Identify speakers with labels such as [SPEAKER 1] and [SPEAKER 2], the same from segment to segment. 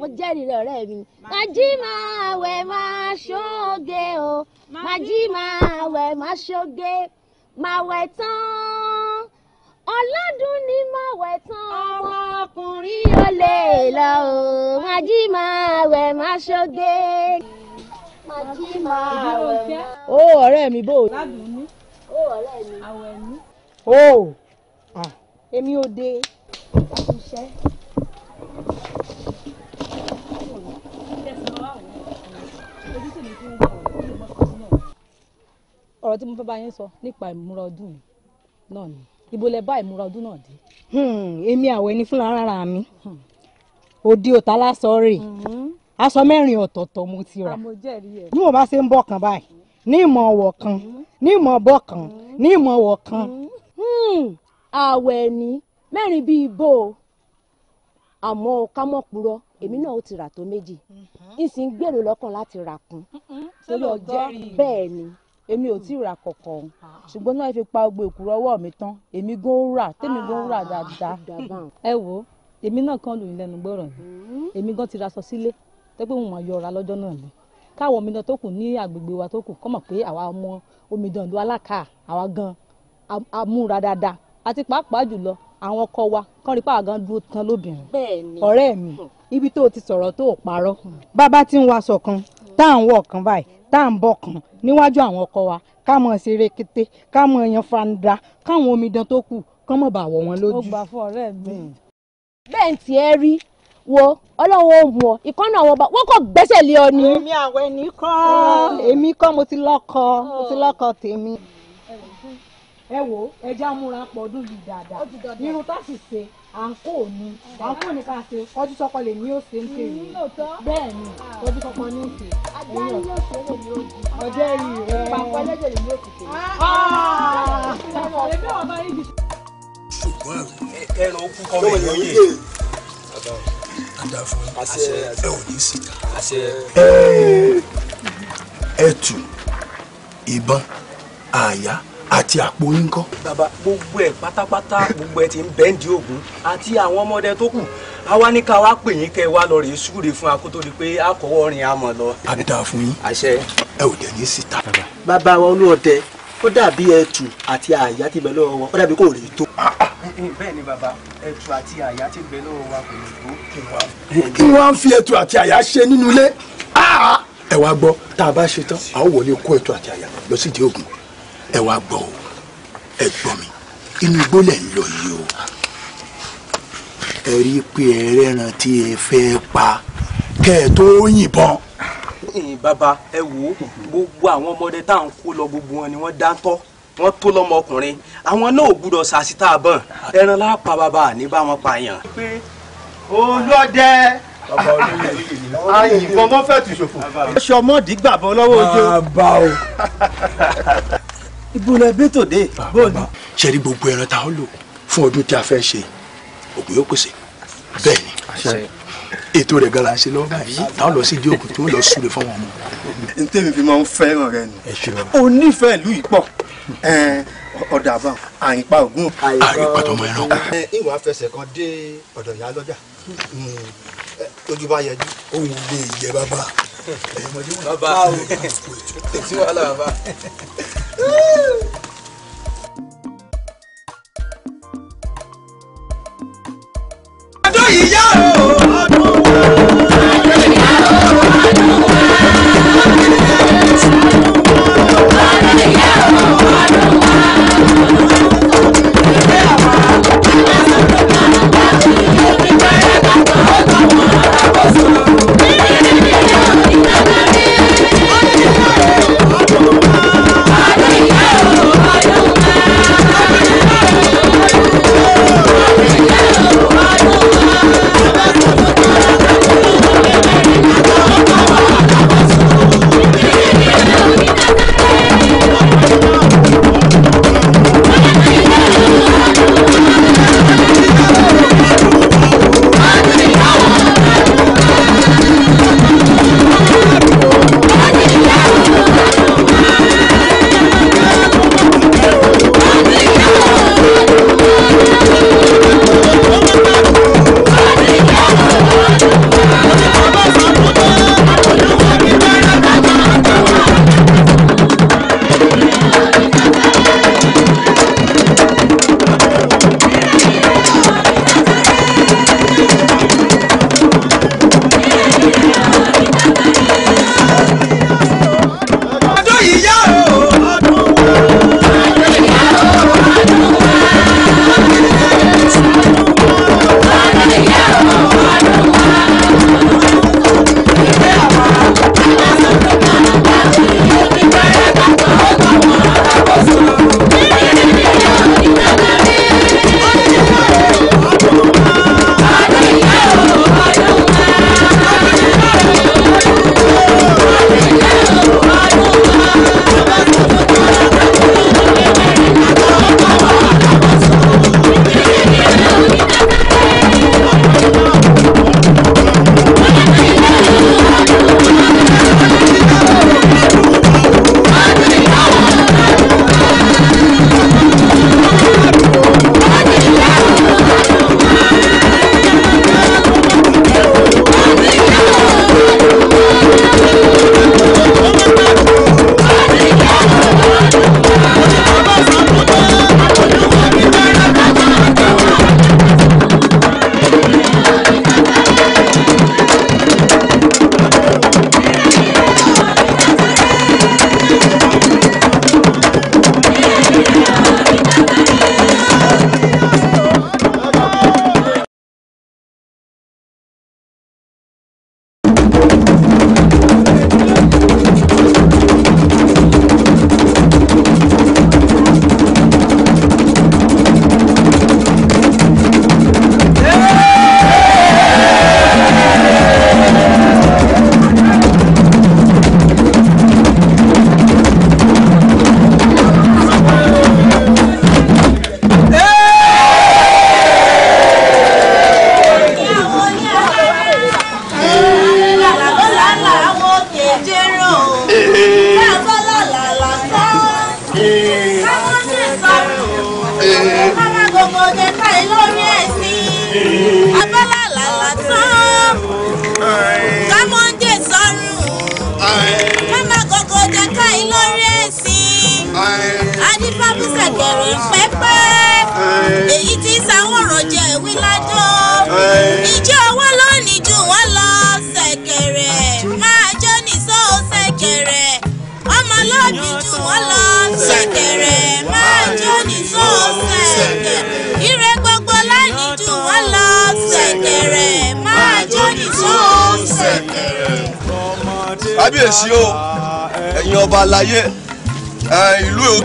[SPEAKER 1] wọ́n jẹ́rìí rẹ̀ ọ̀rẹ́
[SPEAKER 2] mi. màjí
[SPEAKER 1] máa wẹ̀ máa ṣoge o màjí wẹ̀ máa ṣoge máa wẹ̀ tán ọlọ́dún ni
[SPEAKER 2] mo wẹ̀ tán ọmọkùnrin
[SPEAKER 1] yóò lè lọ o màjí wẹ̀ máa ṣoge
[SPEAKER 2] màjí wẹ̀ máa. ó ọ̀rẹ́ mi bò.
[SPEAKER 1] ládùn ọ̀rẹ́ mi. àwẹ̀ ah. èmi ò dé. ó ti ṣe. ọ̀rọ̀ tí mo fẹ́ bá yín sọ nípa ìmúra ọdún mi náà ni ibo lẹ bá ìmúra ọdún náà dé. Hmm, èmi àwọ̀ ẹni fúnra rárá mi hmm. òde òta lásọ rè hmm. aṣọ mẹ́rin ọ̀tọ̀ọ̀tọ̀ mo ti rà bí mo bá ṣe ń bọ̀ kan báyìí ní ìmọ̀ ọ̀wọ̀ kan ní ìmọ̀ ọ̀bọ̀ kan ní ìmọ̀ ọ̀wọ̀ kan. àwọ̀ ẹni mẹ́rin bíi ibo àmọ́ kámọ́pùrọ̀ èmi náà ó ti rà tó méjì n sì ń gbèrò lọ́kàn láti rà kún
[SPEAKER 2] torí ọjọ́ bẹ́ẹ̀
[SPEAKER 1] ni èmi ò tí ì ra kankan mm. ah, ah. ṣùgbọ́n náà fi pa gbogbo ìkúrọ̀ ọwọ́ mi tán èmi gan ó rà tèmi gan ó rà ah, dáadáa. ẹ wo èmi náà kàn lóyún lẹ́nu gbọ́rọ̀ yìí mm. èmi gan ti ra aṣọ sílé tẹ́gbẹ́ òun máa yọ ọ̀ra lọ́jọ́ náà ni káwọn omidan tó kù ní agbègbè wa tó kù kọ́ mọ̀ pé àwa ọmọ omidan ìlú alákà àwa gan amúra dáadáa àti pàápàá jùlọ àwọn ọkọ wa kán rí pàgán dúró tán
[SPEAKER 2] lóbìnrin ọ̀rẹ́
[SPEAKER 1] mi ibi tó o ti sọ̀rọ̀ tó o parọ́ hmm. bàbá tí ń waṣọ kan tá à ń wọ̀ kan báyìí tá à ń bọ̀ kan níwájú àwọn ọkọ wa ká mọ̀ ṣe rekete ká mọ̀ yan fanda káwọn omidan tó kù kán mọ̀ bá wọ̀ wọn lójú. ó gbà fún
[SPEAKER 2] ọ̀rẹ́ mi. Hmm.
[SPEAKER 1] bẹ́ẹ̀ tí ẹ rí wo ọlọ́wọ́ wọ ìkan náà wọ́n wọ́n kò gbẹ́sẹ̀ lé ọ ni. èmi àwẹ̀ nìkan èmi kọ́ mo ti lọ́kọ mo ti oh. lọ́kọ tèmi ẹ wo ẹja múra pọ̀ ọdún yìí dáadáa irun tá sì ṣe àǹkó ni àǹkó ni ká ṣe kọjú sọpọ lè ní òsè ń tèrè bẹ́ẹ̀ ni kọjú sọpọ ní ìṣe ẹ̀yìn ọjọ́ ẹ̀yìn rẹ papọ̀ ẹlẹ́jẹ̀ lè ní òkùnkùn. Ah! ẹran kú kọ́ mi lóye àdàfọ̀ ẹ ò ní síta ẹ tù ìbọn àyà àti àpò yín kọ́. bàbá gbogbo ẹ pátápátá gbogbo ẹ ti ń bẹ́ǹdì ògún àti àwọn ọmọdé tó kù àwa ní ká wá pè yín kẹ́ wá lọ rèé súre fún akótó di pé a kọ́wọ́ orin àmọ́ lọ. a ní dáa fún yín. àṣẹ. ẹ ò dẹ ní síta. bàbá wa olóòtẹ ó dàbí ẹtù àti àyà ti bẹ lọ́wọ́ wa ó dàbí kò rí tó. Ah, ah. bẹ́ẹ̀ ni bàbá ẹtù àti àyà ti bẹ lọ́wọ́ wa kò rí tó. kí wọ́n fi ẹtù àti àyà ṣe nínú ilé. Ah, ẹ wá gbọ́ tá a bá ṣe tán a ó wọlé kó ẹ wá gbọ́ o ẹ gbọ́ mi inú igbó lẹ̀ ń lọ yìí o ẹ rí pé ẹ rẹ́ran tí ẹ fẹ́ pa kẹ́ ẹ tó yìnbọn. bàbá ẹ wo gbogbo àwọn ọmọdé tá à ń kó lọ gbogbo wọn ni wọ́n dáńtọ́ wọ́n tó lọ́mọ àwọn náà ò gbúdọ̀ sàṣítà bọ̀n ẹran lápá bàbá ní bá wọn pààyàn. pé olóde àyìnbọn mọ́fẹ́tì ṣòfò. ṣọmọdì gbàbọ lọ́wọ́ ojú. bàbá o. ìbúlẹ̀ bí tòde bóòlù. ṣe rí gbogbo ẹran tá a lò fún ọdún tí a fẹ́ ṣe ògùn yóò pèsè bẹ́ẹ̀ ni ètò rẹ̀ gan la ṣe lọ́wọ́ báyìí táwọn lọ sí ilé òkú tó lọ súre fáwọn ọmọ. n tẹ́mi fi máa ń fẹ́ràn rẹ nù ó nífẹ̀ẹ́ ìlú yìí pọ̀ ọ̀dà àbá àyìnpá ògùn. àyìnpá tọmọ ẹran kù. ìwà fẹsẹ̀ kan dé ọ̀dọ̀ ìyá lọ́jà tójú hmm, bá yẹjú. òun lè yẹ bàbá bàbá ètí wàhálà bàbá.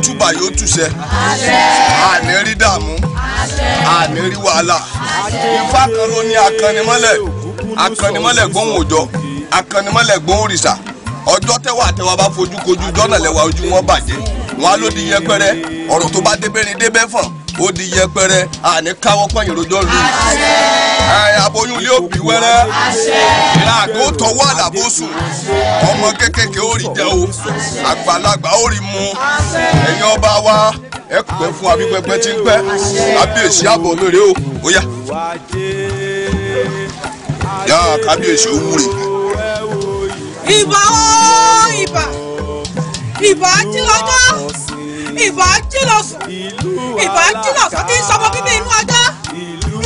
[SPEAKER 3] túbà yóò túṣẹ àní rí dààmú àní rí wàhálà
[SPEAKER 1] ifá kan ló ní akanimọ́lẹ̀ akanimọ́lẹ̀ gbóhùn òjọ akanimọ́lẹ̀ gbóhùn òrìṣà ọjọ́ tẹ́wà tẹ́wà bá fojú kojú jọ́nà lẹ́wà ojú wọn bàjẹ́ wọn á lòdì yẹpẹrẹ ọ̀rọ̀ tó bá débẹ́rin débẹ́ fàn ó di yẹpẹrẹ àní káwọ́ pọ̀yìn rojọ́ lu aboyún ilé òbí wẹ́rẹ́ ìlàgbó tọwọ́ àlàbó sùn ọmọ kékèké ó rí jẹ o àgbàlagbà ó rí mu ẹ̀yin ọba wa ẹ pẹ́ fún abípẹpẹ tí ń pẹ́ kábíyèsí àbọ̀ mèrè o ó yá yá kábíyèsí ó wúre.
[SPEAKER 3] ìbà ó ìbà ìbà tí lọ́jọ́ ìbà jílọ̀sùn ìbà jílọ̀sùn tí ń sọmọ bíbí inú ajá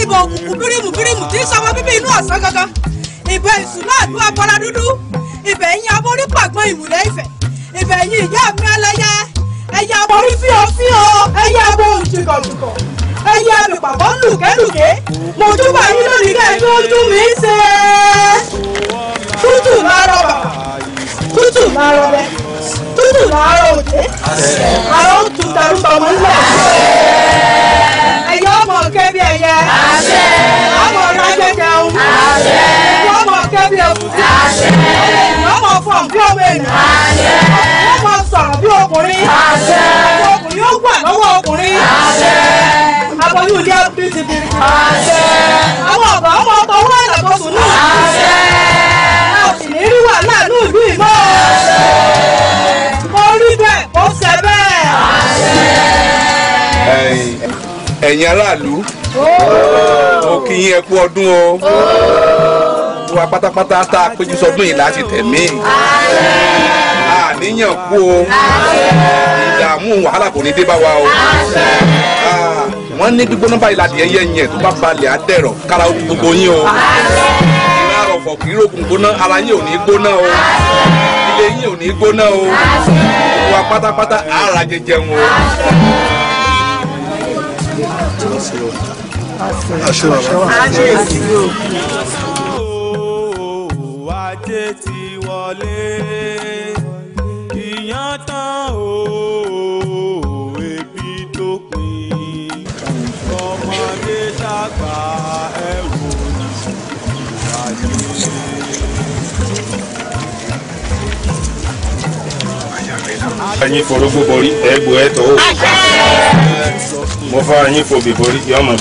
[SPEAKER 1] ìbà òkùnkùn bírímù bírímù tí ń sọmọ bíbí inú ọ̀sán gangan ìbà ìsúná àdúrà abọ́lá dúdú ìbà ẹ̀yìn amórí pàgbọ́n ìmùlẹ̀ ìfẹ́ ìbà ẹ̀yìn ìyá mi ẹlẹ́yẹ ẹ̀yà aborí fíọ fíọ ẹ̀yà abo òjìkọ̀jùkọ̀ ẹ̀yà àbípàbọ̀ lùkẹ́lùkẹ́ mo júbà yín lónìí kẹ́ tó tú mi ṣe tútù máa rọ bàbà tútù máa rọ bẹ́ẹ̀ tútù làárọ̀ òde
[SPEAKER 2] àárọ̀ òtún tarúbọmọ ńlẹ̀ ẹ̀yọ́ ọmọ kẹ́bí ẹ̀yẹ ọmọ ọ̀rọ̀ ajẹ́jẹun ẹ̀yọ́ ọmọ kẹ́bí ẹ̀kúté ẹ̀yọ́ ọmọ fọ̀n bí ọmọ ènìyàn ọmọ sọ̀rọ̀ bí ọkùnrin
[SPEAKER 3] ọkùnrin ó gbà lọ́wọ́ ọkùnrin aboyún ilé ẹbí ti bìrì
[SPEAKER 2] àwọn ọ̀gá ọmọ ọkọ̀ wọn àlàkóso náà a sì ní rí wàhálà ní ìlú ìmọ̀ mo rí bẹ́ẹ̀ mo ṣe bẹ́ẹ̀.
[SPEAKER 1] ẹ̀yin aráàlú
[SPEAKER 2] oh.
[SPEAKER 3] mo kí yín ẹ kú ọdún o oh. wa pátápátá tá a péjú sọdún yìí láti tẹ̀mí àníyàn kú o ìdààmú
[SPEAKER 1] wàhálà kò ní dé bá wa o wọ́n ní gbígbóná báyìí láti ẹyẹ yẹn tó bá
[SPEAKER 3] balẹ̀ á dẹ̀rọ̀ kára gbogbo yín o ọ̀fọ̀ kì í rògùn gbóná ara yín ò ní gbóná o ilé yín ò ní gbóná o gbogbo pátápátá ara jẹjẹun o.
[SPEAKER 2] ajé ti wọlé
[SPEAKER 3] ìyàn tán o ebi tó pin ọmọdé yín forógbó borí ẹ̀ẹ́gbò
[SPEAKER 1] e ẹ̀tọ́ e o mo fara yín fòbì borí yọ ọmọ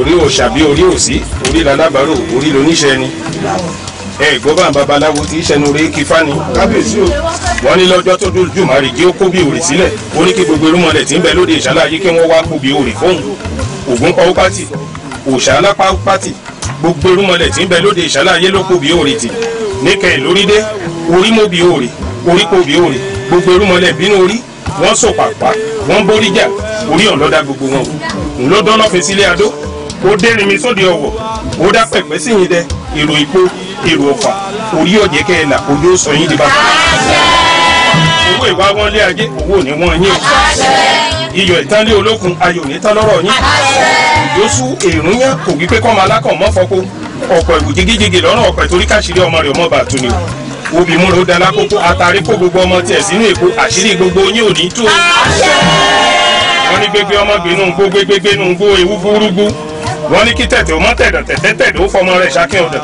[SPEAKER 1] orí òòṣà bí orí òsí orí lalábàárò orí lóníṣẹ́ ni ẹ e gbọ́ babaláwo tí sẹ́nu rẹ̀ kí fani kábíyèsí o wọ́n ní lọ́jọ́ tó dúró jù máa kí ó kó bí òrì sílẹ̀ ó ní kí gbogbo irúmọlẹ̀ tí ń bẹ lóde ìṣálá yìí kí wọ́n wá kó bí òrì fóun ògún pa pátì òòṣà alápá pátì gbogbo irúmọlẹ̀ tí ń bẹ lóde ìṣálá yìí ló kó bí òrì tì níkẹyìn lórí dé orí mọ́ bí òrì orí kò bí òrè gbogbo irúmọlẹ̀ bínú orí wọ́n sọ pàpà wọ́n borí jà orí ọ̀lọ́dà gbogbo wọn o ló dán lọ́fẹ̀ẹ́ sílé adó ó dérin mi sóde ọ̀wọ̀ ó dá pẹ̀pẹ́ sí yín dẹ èrò ìpó èrò ọ̀fà orí ọ̀jẹ̀ kẹ́ ẹ̀ là ojú ó sọ yín di bàbá. owó ìwà wọn lé ajé owó ni wọn yín iyọ̀ ìtánlé olókun ayò ní tán yín ìdósú èrún yẹn kò wípé kọ́ máa lákàn mọ́ fọ́kó ọ̀pọ̀ ìwù jigijigi lọ́rùn ọ̀pẹ̀ torí káṣírí ọmọ rẹ̀ ọmọ bàtú ni o obì múro dala kókó àtàrí kó gbogbo ọmọ tiẹ̀ sínú èkó àṣírí gbogbo yín ò ní tú.
[SPEAKER 2] wọ́n
[SPEAKER 1] ní gbégbé ọmọ gbénú gbó gbégbé nú gbó ewu burúkú wọ́n ní kí tẹ̀tẹ̀ ọmọ tẹ̀dọ̀ tẹ̀tẹ̀ tẹ̀dọ̀ ó fọmọ rẹ̀ ṣakín ọ̀dọ̀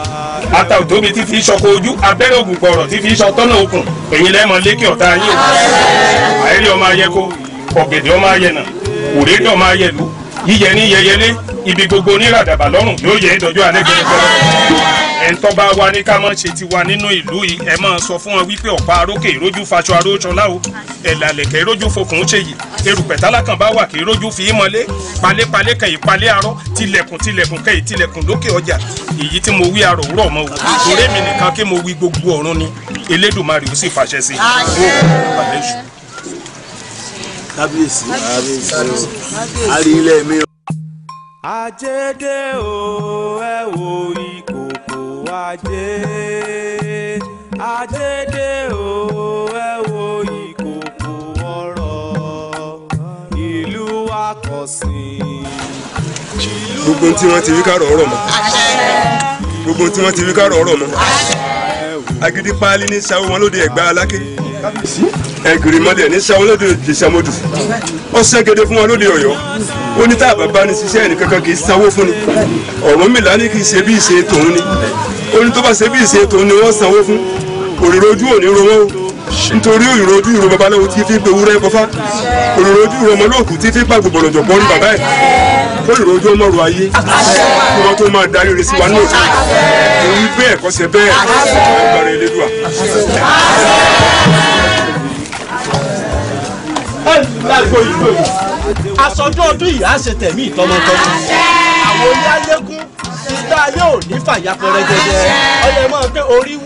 [SPEAKER 1] ata òtóbi tí fi sọkọ ojú abẹ́rẹ́ ògùn gbọ̀rọ̀ tí fi sọ tọ́nà okùn èyí lẹ́mọ yíyẹ ní yẹyẹlé ibi gbogbo oníràdàbà lọ́rùn yóò yẹ ìdọ́jọ́ alẹ́ gẹ́gẹ́ ẹ̀ ń wa ní ká ṣe ti wa nínú ìlú yìí ẹ máa sọ fún wọn wípé ọ̀pá arókè ìrójú faṣọ aróṣọlá o ẹ̀là lẹ̀kẹ̀ ìrójú fokùn ṣe yìí erùpẹ̀ tálákàn bá wà kí ìrójú fi í mọ́lé palépalé kẹ̀yìn palé arọ́ tilẹ̀kùn tilẹ̀kùn kẹ̀yìn tilẹ̀kùn lókè ọjà èyí tí mo wí arò òwúrọ̀ mọ́ o torí mi nìkan kí mo wí gbogbo ọ̀run ni Elédùmarè ó sì fàṣẹ sí i kábíyèsí àrílẹ̀ mi.
[SPEAKER 3] àjẹdẹ o ẹ wo ìkòkò ajé àjẹdẹ o ẹ wo ìkòkò ọ̀rọ̀ ìlú wa kò sí.
[SPEAKER 1] gbogbo tí wọ́n ti rí kárọ̀ ọ̀rọ̀ mọ́ gbogbo tí wọ́n ti rí kárọ̀ ọ̀rọ̀ mọ́ agidi paali ní sáwọn wọn lóde ẹgbà aláké ẹgìrì mọlẹ ní sáwọn lóde ìṣàmọdù ọsẹ gèdè fún wọn lóde Ọ̀yọ́ ó ní tá àbàbá ní ṣiṣẹ́ ẹnìkankan kì fún ni Ọ̀rúnmìlà ní kì í ṣe bí ìṣe tòun ni ó ní tó bá tòun ni wọ́n sanwó fún òrìrò ojú òní ro wọn o nítorí òyìnbó ojú ìró babaláwo tí fi ń pe ewúrẹ́ kọfá òyìnbó ojú ìró ọmọlóògùn tí fi ń pàgbò bọ̀lọ̀jọ̀ pọ̀ ní bàbá ẹ̀ kó ìró ojú ọmọ rò ayé kí wọ́n tó máa darí ire wa náà tó èyí bẹ́ẹ̀ kọ́sẹ̀ bẹ́ẹ̀ agbára elédùà. aṣojú ọdún yìí á ṣe tẹ̀mí ìtọ́mọtọ́mọ àwọn ilé alẹ́kùn títà yóò ní fàyà pẹrẹgẹdẹ ọlẹ́mọ̀ pé orí w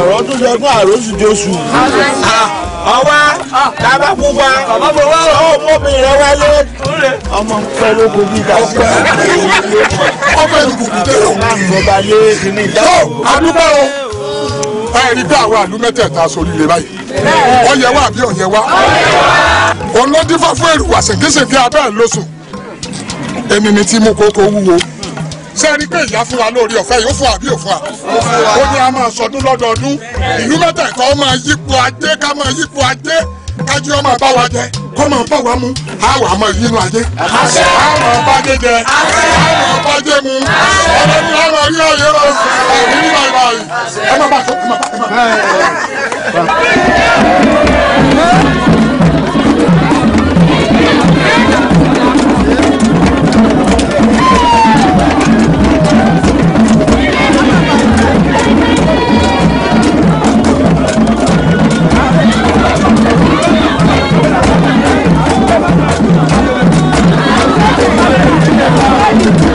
[SPEAKER 1] ọ̀rọ̀ tó sọ fún àròsù tó sù. ọwá dábàá fún wa ọmọbìnrin rẹ wálé ọmọ pẹ́ ló kó bí ìdájọ́ ọmọ ìkùkù tó lọ. ọba lé kíní ìdájọ́. àdúgbò o ẹ̀rí bí àwọn àlú mẹ́tẹ̀ẹ̀ta sórí ilé báyìí ọ̀yẹ̀ wá àbí ọ̀yẹ̀ wá olódìfà fún èrò àṣekésèké abẹ́ẹ̀ lóṣù èmi ni tí mú kókó wúwo sẹ́ni pé ìyá fún wa lórí ọ̀fẹ́ yóò fún wa bí yóò fún wa ó ní a máa sọdún lọ́dọọdún ìlú mẹ́tẹ̀ẹ̀kọ́ ó máa yípo ajé ká máa yípo ajé kájú ọmọ bá wa jẹ kọ́ máa bá wa mú àwọn àmọ́ yìí nínú ajé àwọn ọba jẹ àwọn ọba mu ọlọ́run àwọn rí ọ̀yẹ́ o ẹ̀mí
[SPEAKER 2] nínú ìlà yìí ẹ má bàa ẹ má bàa Thank you.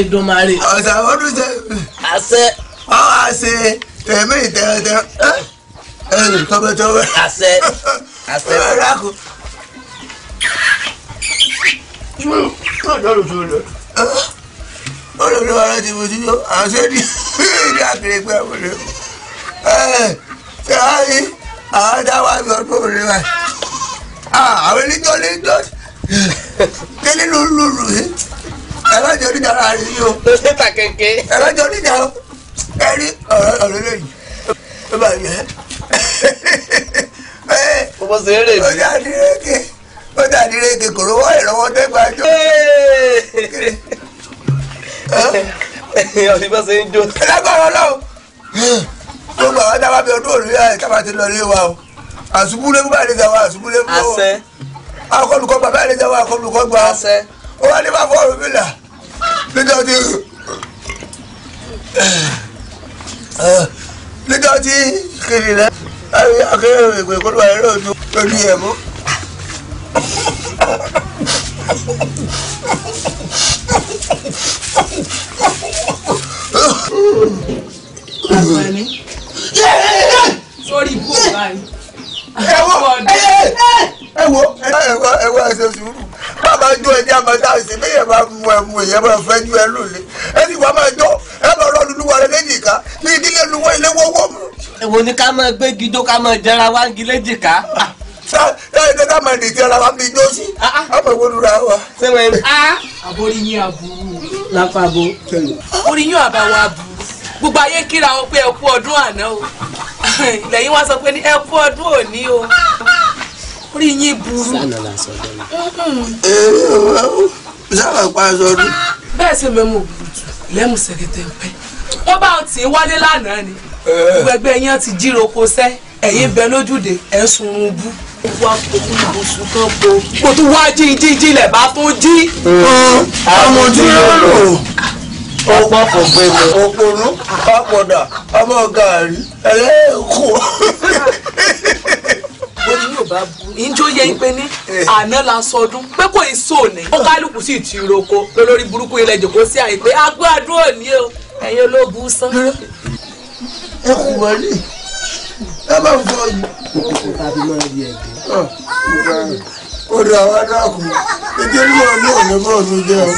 [SPEAKER 1] Èdùmàrè. ọ̀sà ọdún ṣe. àṣẹ. ọ àṣẹ tẹ̀mí tẹ̀tẹ̀ ẹnu tọ́pẹ́tọ́pẹ́. àṣẹ àṣẹ. ọ̀rẹ́ àkó. ọ̀dọ́ ló sọ ọ́ ọ̀rẹ́ mi wà láti mojú yó àṣẹ ní ìdí àkèrè pé àwọn ọ̀rẹ́ ta kẹ̀kẹ́. ẹ̀rọ jọ níjà o ẹ rí ọ̀rọ̀ ọ̀rọ̀ lẹ́yìn ó bá yẹ. mo bọ́ sí eré mi. ó dà ní rékè ó dà ní rékè kò rówó ìrànwọ́ dẹ́gbàá jọ. ọ̀sìn bá ṣe ń jó. ẹ lágbára ọlọ́run gbogbo àwọn dábàá bíi ọdún òrùlé àyè tábà ti lọ ilé wa o àṣubúlé mú báyìí lẹ́jà wa àṣubúlé mú o akọlùkọ bàbá lẹ́jà wa akọlùkọ gbà ó wà ní bàbá ọ̀rùn mi là lẹ́jà ti. ìwé kó ló wà lórí ẹ̀mú. èwo ni ká máa gbé gidó ká máa jẹra wá ń gilé jìká. ṣáà ṣáà ká máa dìde ara wa ń gidó sí àmọ́ ìwé olùra wa. sẹ́wọ̀n ẹ̀ á. àbórí yín àbúrú lápapọ̀. orí yín àbáwọ̀ àbúrú gbogbo ayé kíra wọn pé ẹ kú ọdún àná o lẹ́yìn wá sọ pé ẹ kú ọdún òní o orí yín burú. sábà eh, pa aṣọ ọdún. bẹ́ẹ̀ sì mẹ́mu lẹ́mu sẹ̀kẹ̀tẹ̀ pẹ́ wọ́n bá ọtí wálé lánàá ni gbẹgbẹ yẹn ti jíro ko sẹ́ ẹ̀yin bẹ lójúde ẹ̀ sunrun bú. wá kókó ìbùsùn kan po. mo tún wá jí jí jí lẹ̀ bá tó jí. àmójú lọ́rọ̀ ọ̀pọ̀ kò gbé mi. òpònú àpọ̀dà ọmọ gàárì ẹlẹ́ẹ̀kọ́. bóyá yẹ ipe ní àná la sọdún pé kò í sò ní. ó kálukú sí ti roko lórí burúkú ilẹ̀ jòkó sí àyè pé agbádùn òní o ẹ̀yin olóògùn sán ẹ kù wọ́n ní ẹ bá ń fọ yìí. ó dá àwọn adáàkú nítorí wọn ní òní bọ́ọ̀lù jẹ́ ọ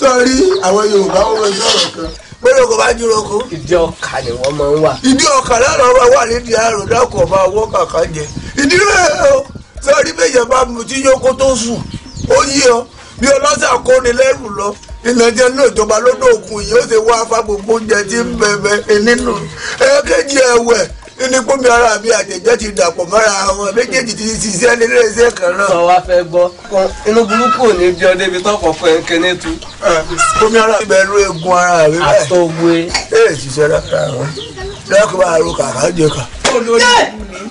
[SPEAKER 1] sọ́rí àwọn Yorùbá wọn sọ̀rọ̀ kan bẹ́ẹ̀ kò bá dúró kó. ìdí ọkà ni wọ́n máa ń wà. ìdí ọkà lára wa wà nídìí àrùn dákọ̀ ọba ọwọ́ kàkà jẹ ìdí rẹ̀ o sọ́rí méjèèjì bá mu tí yókó tó sùn ó yí ọ bí ọlọ́sà kó ni lẹ́rù lọ ìnàjẹ náà ìjọba lọ́dọ̀ òkun yìí ó ti wá afá gbogbo oúnjẹ tí ń bẹ̀bẹ̀ nínú ẹ̀ẹ́kẹ́jì ẹ̀wẹ̀ nípòmí ara mi àtẹ̀jẹ́ ti dàpọ̀ mọ́ra àwọn méjèèjì ti ṣiṣẹ́ níléeṣẹ́ kan náà. sọ wá fẹ́ gbọ́ inú burúkú ò bí ọdẹ ibi tó kọ̀ọ̀kan ẹ̀kẹ́ ní tu. omi ara mi bẹ̀rù eegun ara mi báyìí. àtọ̀gbé. ẹ ṣiṣẹ́ lára wọn lẹ́kọ̀ọ́ àrùn kàkà jẹ kà. olórí mi.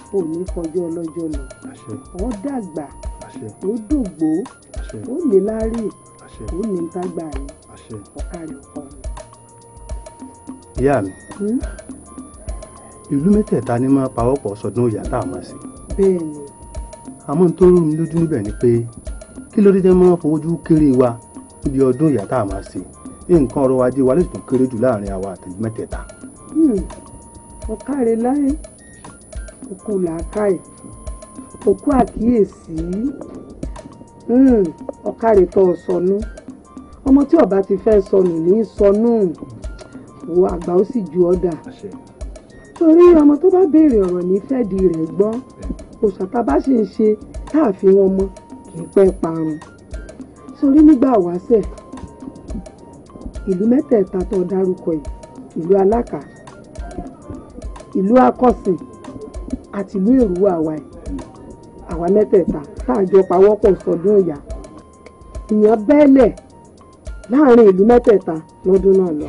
[SPEAKER 1] kò ní fọjọ́ ọlọ́jọ́ lọ ó dàgbà ó dògbó ó ní láárí ó ní tágbà
[SPEAKER 2] rẹ
[SPEAKER 1] ọ̀kárí ọkọ rẹ. ìyá mi hmm? ìlú mẹ́tẹ̀ẹ̀ta ni máa pawọ́pọ̀ sọdún ìyá tá a máa ṣe. bẹ́ẹ̀ ni. àmọ́ n tó rú mi lójú níbẹ̀ ni pé kí ló dé jẹ́ máa fojú kéré wa níbi ọdún ìyá tá a máa ṣe nǹkan ọrọ̀ ajé wa lè tún kéré jù láàrin àwa àtẹ̀lé mẹ́tẹ̀ẹ̀ta. Hmm. ọ̀kàrẹ̀ láyé òkú làákàyè òkú àkíyèsí hmm, ọ̀kàrẹ̀ tó sọnù ọmọ tí ọba ti fẹ́ sọnù ní sọnù wo àgbà ó sì ju ọ̀dà torí ọmọ tó bá béèrè ọ̀rọ̀ ní fẹ́ẹ̀dì rẹ̀ gbọ́ òṣà tá a bá sì ń ṣe tá a fi wọn mọ kì í pẹ́ parun torí nígbà wáṣẹ̀ ìlú mẹ́tẹ̀ẹ̀ta tó dárúkọ yìí ìlú alákà ìlú akọ́sìn àtìlú èrúwà àwa ẹ̀ àwa mẹ́tẹ̀ẹ̀ta káàjọ pawọ́pọ̀ sọdún ọ̀yà ìyàn bẹ́ẹ̀lẹ̀ láàrin ìlú mẹ́tẹ̀ẹ̀ta lọ́dún náà lọ.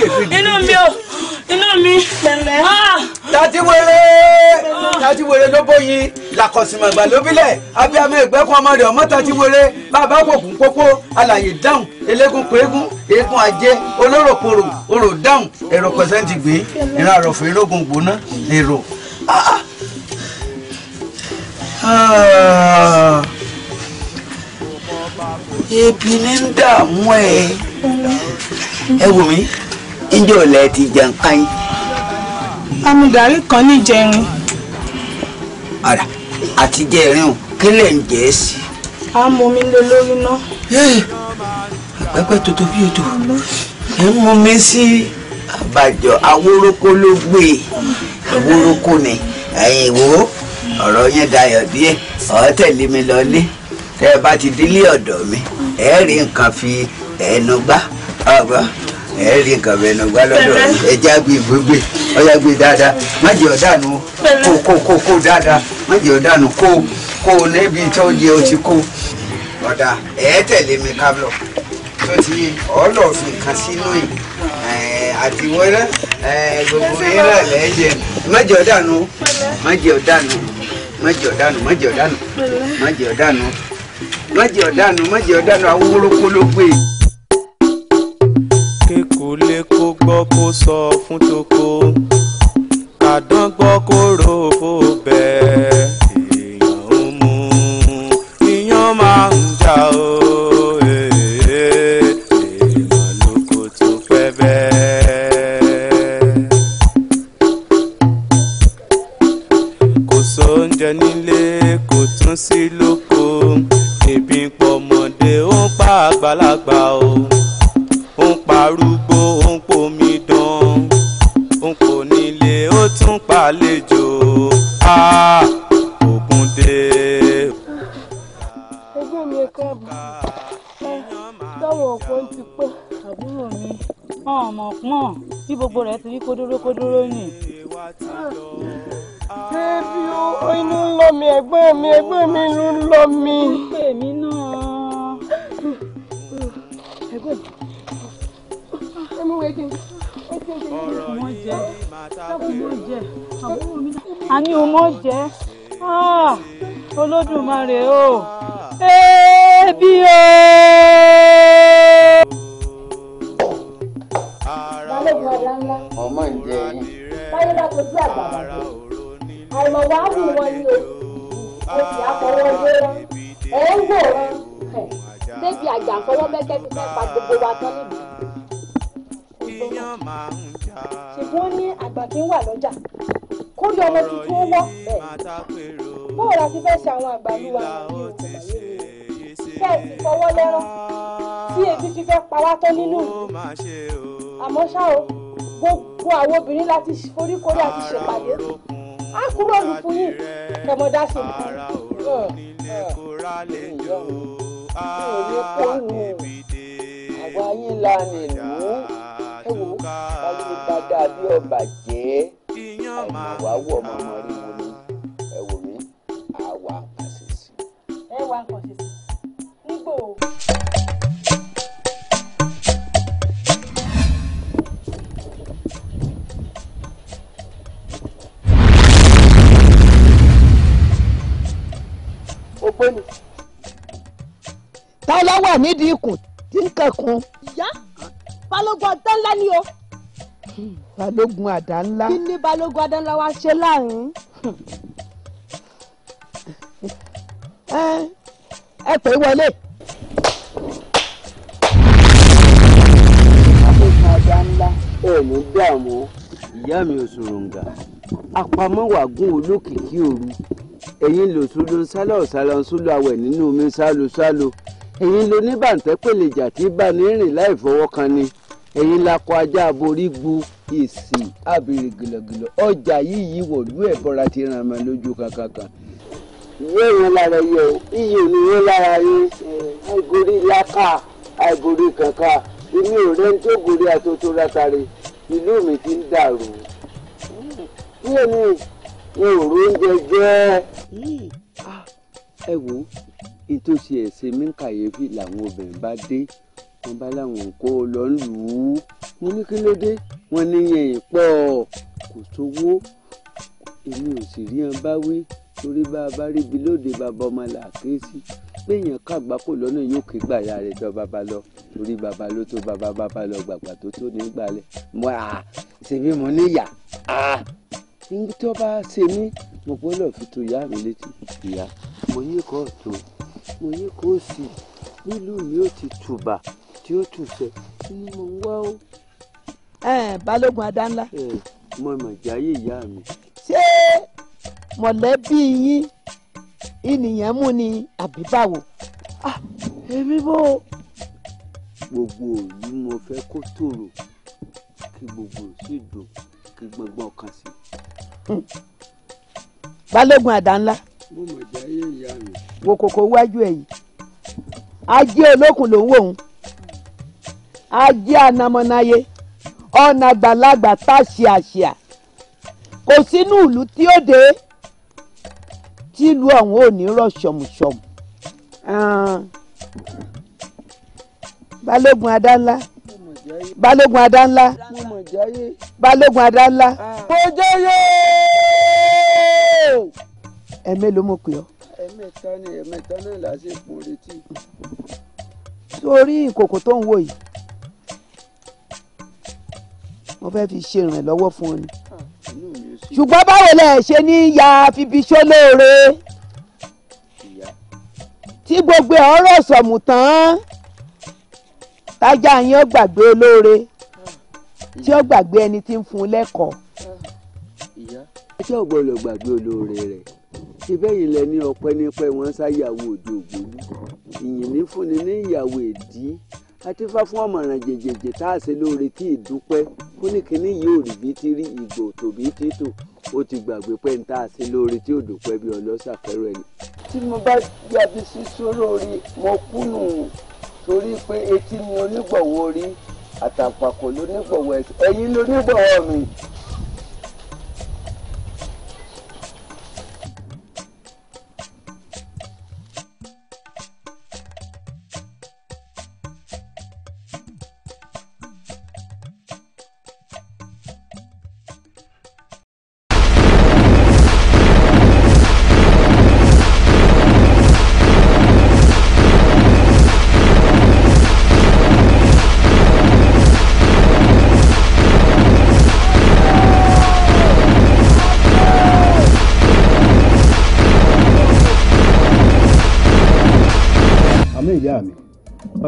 [SPEAKER 2] méjì
[SPEAKER 3] èkejì.
[SPEAKER 1] inú mi o inú mi. pẹ̀lẹ́. tati wele tati wele ló bóyin làkọ̀sìmọ̀gbà ló bílẹ̀ abiyamọ ìgbẹ́kùn ọmọ rẹ̀ ọmọ tati wele bàbá kòkùn kókó alàyè dáhùn eléegun péégún eégún ajé olóró koro oró dáhùn èrò pẹ̀sẹ́ǹtì gbé ìran àròfò irógun gbóná èrò. Ah, ah. ah ebi ní ń dààmú ẹ ẹ wò mí njẹ́ ò lẹ́ ti jẹun káyín. amúgàrí kan ní jẹrin. ara àti jẹrin o kílẹ̀ ń jẹ́ sí. a mọ mi lé lórí náà.
[SPEAKER 3] àpẹpẹ tuntun bí odò
[SPEAKER 1] ẹ ń mú mi sí àbàjọ awórókó ló gbé awórókó ni ẹ̀yìn wo ọ̀rọ̀ yẹn dayọ̀ díẹ̀ ọ̀ tẹ̀lé mi lọlé tẹ́ ẹ bá ti délé ọ̀dọ̀ mi ẹ rí nǹkan fi ẹnu gbá ọ̀gbọ́n ẹ rí nǹkan bẹ́ẹ̀ lọ́dọ̀ ẹja gbé gbégbé ọya gbé dáadáa má jẹ́ ọ̀dànù kó kó kó kó dáadáa má jẹ́ ọ̀dànù kó kó níbi tó yẹ o kó. ọ̀dà ẹ̀ tẹ̀lé mi kábọ̀ tó ti ọ̀ọ́lọ̀ fi nǹkan sínú yìí àti wẹ́rẹ́
[SPEAKER 2] gbogbo ìrà
[SPEAKER 1] lẹ́yìn má jẹ́ ọ̀dànù má jẹ́ ọ̀dànù má jẹ́ ọ̀dànù má jẹ́ ọ̀dànù má jẹ́ ọ̀dànù má jẹ́ ọ̀dànù má jẹ́ ọ̀dànù awúrúkú gbé abúlé kó gbọ́
[SPEAKER 3] kó sọ fún toko àdán gbọ́ kó ro kó bẹ́ẹ̀ èèyàn ń mú iyán máa ń jà o. oúnjẹ nílé kò tún sí lóko ebi pọ̀ mọ̀dé ó ń pa àgbàlagbà o parúgbó ó ń pomidan ó ń pò nílé ó tún pàlejò á ògùn dé.
[SPEAKER 2] ẹgbẹ́ mi káàbọ̀ dáwọ̀ ọ̀pọ̀ ń ti pẹ́ àbúrò mi hàn mọ̀ pọ́n tí gbogbo rẹ̀ ti rí kódóró kódóró nì. ṣé bí
[SPEAKER 1] ó inú ń lọ mi ẹ̀gbọ́n mi ẹ̀gbọ́n mi inú ń lọ mi.
[SPEAKER 2] jẹ sábúrú jẹ àbúrò mi náà. a ní o mọ̀ jẹ́ ah, olódùmarè o ebi o.
[SPEAKER 1] ọmọ ìjẹ yín. báyọ̀ bá kojú àgbàdo àìmọ̀ wàá wù
[SPEAKER 3] wọn ni o o sì àfọwọ́ gbé
[SPEAKER 1] ẹ̀ ń wòran débi àjàfọwọ́ mẹ́kẹ́ fi fẹ́ pa gbogbo wa tán níbi ṣe bí wọ́n ní àgbà kí wà lọ́jà kó lé ọmọ tuntun ó wọ́ bẹ́ẹ̀ bóò la ti fẹ́ ṣe àwọn àgbàlúwa ní òkè ti fọwọ́ lẹ́rán tí ebi ti fẹ́ pa tán nínú àmọ́ ṣá o gbogbo àwọn obìnrin láti forí kórè àti ṣèpàdé á kúrò ní fún yín
[SPEAKER 2] kẹmọdá sí ìyá mi
[SPEAKER 3] ò ní kó wù ú àwa yín la nìlú wáyé
[SPEAKER 1] ní bàdá bí ọba jẹ́ àìmọ̀wá wọ̀ ọmọ ọmọ rí wọn ni ẹ wò mí àwa àṣìṣe. ẹ wà nǹkan ṣe sí nígbò.
[SPEAKER 2] ògbóni ta
[SPEAKER 1] ló wà nídìí ikùn tí ń kẹkùn. ìyá balógun ọ̀tá ni o balógun àdá ńlá. kí ni balógun àdá ńlá wá ṣe láàrin. ẹ pè é wọlé. balógun àdá ńlá ẹ ní dààmú ìyá mi ò sòròǹgà àpamọ́ wàgùn olókìkí òru ẹ̀yin lò tún ló ń sálọ ọ̀sálọ ń súnlọ àwẹ̀ nínú omi sálo sálo lo ní bàǹtẹ́ tí bá ní rìn láì fọwọ́ kan ni ẹ̀yin lakọ ajá aborí gbu èsì àbèrè gìlọ̀gìlọ̀ ọjà yìí yìí wọ̀lú ẹ̀bọra ti ràn mọ́ lójú kankankan. ìwé ìran lára yẹ o iyì òníwé lára yín àìgórí láká àìgórí kankan èmi ò rẹ́ni tó gòrí àtòtò látàrí ìlú mi ti ń dàrú. bí èmi mi ò róúnjẹ jẹ́. Ah, ẹ wo ètò ìṣe ẹ̀sìn mi ń kàyéfì làwọn obìnrin bá dé wọ́n bá láwọn kó o lọ ń lù ú
[SPEAKER 3] mo ní kí ló dé
[SPEAKER 1] wọ́n níyẹn ìpọ̀ kò sówó èmi ò sì rí hàn bá wí torí bá a bá ríbi lóde bàbá ọmọ là ké sí péèyàn kàgbá kò lọ́nà yóò ké gbàyà rẹ̀ dán bàbá lọ torí bàbá ló tó bàbá bàbá lọ gbàgbà tó tó ní gbalẹ̀ mo à ṣèmi mo níyà à níbi tó bá ṣe mo gbọ́dọ̀ fi tó ìyá mi létí ìyá mo yí kóòtù mo yí kóòsì nílùú mi ò ti tùbà tí ó tùsẹ̀ inú mo wá o. ẹ balógun adánlá. ẹ mo mọ̀ jáyé ìyá mi. ṣé mọ̀lẹ́bí yín ènìyàn mú ni àbí báwo. Ah, èmi bò. gbogbo òyìn mo fẹ́ kó tòrò kí gbogbo sì dùn kí gbọ̀ngbọ̀n kan sí. Hmm. balógun adánlá. mo
[SPEAKER 2] mọ̀ jáyé ìyá mi.
[SPEAKER 1] wo kòkó wájú ẹ̀yìn ajé olókùn ló ń wò ń ajé anamọ́náyé ọ̀nà àgbàlagbà tá a ṣe àṣìá kò sínú ìlú tí ó dé tí ìlú ọ̀hún ò ní rọ̀ ṣọ̀mùṣọ̀mù. balógun adánlá balógun adánlá balógun adánlá. mo jẹ́ mo pè ọ́ ẹ̀ẹ̀mẹ́ta ni ẹ̀ẹ̀mẹ́ta náà lásìkò retí. sórí ìkòkò tó ń wò yìí mo fẹ́ fi ṣe ìrànlọ́wọ́ fún ọ ni ṣùgbọ́n báwo lẹ ṣe ní ya fibiṣó lóore tí gbogbo ọ̀rọ̀ sọ̀mù tán tájà yín ó gbàgbé olóore tí ó gbàgbé ẹni tí ń fún un lẹ́kọ̀ọ́. ìyá ẹ jẹ́ ò gbọ́dọ̀ gbàgbé olóore rẹ̀ ṣe bẹ́yìn lẹ ní ọpẹ́ nípẹ́ wọn ṣáyàwó òde ògbólú ìyìn ní fúnni ní ìyàwó ìdí àtifá fún ọ̀mọ̀ràn jèjèjè tá a ṣe lóore tí ìdúpẹ́ kó ní kínní yìí ò rí bí ti rí ìgbò tòbí títò ó ti gbàgbé pé ń tá a ṣe lóore tí ò dúpẹ́ bí ọlọ́sà fẹ́rọ ẹni. tí mo bá yàbí sí sólórí mo kúnnù torí pé etí ni onígbọ̀wọ́ orí àtàpàkò lónígbọ̀wọ́ ẹ̀yìn lónígbọ̀wọ́ mi.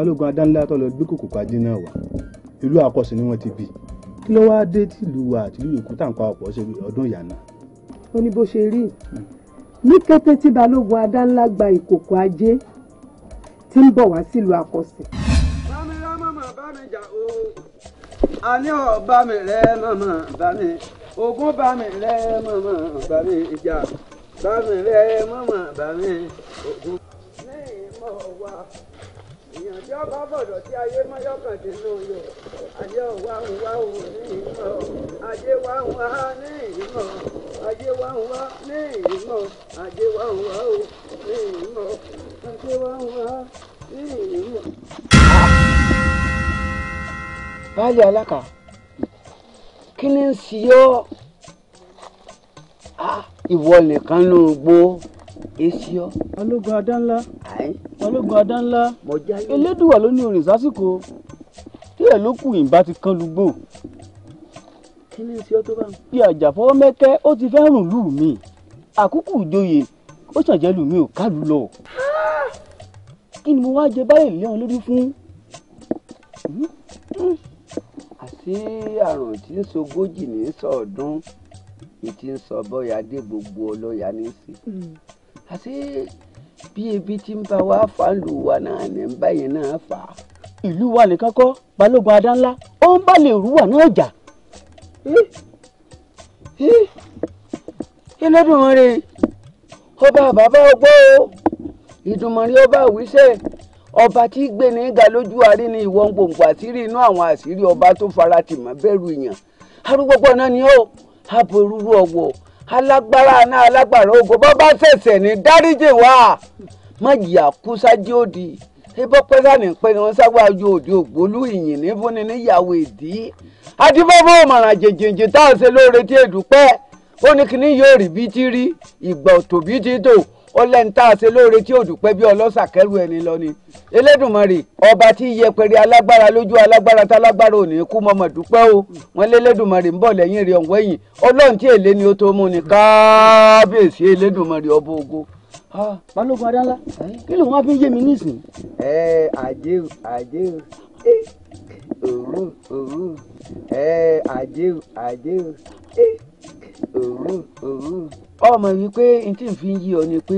[SPEAKER 1] balógun adánilátọ lọ gbé kòkò pàdé náà wá ìlú àkọsí ni wọ́n ti bí kí ló wáá dé tìlú wa àtìlú yòókù tá à ń pa ọ̀pọ̀ ṣe ọdún ìyànà. ó ní bó ṣe rí ní kété tí balógun adánlá gba ìkòkò ajé tí ń bọ̀ wá sílùú àkọsí. bámi rẹ
[SPEAKER 3] mọ̀mọ́ bámi jà o
[SPEAKER 1] àní ọ̀ bámi rẹ mọ̀mọ́ bámi ogún bámi rẹ mọ̀mọ́ bámi ìjà bámi rẹ mọ̀mọ́ bámi ogún èèyàn tí ọba bọ̀dọ̀ tí ayé mọ́yọ́kàndínlóyò ayé wa ń òun ní ìmọ̀
[SPEAKER 2] ayé wa ń ní ìmọ̀ ayé wa ń ní ìmọ̀ ayé wa ń òun ní ìmọ̀ ayé wa ń ní ìmọ̀.
[SPEAKER 1] baálé alákà kí ni ń ṣiyọ́ ah, ìwọ nìkan ló ń gbó. Esio. Ológun adá ńlá. Ológun adá ńlá. Elédùwà ló ní orin sásìkò. Díẹ̀ ló kù ìbá ti kán lugbó. Kí ni ìṣe ọtọ́ bá ń. Bí àjàfọwọ́ mẹ́kẹ́ ó ti fẹ́ rùn lù mí. Àkúkù ìjòyè ó sàn jẹ́ lù mí ò kálù lọ. Kí ni mo wá jẹ báyìí lé wọn lórí fún? Àṣé àrùn tí ń sogójì ní sọ̀ọ́dún ìtì ń sọ bọ́yá dé gbogbo ọlọ́yà ní í sí. àti bi ebi ti nba wa fa lu wa wá náà ní báyìí ìlú wa nìkan kọ́ balógun adánlá ó ń bá lè rú náà jà. ọba bàbá ọgbọ́ o ọba àwíṣẹ́ ọba tí gbéni ga lójú àárín ni ìwọ ń gbòǹgbò àṣírí inú àwọn ọba tó fara tì mọ́ náà ni alágbára gbara alágbára ogo bó bá ṣẹ̀ṣẹ̀ ní dáríjì wá mọ̀jìyà kú ṣáájú òdì ibò pẹ́sà ní pé wọ́n ṣáwájú òdì ògbólú ìyìn ní fúnni níyàwó ìdí adébọ́bọ́ ọ̀mọ̀ràn jèjèjì táwọn ṣe lóore tí èdùpẹ́ ó ní kíní yóò rí bí ti rí ìgbà òtòbí ti tò ó lẹ́ni tá a ṣe lóore tí ò dúpẹ́ bí ọlọ́ṣà kẹ́rù ẹni lọ ni elédùnmarè ọba tí yẹpẹrẹ alágbára lójú alágbára tálágbára ò ní kú mọ́mọ́ dúpẹ́ o wọn lélédùnmarè ń bọ̀ lẹ́yìn rẹ̀ ọ̀hún ẹ̀yìn ọlọ́run tí èlé ni ó tó mú ni káábíyèsí elédùnmarè ọba ògo.
[SPEAKER 2] balógun adáńlá kí ló wọn fi ń yé mi nísìn.
[SPEAKER 1] ẹ àjẹrò àjẹrò òru òru ẹ àjẹrò àjẹrò ẹ. ọmọ wípé n tí n fi ń yí ọ ni pé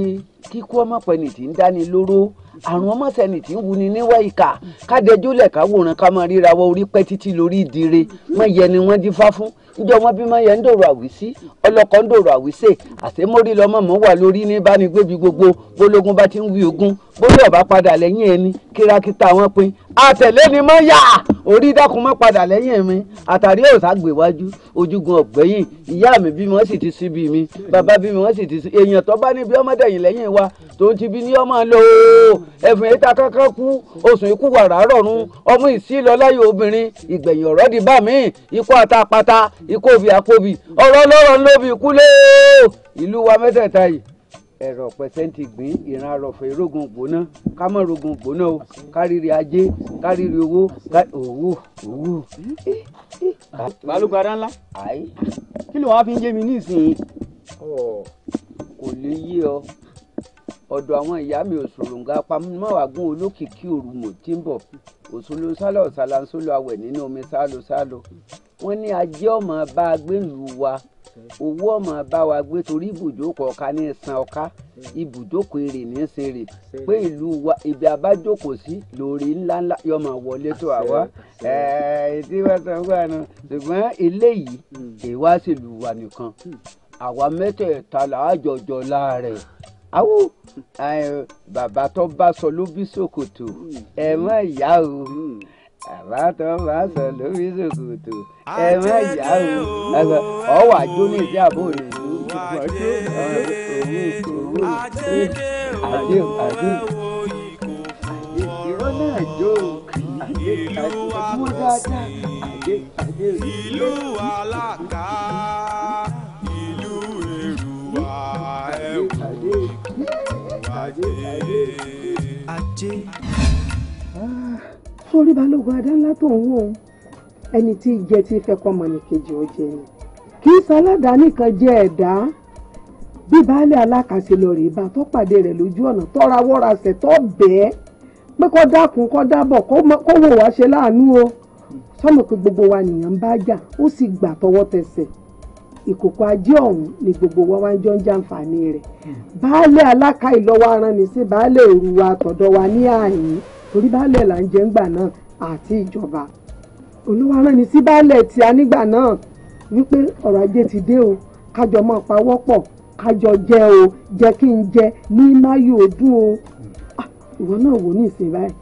[SPEAKER 1] kíkú ọmọ pẹ̀lú tí ń dáni lóró àrùn ọmọ sẹ́ni tí ń wuni níwọ̀ ìkà kádẹjúlẹ̀ káwòrán ká máa ríra wọ orí pẹ́ títí lórí ìdíire mọ yẹ ni wọ́n dífá fún níjọ wọn bí mọ yẹ ń dòrò àwísí ọlọ́kọ̀ ń dòrò àwísè àtẹ́mórí lọ́mọ mọ́ wà lórí ní bánigbébi gbogbo bólógun bá ti ń wí ogun bóyá ọ̀bá padà lẹ́yìn ẹni kírakíta wọn pin àtẹ̀lé ni mọ́ yà orí dákun má padà lẹ́yìn mi àtàrí òòsà gbèwájú ojúgun ọ̀gbẹ́yìn ìyá mi bí wọ́n sì ti síbi mi bàbá bí wọ́n sì ti sí èèyàn tó bá níbi ọmọdéyìn lẹ́yìn wa tó ń ti bí ní ọmọ lò ó ẹ̀fìn ìta kankan kú oṣù ikú wàrà rọ̀run ọmú ìsílọ láyé obìnrin ìgbẹ̀yìn ọ̀rọ̀ di bá mi ikú àtàpàtà ikú òbí àkóbì ọ̀rọ̀ ọlọ́rọ̀ lóbi ikú lé ìlú wa mẹ́tẹ̀ẹ̀ta yìí ẹ̀rọ pẹ̀sẹ́ǹtì gbìn ìran àròfẹ́ irógun gbóná kámọ́rogun gbóná o kárìrì ajé kárìrì owó owó owó. balùwẹ̀ adáńlá kí ló wàá fi ń jẹ́ mi nísìnyí. kò lè yé ọ ọ̀dọ̀ àwọn ìyá mi òṣòròǹgà pamọ́wàgún olókìkí òrùmọ̀ tí ń bọ̀ òṣòlò sálọ̀ ṣàlàńsólò awẹ̀ nínú omi sálọ sálọ wọ́n ní ajé ọmọ bá a gbé ìlú wa owó ọmọ bá wa gbé torí ibùjókòó ọ̀ka ní san ọ̀ka ibùjókòó èrè ní sèrè pé ìlú wa ibi abájókòó sí lórí ńláńlá yọmọ wọlé tó àwa tí wọ́n sọ fún àná ṣùgbọ́n eléyìí èèwà sì lù wà nìkan àwa mẹ́tẹ̀ẹ̀ta làájọjọ láàrẹ̀ awo bàbá tó bá sọ ló bí ṣòkòtò hmm. ẹ mọ ìyá o. Hmm àbátọ bá sọ lórí ṣòkòtò ẹ má yà ó ọwọ àjò ní ìdí àbò rẹ ló gbọdọ òwò òwò
[SPEAKER 3] àdé àdé
[SPEAKER 2] ìwọ náà
[SPEAKER 3] jó àdé àdé mú dáadáa àdé àdé ìlú alaka ìlú èrúwà ẹwù àdé àdé àdé.
[SPEAKER 1] sórí balógun adánlá tó ń wò ó ẹni tí jẹ ti fẹ́ ní kejì ó jẹ ni kì í sọládàáni kan jẹ ẹ̀dá bí baálé alákàṣe lọ rèé bá tó pàdé lójú ọ̀nà tọ́ra wọ́ra ṣẹ̀ tó bẹ́ẹ̀ pé kó dákun kó wò wá ṣe o sọmọ pé gbogbo wa bá jà ó sì ajé ni gbogbo wa wá ń jọ ń jàǹfààní hmm. baálé alákàì sí torí baálẹ̀ là ń jẹ́ ńgbà náà àti ìjọba olúwa rán ni sí baálẹ̀ tí a nígbà náà wípé ọ̀rọ̀ ajé ti dé o kájọ máa pawọ́pọ̀ kájọ jẹ o jẹ́ kí n jẹ ní máyò dún o ah, ìwọ náà wò ní ìsìn báyìí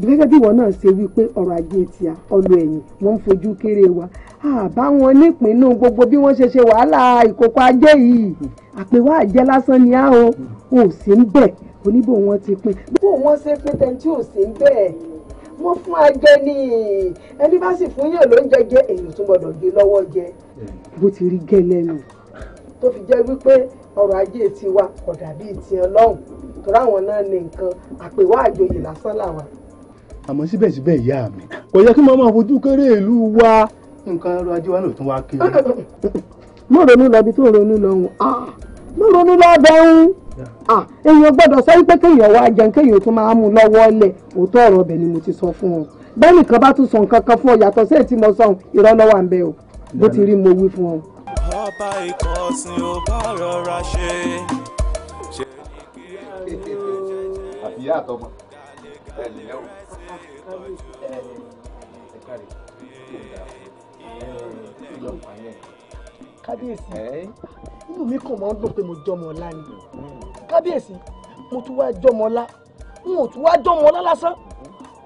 [SPEAKER 1] gẹ́gẹ́ bí ìwọ náà ṣe wípé ọ̀rọ̀ ajé ti a ọlọ ẹ̀yìn wọ́n ń fojú kéré wa àbá wọn nípinnu gbogbo bí wọ́n ṣe ṣe wàhálà ìkókó ajé yìí àpèwà àjẹ́ lásán ni á ò sí ń bẹ̀ oníbò wọn ti pín bó wọn ṣe pín tẹni tí ò sí bẹ́ẹ̀ wọ́n fún ajẹ́ ní ẹni bá sì fún yàn ló ń jẹjẹ èyí tún gbọ́dọ̀ gbé lọ́wọ́ jẹ. bó ti rí gẹ́lẹ́ nù. tó fi jẹ́ wípé ọrọ̀ ajé tiwa kò dàbí ti ọlọ́run torí àwọn náà ní nǹkan àpèwá àjòyè lásán làwọn. àmọ́ síbẹ̀síbẹ̀ ìyá mi kò yẹ kí màmá fojú kéré ìlú wa nǹkan ọrọ̀ ajé wa náà tún wá kéré. mo ronú lọ ibi tó ronú lọ ń ah, mo ronú lọ bẹ́ẹ̀ èèyàn gbọ́dọ̀ sọ wípé kéèyàn wá jẹun kéèyàn tó máa mú lọ́wọ́ lẹ̀ òótọ́ ọ̀rọ̀ ọbẹ̀ ni mo ti sọ fún ọ bẹ́ẹ̀ nìkan bá tún sọ nǹkan kan fún ọ yàtọ̀ sí ètí mo sọ irọ́ lọ́wọ́ o bó ti rí mo wí fún ọ.
[SPEAKER 3] ọba ìkọsìn ò bá rọra ṣe ṣe ní kí àbíyá àtọmọ
[SPEAKER 1] ẹ inú mi kàn máa ń dùn pé mo jọmọ ọlá ni kábíyèsí mo tún wá jọmọ ọlá n ò tún wá jọmọ ọlá lásán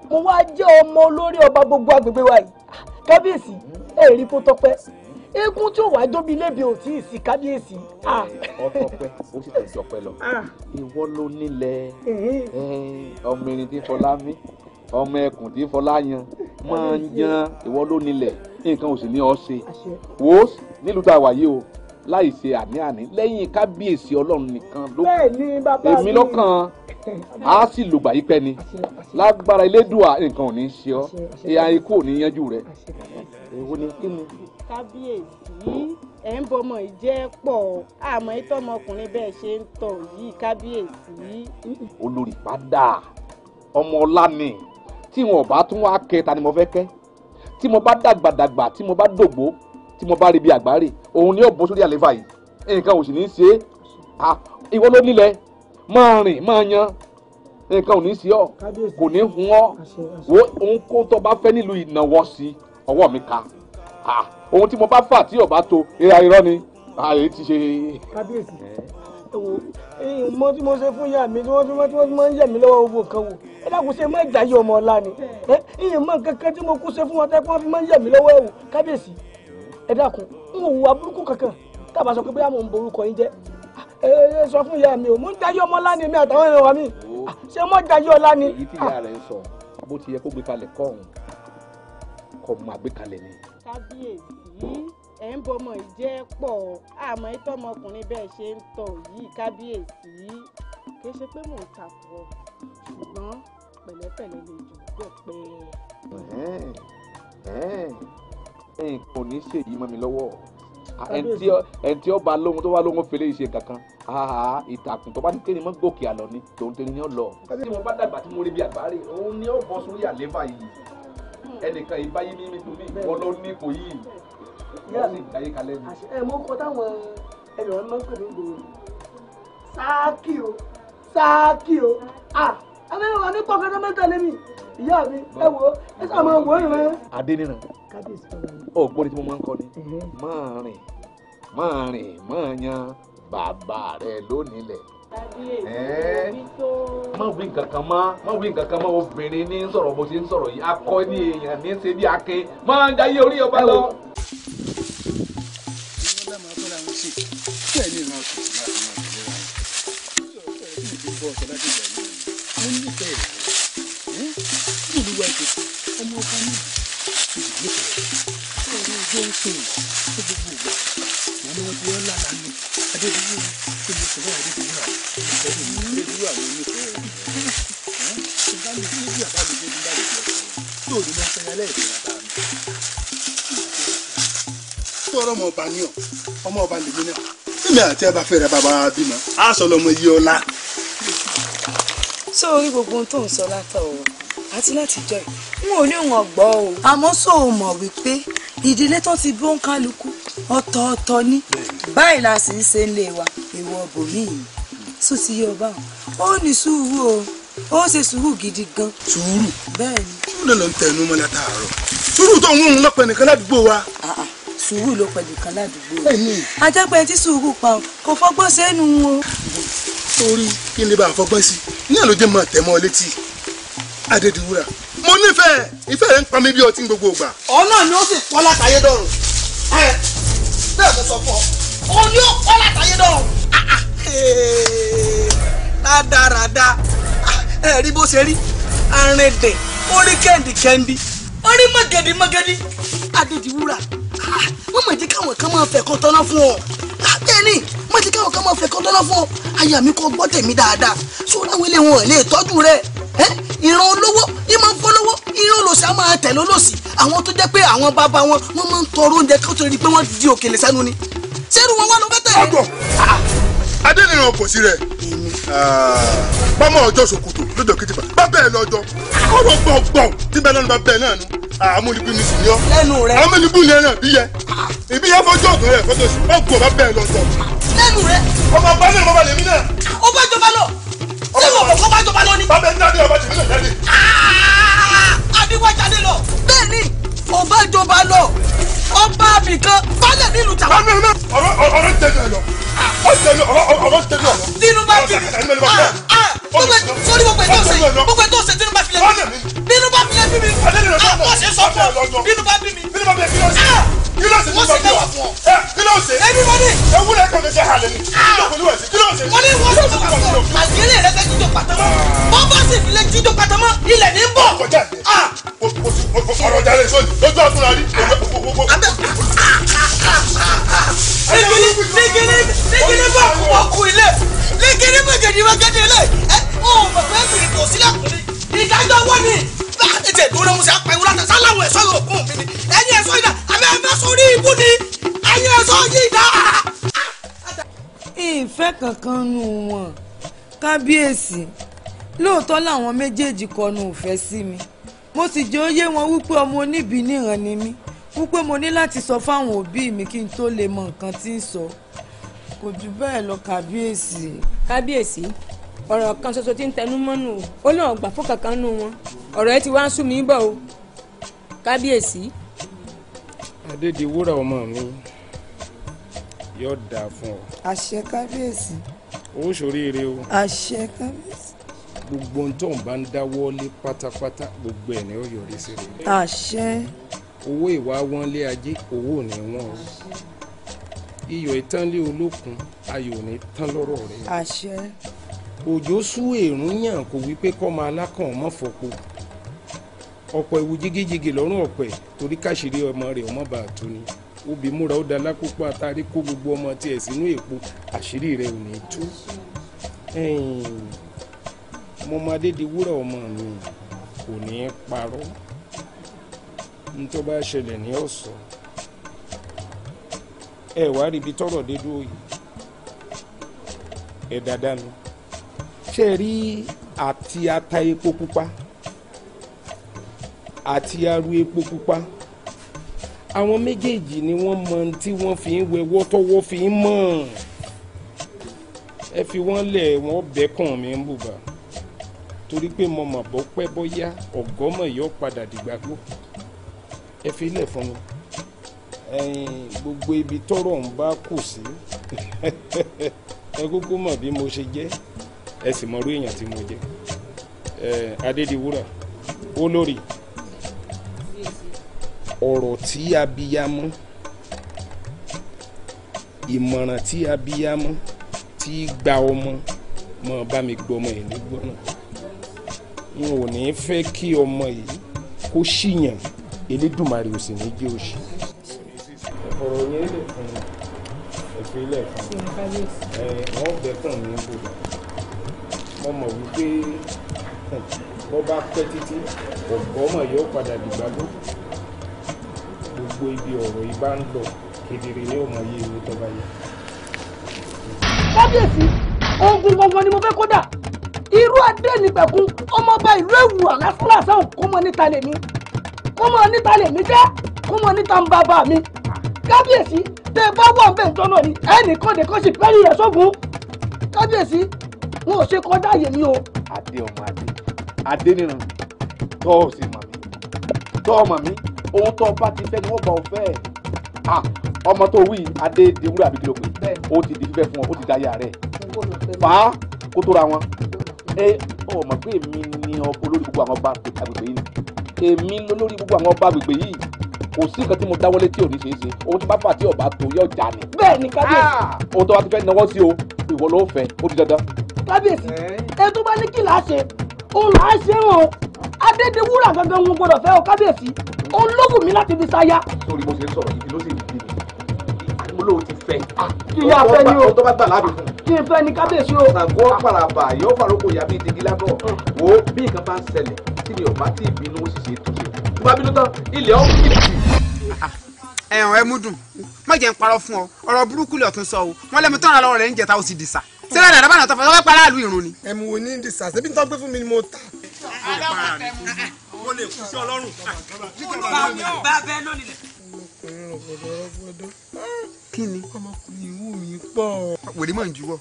[SPEAKER 1] mo wá jẹ́ ọmọ olórí ọba gbogbo agbègbè wa yìí kábíyèsí èrí kó tọpẹ́ eégún tí ò wá jóbi lébi ò tí ì sí kábíyèsí.
[SPEAKER 2] ọtọpẹ ó sì tẹsí
[SPEAKER 1] ọpẹ́ lọ ìwọ ló nílẹ̀ ọmọ irin tí fọlá mí ọmọ ẹkùn tí fọlá yan máa ń yan ìwọ ló nílẹ̀ nǹkan ò sì ní ọ ṣe wò ó nílùú tá a wà yìí o láì ṣe àní-àní lẹ́yìn kábíyèsí ọlọ́run nìkan ló kù èmi lọ́kàn á sì lògbà yí pẹ́ ni lágbára elédùà nǹkan ò ní ṣe ọ́ ìyá ikú ò ní yanjú rẹ̀ èwo ni kí ni. kábíyèsí ẹ̀ ń bọmọ ìjẹ́ pọ̀ àmọ́ ìtọ́mọkùnrin bẹ́ẹ̀ ṣe ń tọ̀ yìí kábíyèsí. olórí padà ọmọ ọlá ni tí wọn ò bá tún wá kẹ ni mo fẹ́ kẹ́ tí mo bá dàgbàdàgbà tí mo bá dògbò tí mo bá rí bí àgbáre òun ni yóò bọ́ sórí àléfà yìí nǹkan ò sì ní í ṣe é ìwọ ló nílẹ̀ máa rìn máa yan nǹkan ò ní í ṣe ọ kò ní hun ọ wo òun kó tó bá fẹ́ nílùú ìnáwó sí ọwọ́ mi ka ohun tí mo bá fà tí ọba tó ìra irọ́ ni ààyè ti ṣe. kábíyèsí wo mo tí mo ṣe fún ìyá mi tí wọ́n tí wọ́n tí wọ́n máa ń yẹ̀ mí lọ́wọ́ owó kan wò ẹ dákun ṣe mọ́ ìjà yìí ọmọ ọ̀la ni ìyẹn mọ́ nǹkan tí mo kú ṣe fún wọn tẹ́ pé fi máa ń yẹ̀ mí lọ́wọ́ ẹ̀wò kábíyèsí ẹ dákun n ò wà burúkú kankan tábà sọ pé bóyá mò ń borúkọ yín jẹ́ ẹ sọ fún ìyá mi o mò ń dayé ọmọ lánìí mi àtàwọn èèyàn wa mi ah, ṣé mò ń ọlá ni. èyí tí ìyá rẹ̀ ń sọ bó ti yẹ kó gbé kalẹ̀ kọ́ ọ̀hún kọ́ máa gbé kalẹ̀ ni.
[SPEAKER 2] kábíyèsí
[SPEAKER 1] ẹ̀ ń bọmọ ìjẹ́ pọ̀ àmọ́ ìtọ́mọkùnrin bẹ́ẹ̀ ṣe ń tọ̀ yìí kábíyèsí kì í ṣe pé mò ń takò ṣùgbọ́n pẹ̀lẹ́pẹ̀lẹ́
[SPEAKER 2] lè jù bẹ́ẹ̀ nǹkan ò ní ṣe èyí
[SPEAKER 1] mọ́ mi lọ́wọ́ ah, ẹ̀ǹtí ọba lóhun tó wá lóhun fèlè ìṣe kankan ìtàkùn tó bá ti tẹ́ni mọ́ gòkè àlọ́ ni tòun tẹ́ni yàn lọ. tí mo bá dàgbà tí mo rí bí àgbáre òun ni ó bọ́ sórí àléébà yìí ẹnìkan yìí báyé ní nítorí mi wọn ló ní ipò yìí wọn sì dáyé kalẹ̀ ni. ẹ mọ kọ táwọn ẹlòmíràn máa ń pè mí gbòòrò sáàkì o sáàkì o ah ẹ bẹ́ẹ̀ wà ní pọ̀kẹ́tọ́ mẹ́ta ìyá mi ẹ wo ẹ sá máa wọ ìran. adé nìran ó gbóni tí mo máa ń kọ ni máa rìn máa rìn máa yan bàbá rẹ lónílẹ̀. má wí nǹkan kan má má wí nǹkan kan má obìnrin ní sọ̀rọ̀ bó ṣe ń sọ̀rọ̀ yìí akọ ní èèyàn ní ṣe bí akin máa ń jayé orí ọba lọ. Mm-hmm olúwa ẹ̀dẹ̀ ọmọ ọba náà ti dìde pẹ̀lú ọ̀rọ̀ ojú ń pè é ní gbogbo ìgbà wọn ni wọn fi ọ́ lára mi adébíyí tó lè sọ̀rọ̀ adébíyí rà ìfẹ́lẹ̀ mi adébíyí àwọn onífẹ́ rẹ̀ ẹ̀ bá mi débi àbálẹ̀ débi báyìí lọ tó ní mo fẹ́ yálẹ̀ ìfẹ́ bàbá mi tó ọ̀rọ̀ ọmọ ọba ni ọ ọmọ ọba lèmi náà èmi àti ẹ bá fẹ́ rẹ bàbá bímọ á sọ lọmọ yìí ọlá so orí gbogbo ohun tó ń sọ látọ̀ o àti láti jọ ẹ̀ n ò ní wọn gbọ́ o. àmọ́ sọ ò mọ̀ wípé ìdílé tó ti bó ń kálukú ọ̀tọ̀ọ̀tọ̀ ni báyìí la sì ń ṣe ń lè wa èèwọ̀ bòmíì sùn ti yọ ọba ó ní sùúrù o ó ṣe sùúrù gidi gan. sùúrù bẹ́ẹ̀ ni. sùúrù ló ń tẹnu mọ́lẹ̀ táàárọ̀ sùúrù tó ń wọ́n ń lọ́pẹ̀ nìkan ládùúgbò wa. Ah, ah sùúrù ló pẹ̀lú kan ládùúgbò ajẹ́pẹ́ tí sùúrù pa ọ́ kò fọgbọ́n sẹ́nu o. torí kí n lè bá a fọgbọ́n sí ní àlójẹ́ máa tẹ̀ mọ́ ọ létí adédìwúrà mo nífẹ̀ẹ́ ìfẹ́ rẹ̀ ń pa mí bí ọtí gbogbo ìgbà. ọ̀hún náà ni ó sì pọ́ látàyé dọ̀rùn ẹ bẹ́ẹ̀ mo sọ fún ọ òun ni ó pọ́ látàyé dọ̀rùn. Ah, ah, rádaràda ah, ẹ rí bó ṣe rí arìndìn orí kẹ́ndìkẹ́ndì orí mọ̀gẹ́dìmọ̀gẹ́dì adédìwúrà wọ́n mọ̀ jẹ́ káwọn kan máa fẹ́ kọ́ tọ́ná fún ọ bẹ́ẹ̀ni wọ́n ti káwọn kan máa fẹ́ kọ́ tọ́ná fún ọ aya mi kọ́ gbọ́ tèmi dáadáa sọ láwọn ilé wọn ò lè tọ́jú rẹ ìran olówó ní máa ń fọlọ́wọ́ ìran olòṣì á máa tẹ̀lé olòṣì àwọn tó jẹ́ pé àwọn bàbá wọn wọ́n máa ń tọrọ oúnjẹ kó tó rí i pé wọ́n di òkèlè sẹ́nu ni sẹ́nu wọn wá lọ bẹ́tẹ̀ adéníran kò sí rẹ pọmọ ọjọ́ ṣòkòtò lọ́jọ́ kìtìpá bá bẹ́ẹ̀ lọ́jọ́ ọ̀rọ̀ gbọngbọn tí bẹ́ẹ̀ lọnà bá bẹ́ẹ̀ náà nu àmúlùkù ni sùn yọ àmúlùkù ni ẹran bí yẹ ìbí yẹ fọjọ́ ọdún rẹ fọjọ́ sí ọgbọ bá bẹ́ẹ̀ lọ́jọ́. lẹ́nu rẹ. ọmọ ọba náà bàbá lèmi náà. ó bá jọba lọ ṣé wọn kò kó bá jọba lọ ni. bàbá ẹni náà dé ọba tèmi náà jáde. àbí wọ́n jáde lọ. bẹ́ẹ̀ ni ọba jọba lọ ó bá mi kan fálẹ̀ nílùú tàwọn. ọ̀rọ̀ tẹ̀lé ọ̀rọ̀ tẹ̀lé ọ̀rọ̀ tẹ̀lé ọ̀rọ̀. tinubu bá kiri sórí gbogbo ètò ọ̀sẹ̀ gbogbo ètò ọ̀sẹ̀ tinubu bá filẹ̀ bí mi nínú bá filẹ̀ bí mi àwọn ọ̀sẹ̀ sọ fún ọ nínú bá bí mi. nínú bá bí mi kí ló ṣe ah! kí ló ṣe eh, kí ló ṣe ẹbí wọn ni ewúrẹ́ kan lè ṣe àlẹ́ ni ah! kí ló ṣe kí ló ṣe. wọ́n ní wọ́n sọ̀rọ̀ bá sọ̀rọ̀ àgbélé rẹ fẹ́ jíjọ pàtàmọ́ wọ́n ah! bá sì fi lè jíjọ pàtàmọ́ ilẹ̀ ní bọ̀. ọ̀rọ̀ jalè sóni lójú àtúnra rí. sigili sigili
[SPEAKER 2] sigili bá kú ọkù
[SPEAKER 1] ilé lékeré méjèèjì wá kéde ilé ẹ ọ bàbá ẹ bìrì kò sílẹ̀ kùnrin ìdájọ́ wọ́n ni bá a tètè dúró mú apẹ̀wò látà sáláwọ̀ ẹ̀ṣọ́ yóò kún mi ni ẹ̀yin ẹ̀ṣọ́ yìí dá àmì ẹ̀fẹ́ sórí ibú ni ẹ̀yin ẹ̀ṣọ́ yìí dá.
[SPEAKER 2] ìfẹ́ kankan nu
[SPEAKER 1] wọn kábíyèsí lóòótọ́ làwọn méjèèjì kọnu òfẹ́ sí mi mo sì jẹ́ òye wọn wípé ọmọ oníbìíní ìràn ni mí wípé mo ní láti sọ fáwọn òbí mi kí n tó lè mọ nǹkan tí ń sọ kò jù bẹ́ẹ̀ lọ kábíyèsí. kábíyèsí ọ̀rọ̀ kan ṣoṣo tí ń tẹnu mọ́nù ó náà gbà fún kankan nù wọn ọ̀rọ̀ ẹ ti wá ń sùn mí bọ̀ o kábíyèsí. adédèwúrà ọmọ mi yóò dáa fún ọ. àṣẹ kábíyèsí. ó ṣoríire o. àṣẹ kábíyèsí. gbogbo ohun tó ń bá ń dáwọ́ lé pátápátá gbogbo ẹ̀ ni ó yọrí sí rere. àṣẹ. owó ìwà wọn lé ajé owó ò wọn o. àṣẹ iyọ̀ itanle olókun ayo ní tán lọ́rọ̀ rẹ. àṣẹ. òjò sú èrún yàn kò wí pé ọmọ fọpo ọ̀pọ̀ ìwù jigijigi lọ́rùn ọ̀pẹ̀ torí ọmọ rẹ̀ ọmọ bàá tó ni obì múra ó gbogbo ọmọ tiẹ̀ sínú èpo àṣírí rẹ̀ ò ní tú. mo ọmọ mi kò ní í parọ́ ẹ wá rí ibi tọ́rọ̀ dé dúró yìí ẹ dáadáa nu ṣe rí àti ata epo pupa àti aru epo pupa àwọn méjèèjì ni wọ́n mọ tí wọ́n fi ń wẹwọ́ tọ́wọ́ fi ń mọ̀ ẹ fi wọ́n lẹ̀ wọ́n bẹ́kàn mi ń bùbá torí pé mo mọ̀ bọ́ pẹ́ bọ́yá ọ̀gọ́mọ̀ yóò padà dìgbà gbó ẹ fi lẹ̀ fún mi gbogbo ibi tọ́rọ̀ ń bá kù sí ẹ kúkú mọ̀ bí mo ṣe jẹ́ ẹ sì mọ̀rú èèyàn tí mo jẹ́ Adédiwúrà olórí ọ̀rọ̀ tí abiyamọ ìmọ̀ràn tí abiyamọ tí gba ọmọ mọ̀ bá mi gbọmọ ẹ̀ nígbọ́nà n ò ní fẹ́ kí ọmọ yìí kó ṣìyàn Elédùmarè ò ní jẹ́ òṣì
[SPEAKER 3] ọ̀rọ̀ yẹn lè fún ẹ̀fẹ́ ilé ẹ̀fọn ẹ̀ wọ́n bẹ fún mi níbo mo mọ̀ wípé bọ́ bá pẹ́ títí
[SPEAKER 1] ọ̀gbọ́mọ̀ yóò padà dìgbàgbọ́ gbogbo ibi ọ̀rọ̀ yìí bá ń lọ
[SPEAKER 3] kedere ní ọmọ yìí ní tọ́ba yìí.
[SPEAKER 2] kábíyèsí ogun
[SPEAKER 1] gbọ̀ngàn ni mo fẹ́ kódà irú adé nígbẹ̀kún ọmọọba ìlú èwù àlásùlàsàn kó mọ níta lèmi kó níta lèmi jẹ́ kó níta ń bàbá mi kábíyèsí tẹ́ ẹ bá wà ń bẹ̀ ń tọ́nà ni ẹnì kan nìkan sì pẹ́ẹ́lí rẹ̀ sófin kábíyèsí wọn ò ṣe kọjá àyè mi o. adé ọmọ adé adé nínú tọ́ ò sì mọ̀ mí tọ́ ọmọ mi ohun tó bá ti fẹ́ ni wọ́n bá ọ fẹ́ ẹ̀ ọmọ tó wí adé di wúrà àbí kìlọ̀ pé ó ti di fífẹ́ fún ọ ó ti dáyà rẹ̀ fà á kó tó ra wọn ẹ ọmọ pé èmi ni olórí gbogbo àwọn ọba àgbègbè yìí èmi lolórí gbogbo àwọn ọba àgbègbè yìí kò sí nǹkan tí mo dáwọ́lé tí ò ní ṣeé ṣe owó tó bá fà tí ọba tó yọ jà ni. bẹ́ẹ̀ni kábíyèsí. Ah! ohun tó bá ti fẹ́ náwó sí o ìwọ ló fẹ́ ó di dandan. kábíyèsí ẹ tó bá ní kí là á ṣe òun là á ṣe wọn o adédèwúrà gangan wọn gbọ́dọ̀ fẹ́ o kábíyèsí òun ló wù mí láti fi sáyà. sórí mo ṣe ń sọ̀rọ̀ ibi ló sì ń bí mi àmúlò ti fẹ́. kí n yá fẹ́ ni o tó bá gbà láàbì fún mi kí n fẹ́ ni kábíyèsí o. ṣàgó paraba yóò faroko yàbí digi mm. wo bí nǹkan bá ń ṣẹlẹ̀ tí mi ò bá tí ì bínú
[SPEAKER 3] ó sì ṣe tó ṣe
[SPEAKER 1] tó bá bínú tán ilẹ̀ ọ̀hún kìkì. ẹ̀hàn ẹ mú dùn má jẹ́ ń parọ́ fún ọ ọ̀rọ̀ burúkú lè ọ̀tún sọ o wọ́n lẹ́mi tọ́ra lọ́wọ́ rẹ̀ ń jẹta ó sì dìsà sílẹ̀ dàda bá nà tọ́fà tọ́fà para àlù ìrùn ni. ẹ̀mú wo ní dìsà ṣebí tó gbé fún mi ni mo ta. kí ni ọmọkùnrin ìwú mi pọ̀. wèrè máa ń juwọ́.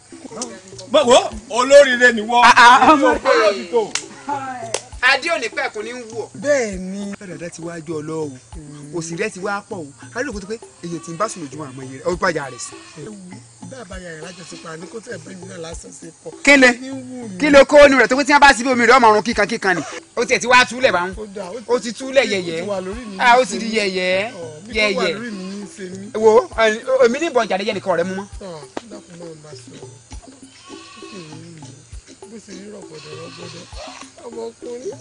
[SPEAKER 1] bọ́wọ́ olóríire ni wọ́n. ọmọ kọ́lọ́ ti tó adé òní pẹ̀kún ní wù ọ. bẹ́ẹ̀ ni dàda ti wá jọ lọ o òsì rẹ ti wá pọ̀ o alẹ́ òkúta pé èyí ti ń bá sùn lójúmọ́ àmọ́ iye rẹ ó rẹ̀ sí. bàbá yàrá kó tẹ̀ nu rẹ̀ tó pé tí wọ́n bá síbi omi rẹ̀ ọmọ ọ̀run kíkan kíkan ni ó tiẹ̀ ti wá túlẹ̀ bá ń ó ti túlẹ̀ yẹ̀yẹ́ ah, ó ti di yẹ̀yẹ́ yẹ̀yẹ́ wo èmi ní ìbọn jàdéjẹ́ nìkan ọ̀rẹ́
[SPEAKER 2] sì rí rọ̀gbọ̀dọ̀ rọ̀gbọ̀dọ̀ ọmọkùnrin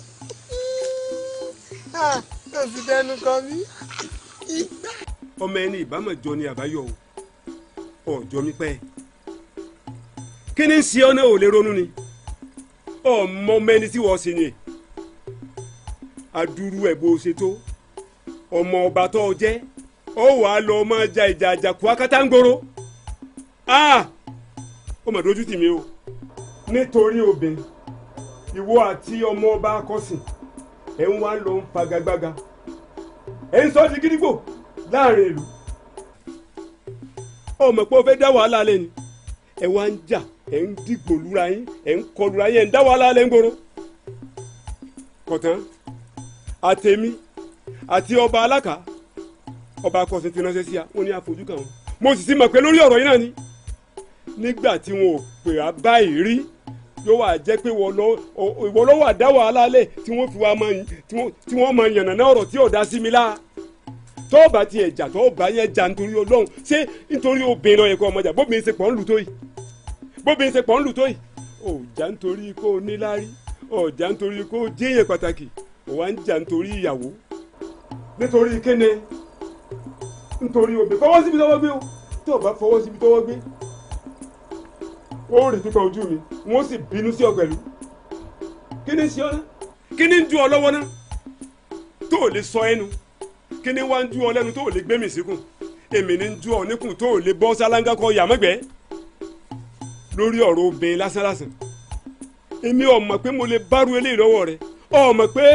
[SPEAKER 2] ah, tó sì dẹnu kan mí.
[SPEAKER 1] ọmọ ẹni ìbámọ̀jọ ni àbáyọ o ọjọ́ mi pẹ́ kí ni ń ṣe ọ́ náà ò lè ronú ni ọmọ mẹ́ni tí wọ́n ṣe yẹn adúrú ẹ̀ bó ọmọ ọba tó jẹ́ ó wàá lọ ọmọ ja ìjà àjàkú akátá ń gbòòrò ah! ó mà dójú tì mí o nítorí obìnrin ìwọ àti ọmọ ọba akọ́sìn ẹ̀ ń wá lọ ń fagagbága ẹ̀ ń sọ di gídígbò láàrin ìlú ọmọ pé o fẹ́ dá wàhálà lẹ̀ ni ẹ̀ wá ń jà ẹ̀ ń dìgbò lura yín ẹ̀ ń kọ lura yín ẹ̀ ń dá wàhálà lẹ̀ ń gbòòrò kọ̀tán àtẹ̀mí àti ọba alákà ọba akọ́sìn ti ránṣẹ́ sí a wọ́n ní àfojú kàn mo sì ti mọ̀ pé lórí ọ̀rọ̀ yìí náà ni nígbà tí wọn ò pè á báyìí rí yóò wá jẹ́ pé ìwọ ló wà dá wàhálà lẹ̀ tí wọ́n fi mọ tí wọ́n ọ̀rọ̀ tí ò dá sí mi lá tó o bá tiẹ̀ jà o bá yẹn jà nítorí Ọlọ́run ṣé nítorí obìnrin ló yẹ kó ọmọ jà pọ̀ ń lù tó yìí jà nítorí kó o níláárí ò jà nítorí kó o jẹ́yẹ̀ pàtàkì ò wá ń jà nítorí ìyàwó nítorí kéne nítorí obìnrin fọwọ́ síbi tọ́wọ́ gbé o tó o bá fọwọ́ wọ́n ò rè ojú mi wọ́n sì bínú sí ọ kí ni ṣe ọ́ ni ń ju ọ lọ́wọ́ náà tó o lè sọ ẹnu kí ni wá ń ju ọ lẹ́nu tó o lè gbé mi síkùn èmi ni ń ju ọ níkùn tó o lè bọ́ sálángá kọ yàmọ́gbẹ́ lórí ọ̀rọ̀ obìnrin lásánlásán èmi ò mọ̀ pé mo lè bárú eléyìí lọ́wọ́ rẹ̀ ọ mọ̀ pé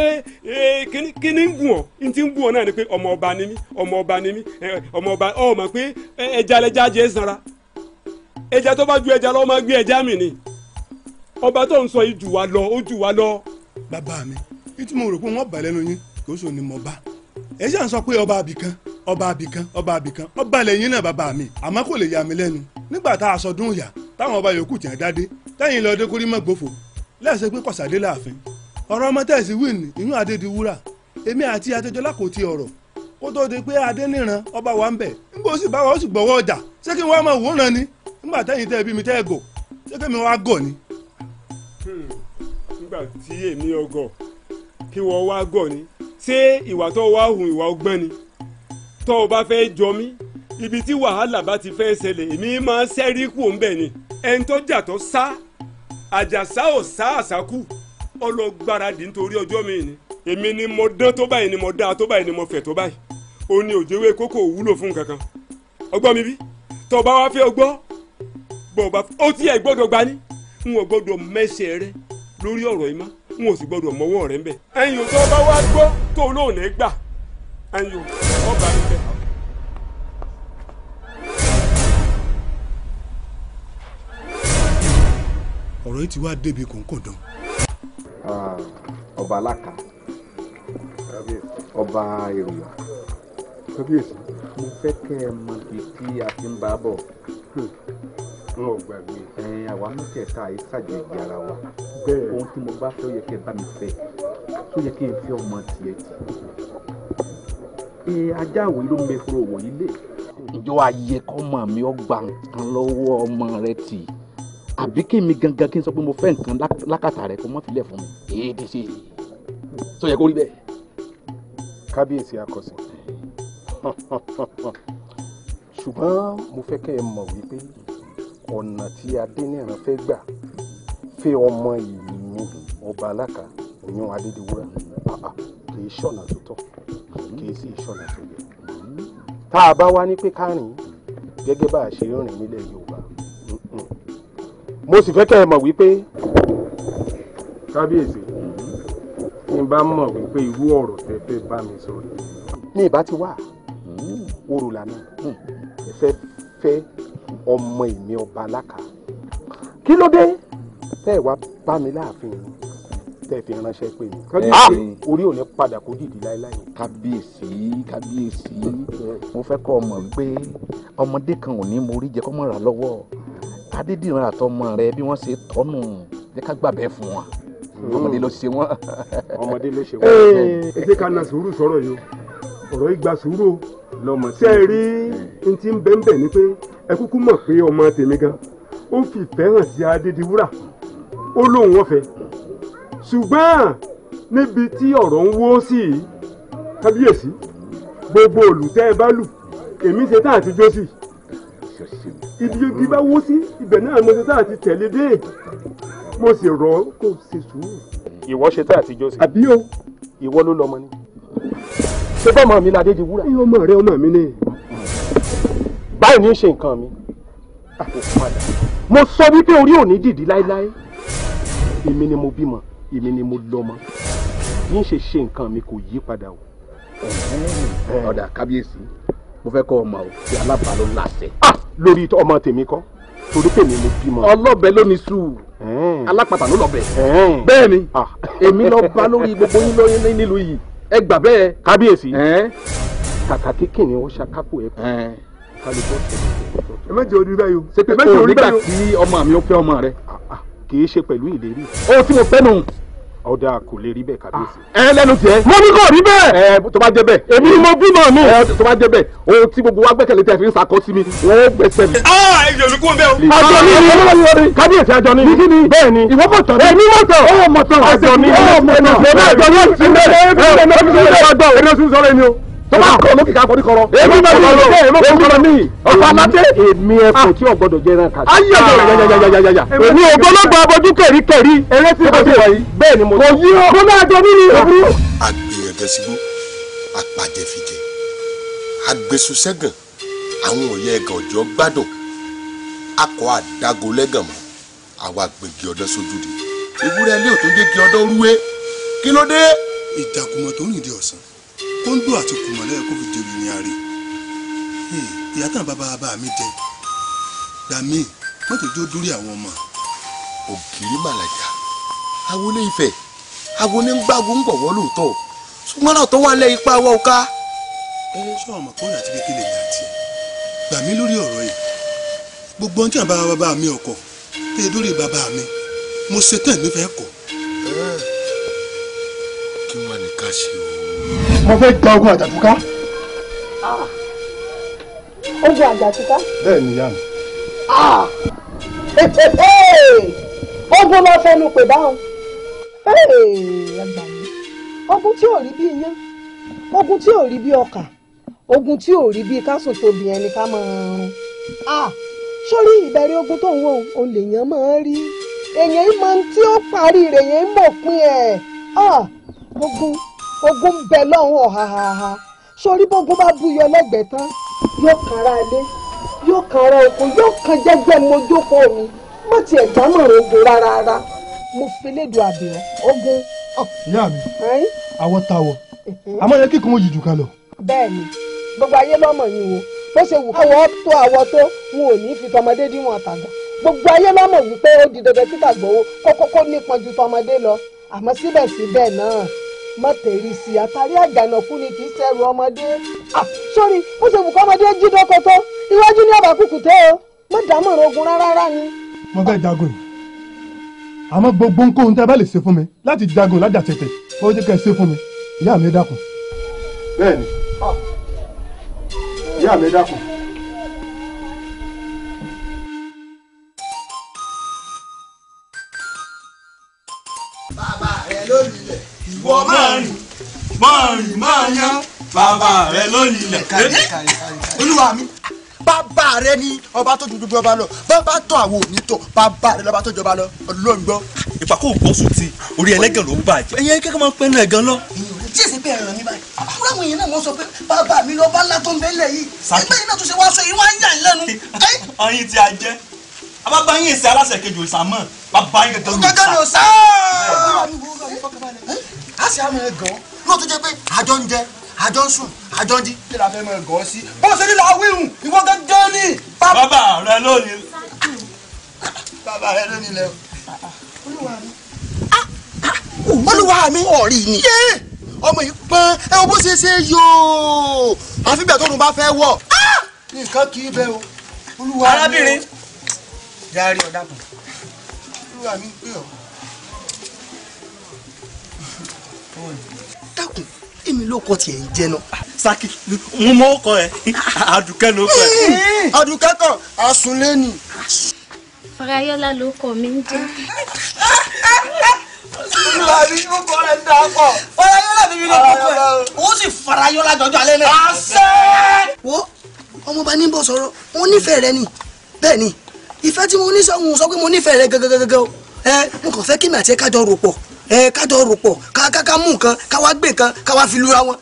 [SPEAKER 1] kí ni ń gùn ọ́ n ti ń gùn ọ́ náà ni pé ọmọ ọba ni mí ọmọ ọba ni mí ọmọ ọba ọ mọ̀ pé ẹja tó bá ju ẹja lọ máa gbé ẹja mi ni ọba tó ń sọ yìí jù wá lọ ó jù wá lọ. bàbá mi ìtumọ̀ rò pé wọ́n bà lẹ́nu yín kò sóò ní mo bá ẹ ṣáà ń sọ pé ọba àbìkan ọba àbìkan ọba àbìkan ọba lẹ́yìn náà bàbá mi àmọ́ kò lè yà mí lẹ́nu nígbà tá a sọdún ìyà táwọn ọba yòókù dé lẹ́sẹ̀ pé kọ̀sádé láàfin ọ̀rọ̀ ọmọ tẹ̀sí ọba wa ń nígbà tẹ́yìn tẹ́ bí mi tẹ́ gọ̀ ṣé kẹ́mi wá gọ̀ ni. Hmm, nígbà tí èmi ọgọ̀ kí wọ́n wá gọ̀ ni ṣé ìwà tó wá hùn ìwà ọgbọ́n ni tó o bá fẹ́ jọ mí ibi tí wàhálà bá ti fẹ́ ṣẹlẹ̀ èmi máa ń ṣẹ́rí kù ń bẹ̀ ni ẹni tó jà tó sá àjàsá ò sá àsákù ọlọgbáradì nítorí ọjọ́ mi ni èmi ni mo dán tó báyìí ni mo dáa tó báyìí ni mo fẹ̀ tó báyìí ó ní òjèwé kókò wúlò fún kankan ọgbọ́n mi bí tó bá wá fẹ́ ọgbọ́n bọ̀ọ̀bà ó ti tiẹ̀ gbọ́dọ̀ gbani n ò gbọ́dọ̀ mẹ́sẹ̀ rẹ lórí ọ̀rọ̀ yìí má n ò sì gbọ́dọ̀ mọ́wọ́ rẹ mbẹ ẹyin tó bá wá gbọ́ tó lóun gbà ẹyin ò bá mi ọ̀rọ̀ yìí ti wá débi ọba ọba èròwà kábíyèsí mo fẹ́ kẹ́ ẹ mọ ibi tí a ti ń bá wọn ò gbàgbé àwa mẹ́tẹ̀ẹ̀ta yìí ṣàjèjì ara wa bẹ́ẹ̀ ohun tí mo bá fẹ́ yẹ kí ẹ bá mi fẹ́ tó yẹ kí n fi ọmọ tiẹ̀ tì ee ajá àwòrán ló mẹ́fọ́rọ̀ wọ̀nyí lè. ìjọ ayé kọ́mọ mi ó gba nǹkan lọ́wọ́ ọmọ rẹ tì àbí kí mi gangan kí n sọ pé mo fẹ́ nǹkan lákàtà rẹ kó mọ́ filẹ̀ fún mi èyí ṣe tó yẹ kó rí bẹ́ẹ̀. kábíyèsí akọ̀sìn ṣùgbọ́n mo fẹ́ kẹ́ ẹ mọ̀ wípé ọ̀nà tí adẹ́nìrán fẹ́ gbà fẹ́ ọmọ ìlú ọba alákà ìyún adédèwúrà ah, ah, kì í ṣọ̀nà tó tọ́ kì í sì ṣọ̀nà tó yẹ tá a bá wá ní pé kárìn gẹ́gẹ́ bá a ṣe rìn nílẹ̀ yorùbá mo sì fẹ́ kẹ́ ẹ mọ̀ wípé kábíyèsí ní bá mọ̀ wípé irú ọ̀rọ̀ tẹ́ fẹ́ bá mi sọ rẹ̀. ní ìbá ti wà òrùlà náà ẹ fẹ́ fẹ́ ọmọ èmi ọba alákà kí ló dé tẹ́ ẹ̀ wá bá mi láàfin yìí ẹ fi ránṣẹ́ pé mi ah! orí ò padà kó dìdí láéláé. kábíyèsí kábíyèsí mo fẹ́ kọ́ ọmọ pé ọmọdé kan ò ní morí jẹ kọ́ mọ̀ rà lọ́wọ́ adédìran àtọmọ rẹ bí wọ́n ṣe tọ́nù jẹ́ ká gbàbẹ́ fún wa hmm. ọmọdé ló ṣe wọ́n. ọmọdé ló ṣe wọ́n. ẹ jẹ́ ká na sùúrù sọ̀rọ̀ yìí ọ̀rọ̀ ìgbà sùúrù lọ́mọ sí. ẹ rí n ti ń bẹ́ẹ̀ bẹ́ẹ̀ ni pé ẹ kúkú mọ̀ pé ọmọ tèmi gan ó fi ìfẹ́ hàn sí Adédiwúrà ó lóun ọ̀fẹ́ ṣùgbọ́n níbi tí ọ̀rọ̀ ń wó sí i kábíyèsí gbogbo olùtẹ́ ẹ bá lù èmi ṣe tá àti jó sí ìdíyegi bá wó sí ibẹ̀ náà mo ṣe tá àti tẹ̀lé dé mo sì rọ̀ ọ́ kó ṣe sùúrù. ìwọ ṣe tá àti jó sí. àbí o. ìwọ ló lọmọ ni. ṣé bọ́mọ mi la Adédiwúrà. ẹ ọmọ rẹ ọmọ mi ni báyìí ní í ṣe nǹkan mi mo sọ wípé orí ò ní dìdí láéláé èmi ni mo bímọ èmi ni mo lọ́mọ bí n ṣe ṣe nǹkan mi kò yí padà o. ọ̀dà kábíyèsí mo fẹ́ kọ́ ọmọ o ti alábàálò láṣẹ. Ah! lórí ọmọ tèmi kọ́ torí pé mi mo bímọ. ọlọ́bẹ ló ní sùúrù alápàtà ló lọ́bẹ. bẹ́ẹ̀ ni ah! èmi lọ bá lórí gbogbo yín lóyún nílùú yìí ẹ gbà bẹ́ẹ̀. kábíyèsí kàkà kíkì ni wọ́n ṣàkápò ẹ̀ ẹ má jẹ́ kò lè rí bẹ́ẹ̀ kábíyèsí. ẹ lẹ́nu tiẹ̀. mo ní kò rí bẹ́ẹ̀. ẹ tó bá jẹ́ bẹ́ẹ̀. èmi ni mo bímọ mi. ẹ tó bá jẹ́ bẹ́ẹ̀ ohun tí gbogbo wa gbẹ́kẹ̀lé tẹ̀ fi ń sakọ́ sí mi wọ́n ó gbẹ̀sẹ̀ mi. ẹ jẹ́ olùkú bẹ́ẹ̀ o. àjọ mi ni olórí kábíyèsí àjọ ni. bíbí ni bẹ́ẹ̀ ni ìwọ kò tán. èmi mọ̀ ọwọ́ mọ̀ àjọ ni ni ọwọ́ mọ̀ tán tó bá kọ lókìkà kọ ní kọrọ. èmi bẹ mi lọ èmi bẹ mi lọ mi. ọba aláte. èmi ẹkùn tí ọgbọdọ jẹ náà kàdé. ayé ah. yàyàyàyàyàyà. èmi ògbólógbò abojú kẹrí kẹrí. ẹlẹ́sìn bá ti wà yìí. bẹ́ẹ̀ ni mo sọ. kò yí o. kó náà jọ nínú ìlú. àgbèrègẹ sígbó àpàjẹfìjẹ àgbèsùsẹgàn àwọn òye ẹgàn ọjọ gbádùn akọ àdágo lẹgànmọ àwọn àgbègì ọdọ sójú di ewúrẹ́ ilé òtún jẹ kí ọdọ rúwé kí ló dé. ìdàkùmọ̀ tó rìn di ọ̀sán kóńdó àti kùmọ̀lẹ́ kó fi dèrò ìrìn àrè ìyá tán bàbá bàbá mi jẹ gbà mí mọ́tò jó dórí àwọn ọmọ. ògiri màlàjà awolé ifẹ̀ awolé ń gbàgbó ń gbọ̀wọ́ lóòótọ́ ṣùgbọ́n náà tó wà lẹ́ ipa wa ò ká. ẹ sọ ọmọ tó yàn àti kékeré mi àti gbà mí lórí ọ̀rọ̀ yìí gbogbo ohun tí àwọn bàbá bàbá mi ọkọ̀ tẹ́ ẹ dórí bàbá mi mo ṣetán mi fẹ́ kọ̀.
[SPEAKER 2] kí wọ́n á ní ká ṣe o.
[SPEAKER 1] mo fẹ́ gba ogun àjàtúká.
[SPEAKER 2] Ah. ogun
[SPEAKER 1] àjàtúká. bẹ́ẹ̀ ni ìyá mi. Ah. ogun lọ fẹnu pè báwọn ogun tí ò rí bí iyán ogun tí ò rí bí ọkà ogun tí ò rí bí kásùn tóbi ẹni ká máa rún ah. sórí ìbẹ̀rẹ̀ ogun tó ń wọ̀ òun lèèyàn máa rí èèyàn máa tí ó parí ogun. ogun ń bẹ lọ́hùn ọ̀hàhàhà sórí bógun bá bú yọ lẹ́gbẹ̀ẹ́ tán yóò kanra ilé yóò kanra oko yóò kan jẹ́gbẹ́ mojúkọ mi má tiẹ̀ dámọ̀ràn ogun rárá rárá mo fi lédu àbẹ̀rẹ̀ ogun. ìyá mi àwọ̀ tawọ̀ àmọ́ yẹ kíkún mo yìí jù ká lọ. bẹ́ẹ̀ni gbogbo ayé lọmọ yìí wo bó ṣe wù káwọ tó àwọ tó wọn ò ní fi tọmọdé díwọn àtàgbà gbogbo ayé lọmọ wípé ó di dandan títàgbọ kókó kó nípọn ju tọmọdé lọ àmọ́ síbẹ̀síbẹ̀ náà má tẹ̀rí sí i àtàrí àjànàkú ni kì í ṣẹrù ọmọdé sórí bó ṣe bùkọ́ ọmọdé jí dọ́kọ̀tọ́ iwájú ní ọ̀bà kùkùté o má dààmú ìrogun rárá rá ni. mo fẹ́ jagun yìí àmọ́ gbogbo nǹkan tẹ́ bá lè ṣe fún mi láti jagun lájàtẹ̀tẹ̀ ó jẹ́ ká ẹ ṣe fún mi ìyá mi dákun. bẹ́ẹ̀ni ìyá mi dákun. wọ máa rìn máa rìn máa yan bàbá rẹ lónìí ilẹ̀ kàrí olúwa mi bàbá rẹ ni ọba tó ju gbogbo ọba lọ bàbá tó àwọn òní tó bàbá rẹ lọba tó jọba lọ ọlọ́run gbọ́. ìpàkó ògbọ́sùn ti orí ẹlẹ́gàn ló ń bàjẹ́. ẹ̀yin kẹ́kọ̀ọ́ máa ń pẹ́ nu ẹ̀gán lọ. tí èsì bẹ́ẹ̀ ràn mí báyìí fúláwọn èèyàn náà wọ́n sọ pé bàbá mi lọ́ba ńlá tó ń bẹ́lẹ̀ yìí ẹgbẹ́ yìí náà tún ṣe wá sọ yìí wọ́n á yà lẹ́nu. ọyìn ti a jẹ́ ababa yín èsì aláṣẹ kejì òsàmọ́ bàbá yín gẹ́gẹ́ ló sá a sì á máa gàn án lóò tó jẹ́ pé àjọ ń jẹ àjọ ń sùn àjọ ń jí. kí la fẹ́ máa gàn án sí bó ṣe nílò awíhùn ìwọ gángan ni. bàbá rẹ lónìí bàbá rẹ lónìí lẹ
[SPEAKER 2] olúwa mi ah,
[SPEAKER 1] ah, ọ̀rí ni ọmọ yìí pọ́n ẹ wo bó ṣe ṣe yòó àfi bẹ́ẹ̀ tó ń bá fẹ́ wọ̀. Ah! nǹkan kì í bẹ o
[SPEAKER 2] olúwa mi arábìnrin
[SPEAKER 1] yàrá rí ọ̀dà kan
[SPEAKER 2] olúwa mi pè ọ́.
[SPEAKER 1] dákun èmi ló kọ tiẹ̀ ń jẹ náà. Ah, Saki mo mọ ọkọ ẹ Adùkẹ́ ló kọ ẹ. Eh, Adùkẹ́ kọ asunlé ni. Farayọlá ló kọ mi ń jẹ. Ìlànà ìlú kọ rẹ̀ dà pọ̀.
[SPEAKER 2] Farayọlá ni mi ló kọ
[SPEAKER 1] ẹ. O sì Farayọlá jọjọ alẹ́ náà. Àṣẹ. Wo ọmọọba ní bọ̀ sọ̀rọ̀ mo nífẹ̀ẹ́ rẹ ni bẹ́ẹ̀ ni ìfẹ́ tí mo ní sọ pé mo nífẹ̀ẹ́ rẹ gẹ́gẹ́gẹ́gẹ́ o ẹ mo kàn fẹ́ kí mi àti ẹ kájọ rò pọ̀ ẹ kájọ rò pọ̀ ká ká mú nǹkan ká wá gbé nǹkan ká wá fi lura wọn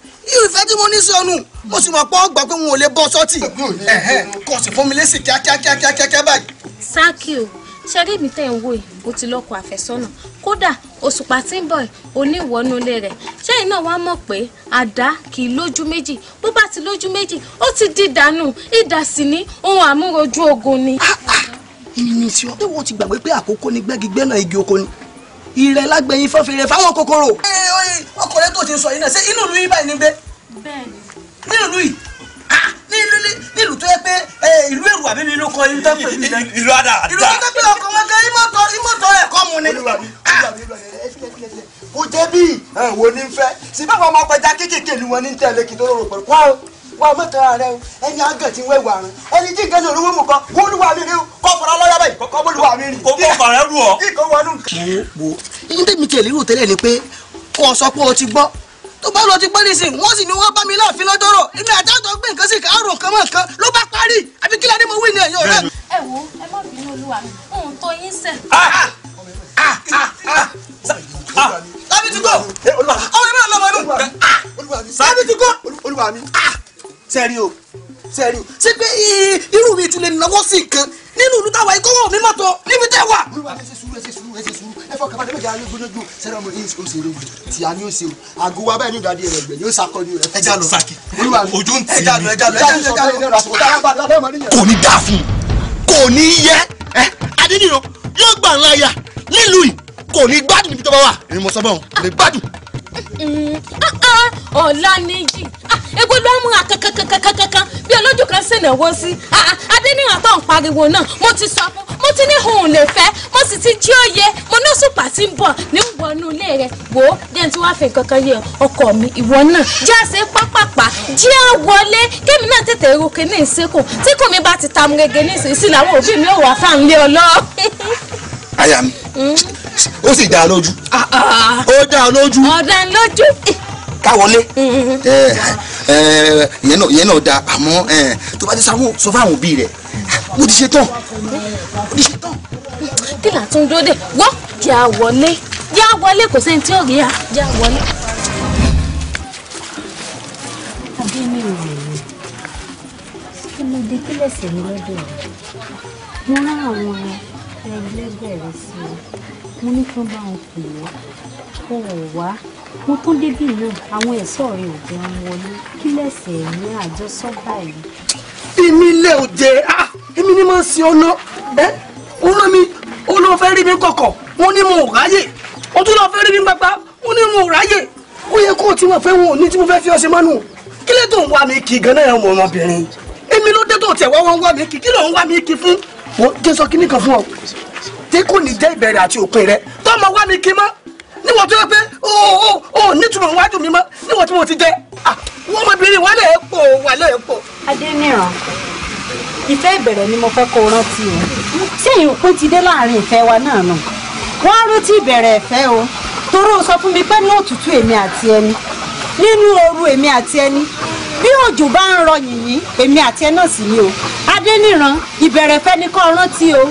[SPEAKER 1] ìfẹ́ tí mo ní sí ọ̀nù mo sì mọ̀ pé ó gbà pé n ò lè bọ́ sọ́ọ̀tì kò sì fún mi lésì kíákíákíákíá báyìí. sákì o ṣẹ́rí mi tẹ̀ ń wò yìí o ti lọ́kọ àfẹ́sọ́nà kódà òṣùpá tí ń bọ̀ ẹ̀ oníwọ̀nú ilé rẹ̀ ṣẹ́yìn náà wàá mọ̀ pé àdá kì í lójú méjì bó bá ti lójú méjì ó ti di dànù ìdà sì ní ohun àmúrojú ogun ni. ìyìn tí ó wọ́n ti gbàgbé pé àkókò ni gbẹ́gi gbẹ́ náà igi oko ni ìrẹ̀ lágbẹ̀yìn fọ́fẹ̀rẹ̀ fáwọn kòkòrò. ọkùnrin tó ti sọ yìí náà ṣé inú ìlú yìí báyìí ni gbé. ní ìlú yìí ah, nílùú tó yẹ pé ìlú èrò àbí mi ló kọ ìlú tó pè mí lẹ́yìn. ìlú àdá àdá. ìlú tó pè ọkọ wọn kan ìmọ̀tọ́ ìmọ̀tọ́ ẹ̀kọ́ mu ni. kò jẹ́ bí wo ni n fẹ́ sí báwọn ọmọ pẹja kéékèèké ni wọ́n ní tẹ̀lé kí tó lọ́rọ̀ pẹ̀lú wà mọ́ rẹ o ẹni àgàn ti wẹ̀ wà ẹni tí gẹ́ni olówó mu kan wọ́n lù wà mí kọ́ fara lọ́yà báyìí kọ́kọ́ bó wà mí kò kọ́ fara rú ọ. ìkọ́ wọnú. wo iye tèmi tiẹ̀ lérò tẹ́lẹ̀ ni pé kó sọ pé o ti gbọ́ tó bá lọ ti gbọ́ nísìn wọ́n sì ni wọ́n bá mi láàfin lọ́jọ́rọ̀ èmi àtàwọn gbé nǹkan sí káàrò kan mọ́ nǹkan ló bá parí àbí kí ládé mo wí ni ẹ̀yin ọ̀rẹ́.
[SPEAKER 2] ẹ wo ẹ má bínú olúwa òun tó yín sẹ.
[SPEAKER 1] sábì tí kò ọmọ ìbára lọmọ inú sábì tí kò olúwa mi sẹ́rí o sẹ́rí o ṣé pé irú mi tún lè náwó sí nǹkan nínú ìlú táwa ìkọ́wọ́ mi mọ́tò níbi tẹ́ wà.
[SPEAKER 2] olúwa ẹ ṣe sùúrù ẹ ṣe sùúrù ẹ ṣe
[SPEAKER 1] sùúrù ẹ fọ kaba dẹ́gbẹ̀jẹ̀ alẹ́ gbóná gbó sẹ́rí ọmọ yìí ó ṣe eré wù tí a ní ó ṣe o àgọ́ wa báyìí ní ìdádì rẹ̀ gbẹ̀ ni ó ṣakọ ni rẹ̀ ẹja lọ sàkè olúwa ojú ń tì í ẹja lọ ẹja lọ kò ní dáa fún kò ní yẹ ẹ adédìrán yóò gbà ńlá ya nílùú yìí kò ní gbádùn níbi tó bá wà èmi mọ sọ bọ́ọ̀ kò ní gbádùn Mm, uh-uh. ọ̀la níjì ah, egbò ló mú akankankankankan bí olójú kan sì náwó sí ah, ah, adéníran tó ń pariwo náà mo ti sọ fún mo ti ní òun lè fẹ́ mo sì ti jí òye mo ní òṣùpá tí ń bọ̀ ní wọnú ilé rẹ̀ wò ó jẹ́ tí wàá fi kankan yẹ ọkọ mi ìwọ náà jẹ́ àṣẹ pápápá jẹ́ wọlé kémi náà tètè roke ní ìṣekùn tí kò mi bá ti ta mú gẹ́gẹ́ ní ìṣesí làwọn òbí mi ò wá fáńlé ọlọ́. àyà mi ó sì dá lójú ó dá lójú ó dá lójú káwọlé mm-hmm. eh, eh, ìyẹn náà ìyẹn náà da àmọ́ eh, tó bá ti sáwọ́ sọ fún àwọn òbí rẹ̀ mo ti ṣe tán mo ti ṣe tán. kí là tún dúró dé wọ́n yà wọlé yà wọlé kò sẹ́ni tí ò rí yà wọlé.
[SPEAKER 2] àbí mi ò rò ó kí mo di kílẹ̀ mi lọ́dọ̀ rẹ̀ mo rán àwọn ọmọ ẹlẹ́gbẹ̀ẹ́ rẹ sí i mo ní kí wọ́n bá wọn pè é kó o wá mo tún débì náà àwọn ẹ̀ṣọ́ rẹ ò jẹ́ wọlé kí lẹ́sẹ̀ ní àjọsọ báyìí.
[SPEAKER 1] fi mí lé òde ah, èmi ni mo ń sin ọ̀nà ẹ ọ̀nà mi ó fẹ́ rí mi kọ̀kọ̀ wọ́n ní mo ráyè ó tún fẹ́ rí mi gbàgbá wọ́n ní mo ráyè ó yẹ kó o ti mọ̀ fẹ́ wọn ò ní tí mo fẹ́ fi ọ ṣe kí lè tó ń wá mi kì gan náà ọmọbìnrin èmi ló dé tó tẹ̀ wá wọn wá mi kì kí ló ń wá mi kì fún. wọ́n jẹ́ sọ kíní tí kò ní jẹ́ ìbẹ̀rẹ̀ àti òpin rẹ tọ́mọ wá mi kí mọ́ níwọ̀n tó yẹ pé ó ó ó nítumọ̀ wájú mi mọ́ níwọ̀n tí mo ti jẹ́ wọ́n ọmọbìnrin wà lẹ́ẹ̀ pọ̀ wà lẹ́ẹ̀ pọ̀. Adéníran ìfẹ́ ìbẹ̀rẹ̀ ni mo fẹ́ kó rántí o sẹ́yìn òpin ti dé láàrin ìfẹ́ wa náà nù wọ́n rántí ìbẹ̀rẹ̀ ìfẹ́ o torí o sọ fún mi pé ní òtútù èmi àti ẹni nínú ooru èmi àti ẹni bí òjò bá ń rọ yìnyín èmi àti ẹ náà sì ni o adéníran ìbẹ̀rẹ̀ fẹ́ ni kọ́ rántí o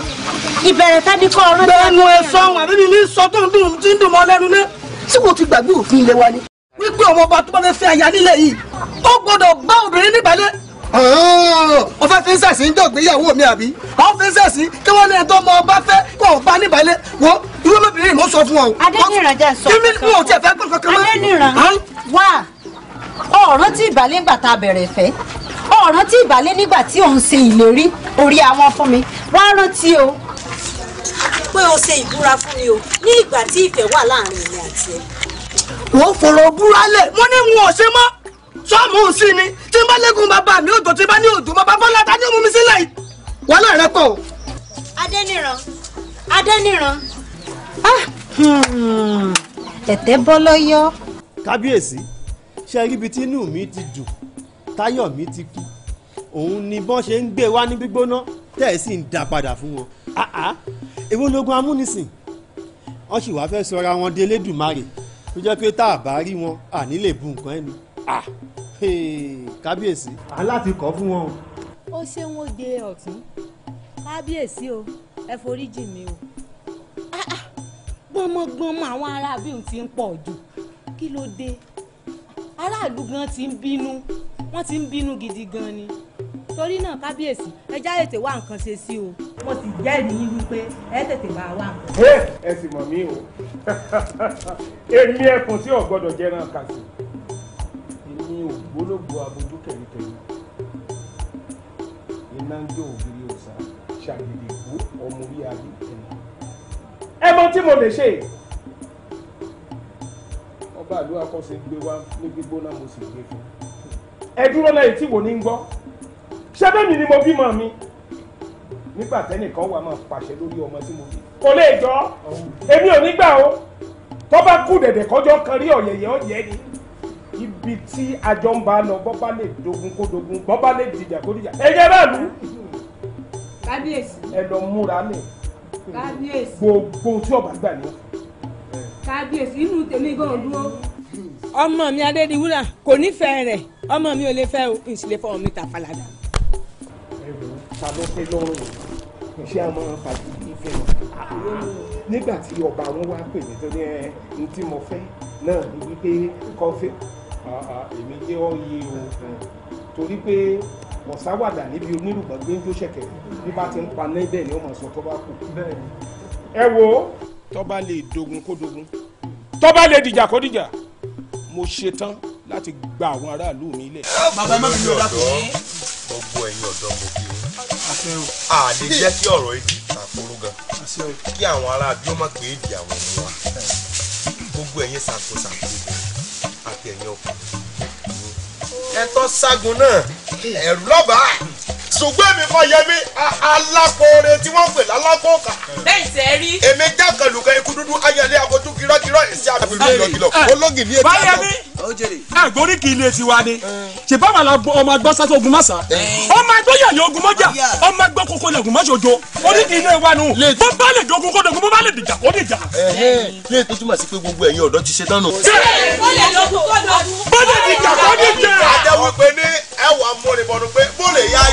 [SPEAKER 1] ìbẹ̀rẹ̀ fẹ́ ni kọ́ rántí. bẹ́ẹ̀nu ẹ sọ wọn àbí mi ní sọ tó ń dùn tí ń dùn mọ́ lẹ́nu lé tí kò ti gbàgbé òfin ilé wa ni wípé ọmọ ọba tó bá fẹ́ fẹ́ aya nílẹ̀ yìí ó gbọ́dọ̀ bá obìnrin nígbàlẹ́ o fẹ́ fi ń sẹ̀sìn dọ̀gbéyàwó mi àbí àwọn fi ń sẹ̀sìn kí wọ́n ní ẹ̀tọ́ ọmọ ọba fẹ́ kó o bá níbàlẹ̀ wo irú lóbìnrin mo sọ fún ọ. adéníran jẹ́ sọ fún ọ. kí mi ò tiẹ̀ fẹ́ gbọ́ kankan mọ́. adéníran wá ọ̀ràn tí ìbálẹ̀ ńgbà tá a bẹ̀rẹ̀ fẹ́ ọ̀ràn tí ìbálẹ̀ nígbà tí òun ṣe ìlérí orí àwọn fún mi wá rántí o pé o ṣe ìbúra fún mi o ní ìgbà tí ìfẹ́ wà láàrin èmi àti ẹ. wọ́n fọ̀rọ̀ búra lẹ̀ wọ́n ní wọn ò ṣe mọ́ sọ́ọ̀mù sí ni tí n bá lẹ́gùn bàbá mi òdò tí n bá ní òdò bàbá fọlá ta ni ó mú mi sílẹ̀ yìí wọ́n náà rẹ pọ̀. adẹ́nìran adẹ́nìran. Ah, hmm. ẹ̀tẹ́ bọ́ lọ́yọ́ kábíyèsí ṣe ríbi tí inú mi ti dùn táyọ̀ mi ti kú òun ni bọ́n ṣe ń gbé wá ní gbígbóná tẹ́ ẹ̀ sì ń dá padà fún wọn èwo lógun amúnisìn wọ́n sì wá fẹ́ sọra wọn délé dùmarè tó jẹ́ pé tá a bá rí wọn àní lè bu nǹkan ẹnu kábíyèsí à ń láti kọ́ fún wọn.
[SPEAKER 2] ó ṣe wọn de
[SPEAKER 1] ọ̀tún kábíyèsí o ẹ foríjì mi o gbọmọgbọmọ àwọn aráabí ti ń pọ̀ jù kí ló dé aráàlú gan ti ń bínú wọ́n ti ń bínú gidi gan ni torí náà kábíyèsí ẹjá tètè wá nǹkan ṣe sí o mo sì jẹ́rìí wípé ẹ tètè bá wa. ẹ sì mọ̀ mí o èmi ẹkùn tí ò jẹ́ náà kà sí èmi ò gbólógbò abojú kẹ̀ríkẹ̀rí iná ń jó ògiri òòsà ṣàgìdì ìkú ọmọ orí adé ẹ̀ mọ tí mo lè ṣe ọba ìlú akọ́sí gbé wá ní gbígbóná mo sì gbé fún. ẹ dúró lẹ́yìn tí wò ní ń gbọ́ ṣé bẹ́ẹ̀ni ni mo bímọ mi nígbà tẹ́nìkan wà máa pàṣẹ lórí ọmọ tí mo bí. kò lè jọ èmi ò ní gbà o tó bá kú dẹ̀dẹ̀ kọjọ́ kan rí ọ̀yẹ̀yẹ̀ ọ̀yẹ̀ ni ibi tí àjọ ń bá lọ bọ́bá lè dogun kó dogun bọ́bá lè dìjà kó dìjà ẹ̀jẹ̀ báàlú. kábíyèsí. ẹ lọ múra lẹ. kábíyèsí. gbogbo tí ọba gbà ní kábíyèsí inú tèmi gan dúró. ọmọ mi adédiwúrà kò nífẹ̀ẹ́ rẹ̀ ọmọ mi ò lè fẹ́ o n sì lè fọwọ́ mi ta falada. ta ló pé lọ́rùn iṣẹ́ a máa fàájì ìfẹ́ wọn. nígbà tí ọba wọn wá pè mí tó ní ẹ ní tí mo fẹ́ náà ní wípé kọfí ah, ah, èmi jẹ́ ọyẹ o torí pé ọ̀sáwàdà níbi onírùgbọ̀n gbé ń jó ṣẹ̀kẹ̀ bí bá ti ń pa náà bẹ́ẹ̀ ni ó máa sọ tó bá kù. ẹ wo tọ́ba lè dogun kó dogun tọ́ba lè dìjà kó dìjà mo ṣetán láti gba àwọn aráàlú mi lẹ̀. bàbá má bínú ọ̀dọ́ gbogbo
[SPEAKER 3] ẹ̀yin ọ̀dọ́ mo kí o a lè jẹ́ kí ọ̀rọ̀ èdè tàkóró gan kí àwọn ará abíọ́mọ̀ pé èdè àwọn ọmọ wa gbogbo ẹ̀yin ṣàkóṣàkó àti ẹ̀yin ọkùnrin
[SPEAKER 1] ẹ̀tọ́ ságun náà ẹ̀rù lọ́bàá ṣùgbọ́n èmi Fáyẹmí alákòóre tí wọ́n pè lálákòókà. bẹ́ẹ̀ tẹ́ rí. èmi jákèlùkẹ́ ikú dúdú ayẹlẹ́ akoto kìrọ́kìrọ́ èsì àbẹ̀wò ìlọkìlọ. Ah. olóògì ní etí àná. Fáyẹmí ah, àgbórí kì í lè tiwa ni ṣe báwa la ọmọ agbọ́ sátó ogun mọ́sá eh. ọmọ agbọ́ yàyà ogun mọ́jà ọmọ agbọ́ kókó lẹ́gùn mọ́ṣojo oníkì ilé wa nù bó bá lè dogun kó dogun bó bá lè dìjà kó dìjà. ilé eh, eh. ètò túmọ̀ sí pé gbogbo ẹ̀yin ọ̀dọ́ ti ṣe tán nù. bó lè dogun
[SPEAKER 2] kó dogun. bó lè dìjà
[SPEAKER 1] kó dìjà. àdéhùn pé ní ẹwà múnibọ̀nù pé bó lè yá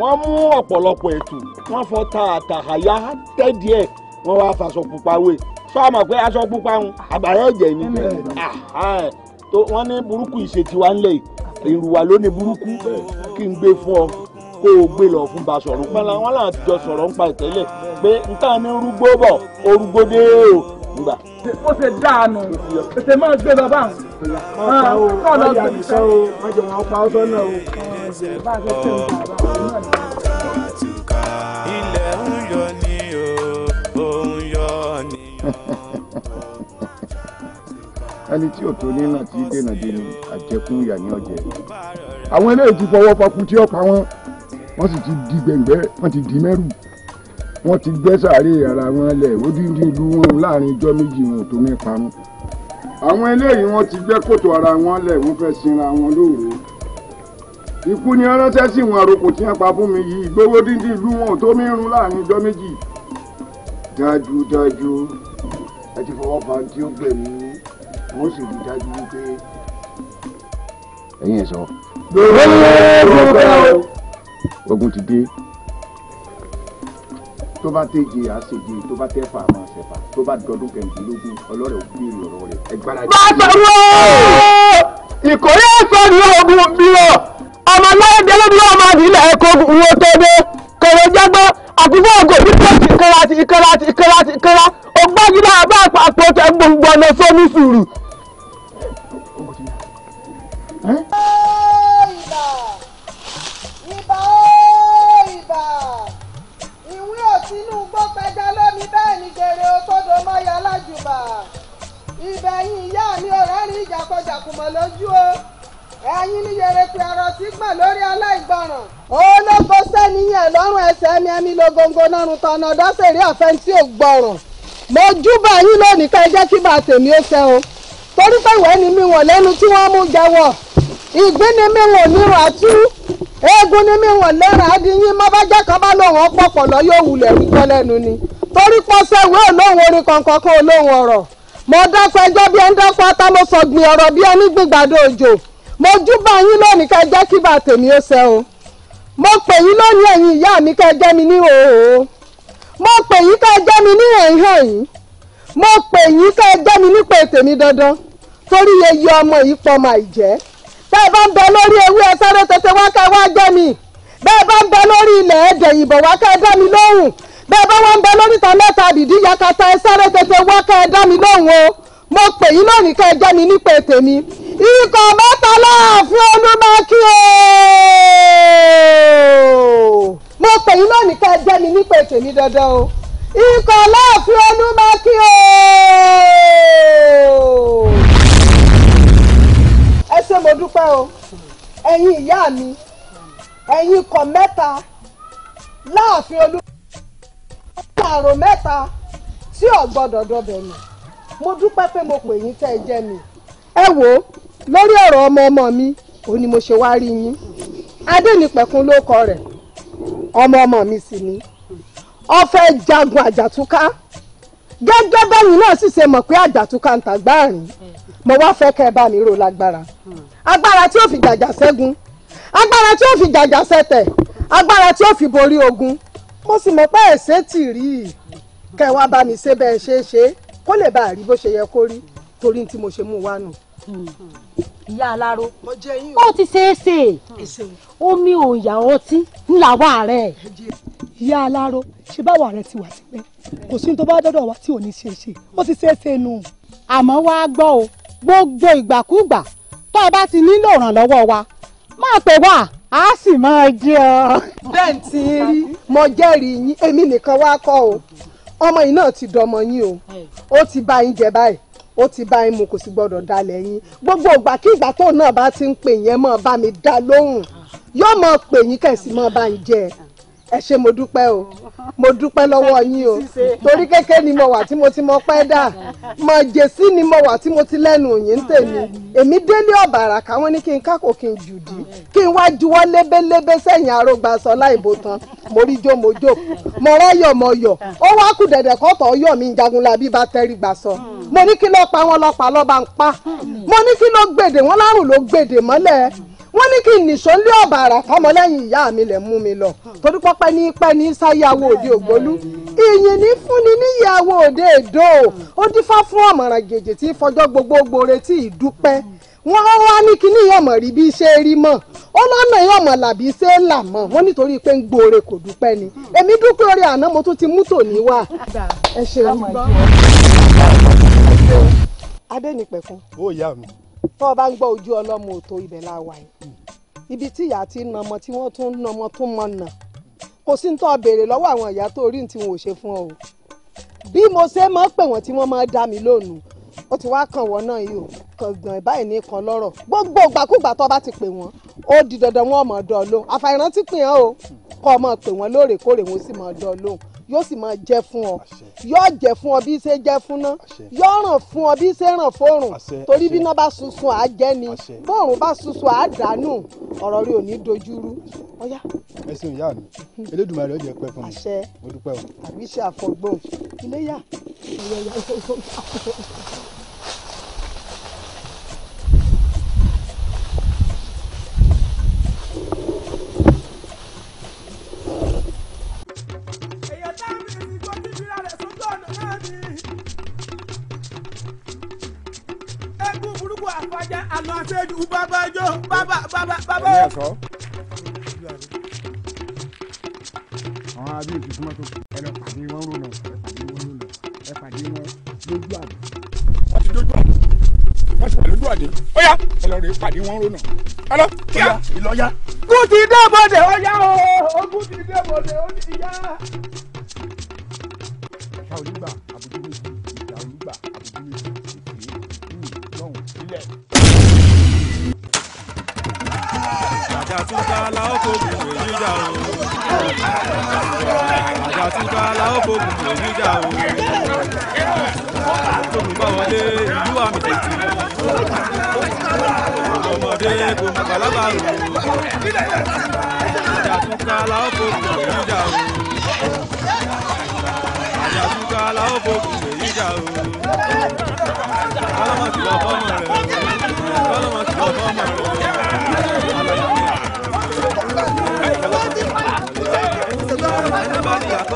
[SPEAKER 1] wọ́n mú ọ̀pọ̀lọpọ̀ ètò wọ́n fọ tààtà àyà tẹ́díẹ̀ wọ́n wá fàṣọ pupa wé sọ àmọ̀ pé aṣọ pupa ń àgbàrá ẹ̀jẹ̀ ni tó wọ́n ní burúkú ìṣètìwá ńlẹ̀ ìrùwà lónìí burúkú kí n gbé fún ọ kó o gbé lọ fún Basọ̀run pẹ́lá wọn làwọn ti jọ sọ̀rọ̀ ń pa ìtẹ́lẹ̀ pé nǹkan ní rúgbó bọ̀ orúgbó dé o nígbà ó ṣe dáànù ṣe máa gbé bàbá ń. kọ́ ah, lọ gbé iṣẹ́ o
[SPEAKER 3] wọ́n jẹ wọn pa ọsọ náà o. ilẹ̀ ń yọ ni o òun yọ ni
[SPEAKER 1] ẹni tí òtò ní náà dènà dènà àjẹkùn ìyà ní ọjẹ àwọn eléyìí ti fọwọ́ fakú tí ó wọn wọ́n sì ti di gbẹ̀ngbẹ́ wọ́n ti di mẹ́rù wọ́n ti gbẹ́ sàárè ara wọn lẹ̀ odindi ìlú wọn láàrin ijọ́ méjì wọn ò tó mi parun. àwọn eléyìí wọ́n ti gbẹ́ kòtò ara wọn lẹ̀ wọ́n fẹ́ sinra wọn lóore. ikú ni ránṣẹ́ sí wọn àròkò tí wọ́n pa fún mi yìí gbowó díndín ìlú wọn ò tó mi run láàrin ijọ́ méjì. dájúdájú ẹ ti fọwọ́ pa tí ó gbẹ̀mí wọ́n sì rí dájú wípé. ẹ̀yin ẹ̀ sọ. lórí ẹ̀ ló ti dé tó bá tẹ̀jẹ̀ àṣejì tó bá tẹ̀fà àmọ́ ṣẹ̀fà tó bá dọdún kẹrìndínlógún ọlọ́rẹ̀ òkú ìrìn ọ̀rọ̀ rẹ̀ ẹgbàrá. bàtàwọ́
[SPEAKER 2] ìkórè ẹ̀sọ́ ni ogun
[SPEAKER 1] bí ọmọ aláìdẹ lóbi ọmọ àdìlẹ̀ ẹ̀kọ́ wo tó dé kẹrẹ jágbọ́ àti fún ògò ní pọ́ọ̀tì ìkẹrẹ àti ìkẹrẹ àti ìkẹrẹ àti ìkẹrẹ ògbájúdá àbá àpapọ̀ tẹ gbogbo ọ̀nà sómi sùúrù. Tinubu pẹja lómi bẹ́ẹ̀ ni gèrè òkòdó mọ́yà lájùbà ìbẹ̀yìn ìyá mi ò rẹ́rìn ìjàkọ̀jàkùmọ̀ lójú o ẹ̀yin ni yèrèpè ọ̀rọ̀ tí gbọ̀n lórí aláìgbọràn. ológo sẹ́niyàn lọ́rùn ẹsẹ̀ mi ẹ̀mí lógóńgó nọ́run tọ̀nà dọ́sẹ̀rí ọ̀fẹ́ tí ò gbọ̀ràn. mo júbà yín lónìí ká jẹ́ kí bàá tèmi ó ṣe o. torí pé ìwé ni mi wọ̀n lẹ́nu tí wọ́n mú jẹ́wọ́. ìgbín ni mi wọ̀n nírun àtú. egun nime mí wọ̀n lẹ́ràn adìyín mọ́bájá kan bá lóun ọ̀pọ̀pọ̀lọ́ yóò wulẹ̀ wíjọ́ lẹ́nu ni torí pọ́sẹ̀ ìwé olóhùn orin kankan kan olóhùn ọ̀rọ̀ mo dákọ̀ ẹjọ́ bí ẹni ata mo sọ gbìn ọ̀rọ̀ bí ẹni gbìgbàdo òjò mo júbà yín lónìí kẹ́ jẹ́ kí mi ó ṣe o mo pè mi kẹ́ jẹ́ mi ní mo pè yín kẹ́ jẹ́ mi ní ẹ̀hìn mo pè yín mi nípa ètè mi dandan torí ọmọ yìí pọ̀ máa jẹ́ bẹ́ ẹ bá ń bẹ lórí ewé ẹ sáré tètè wá ká wá jẹ́ mi bẹ́ ẹ bá ń bẹ lórí ilẹ̀ ẹ̀jẹ̀ ìbọ̀ wá ká ẹ dá mi lóhùn bẹ́ bá wá ń bẹ lórí ìta mẹ́ta dìdí yakata ẹ tètè wá ká ẹ dá mi lóhùn o mo pè yín lónìí ká ẹ jẹ́ mi nípa ètè mi ikọ̀ mẹ́ta láàfin olúmọ́kí o mo pè yín lónìí ká ẹ jẹ́ mi nípa ètè mi dandan o ikọ̀ láàfin
[SPEAKER 2] olúmọ́kí
[SPEAKER 1] o ẹ ṣé mo dúpẹ́ o ẹ̀yin ìyá mi ẹ̀yin ikọ̀ mẹ́ta láàfin olú àrò mẹ́ta tí ò gbọ́dọ̀ dọbẹ̀ mo dúpẹ́ pé mo pè yín tẹ́ ẹ jẹ́ mi. ẹ wò lórí ọ̀rọ̀ ọmọ ọmọ mi òun ni mo ṣe wá rí yín adẹnipẹkun ló kọ rẹ̀ ọmọ ọmọ mi sì ni ó jagun àjàtúká gẹ́gẹ́ bẹ́yìn náà sì ṣe mọ̀ pé àjàtúkàǹtà gbáàrin mo wá fẹ́ kẹ́ ẹ bá mi rò lágbára agbára tí ó fi jàjà ṣẹ́gun agbára tí ó fi jàjà ṣẹ̀tẹ̀ agbára tí ó fi borí ogun mo sì mọ̀ pé ẹ̀ṣẹ́ tì rí i kẹ́ ẹ wá bá mi ṣe bẹ́ẹ̀ ṣe é ṣe kó lè bá a rí bó ṣe yẹ kó rí torí tí mo ṣe mú wa nù ìyá aláró ó ti ṣeé ṣe omi òòyà ọtí ńláwá rẹ ìyá aláró ṣe báwa rẹ ti wà sípẹ kò sí ní tó bá dọdọ wa tí ò ní ṣe ṣe ó ti ṣeé ṣe nù. àmọ́ wá gbọ́ o gbogbo ìgbàkúgbà tó o bá ti nílò ìrànlọ́wọ́ wa máa pè wá a sì máa jẹ ọ. bẹ́ẹ̀ ti rí mo jẹ́rìí yín èmi nìkan wá kọ́ o ọmọ yìí náà ti dọmọ yín o ó ti bá yín jẹ báyìí ó ti bá yín mu kò sì gbọ́dọ̀ dalẹ̀ yín gbogbo ìgbà kí ìgbà tó náà bá ti ń pè yẹn mọ́ bá mi dá lóhùn yóò mọ̀ pè yín kẹ̀sì mọ́ bá ń jẹ́ ẹ ẹ ṣé mo dúpẹ́ o mo dúpẹ́ lọ́wọ́ yín o torí kékeré ni mo wà tí mo ti mọ pẹ́ dà mọ jèsí ni mo wà tí mo ti lẹ́nu yín tèmi èmi délé ọ̀bàrà káwọn ní kí n kákò kí n jùdí kí n wá juwọ́ lébélébé sẹ́yìn arógbàsọ láìbò tán mo rí jó mo jó mo ráyọ̀ mo yọ̀ ó wá kù dẹ̀dẹ̀ kọ́tọ̀ ọyọ̀ mi jagun labi bá tẹ́rì gbà sọ mo ní kí lọ́ọ́ wọn lọ́ọ́ pa ń pa mo ní kí ló gbèdè wọn lárùn ló gbèdè mọ́lẹ̀ wọ́n ní kí n nìṣó ń lé ọ̀bàrà fọmọlẹ́yìn ìyá mi lẹ̀ mú mi lọ torí pọ́pẹ́ ní pẹ́ ní sáyàwó òde ògbólú ìyìn ní fúnni níyàwó òde èdò ó dífá fún ọ̀mọ̀ràn gèjè tí fọjọ́ gbogbogbò retí ìdúpẹ́ wọ́n wá ní kíní ìyọ̀mọ̀ rí bí ṣe rí mọ̀ ó lọ́nà ìyọ̀mọ̀ làbí ṣe ń là mọ̀ wọ́n nítorí pé ń gbòòrè kò dúpẹ́ ni èmi dúpẹ́ orí àná mo tún ti mú tòní wá ẹ ṣeun. adẹ́nipẹ̀kun. ó yá mi tó o bá ń gbọ́ ojú ọlọ́mọ òtó ibẹ̀ la wà yìí ibi tí ìyá ti nà ọmọ tí wọ́n tún nà ọmọ tún mọ nà kò sí ní tó béèrè lọ́wọ́ àwọn ìyá tó rí tí wọn ò ṣe fún ọ o bí mo ṣe máa ń wọ́n tí wọ́n máa dá mi lónìí ó ti wá kàn wọ́n náà yìí o kàngàn báyìí ní kan lọ́rọ̀ gbogbo ìgbàkúgbà tó bá ti pè wọ́n ó di dandan wọn mọ̀ ọ́ dọ́ lóhùn àfàìrántí pè o kọ́ ọ yóò sì máa jẹ fún ọ yóò jẹ fún ọ bí ṣe jẹ fún ná yóò ràn fún ọ bí ṣe ràn fóòrùn torí bí iná bá sunsun àá jẹ ni bóòrùn bá sunsun àá dànù ọ̀rọ̀ rẹ ò ní dojúrú ọyá. ẹ ṣeun ìyá mi elédùnmarè ọjọ pẹ́ fún mi mo dúpẹ́ o. àbí ṣe àfọgbọ́n iléyà ìrẹ̀yà ìfọwọ́sọ jẹ́ àlọ́ àṣejù bàbá jó bàbá bàbá bàbá. ẹ lẹ́kọ̀ọ́ àwọn abíyè tuntun mọ́tò ẹ lọ pàdé wọn rò lọ ẹ pàdé wọn rò lọ ẹ pàdé wọn lójú àdé. wọ́n ti dójú àdé wọ́n ti wà lójú àdé ó yá ẹ lọ rè pàdé wọn rò náà ẹ lọ kíá ìlọ́yà. kú ti débọ̀dẹ̀ ó yá o ogún ti débọ̀dẹ̀ ó ti yá.
[SPEAKER 2] ṣáà ò ní gbà àbùkù méjì.
[SPEAKER 3] àjàtúkà làókò gùn èyí jà o àjàtúkà làókò gùn èyí jà o olùgbà ìlú àmì tètè ọmọdé kò mọ bàlábà rò àjàtúkà làókò gùn èyí jà o àjàtúkà làókò gùn èyí jà o ọlọ́mọ ti lọ fọ́ọ̀mù rẹ o ti lọ fọ́ọ̀mù rẹ o. ẹni bá ní o.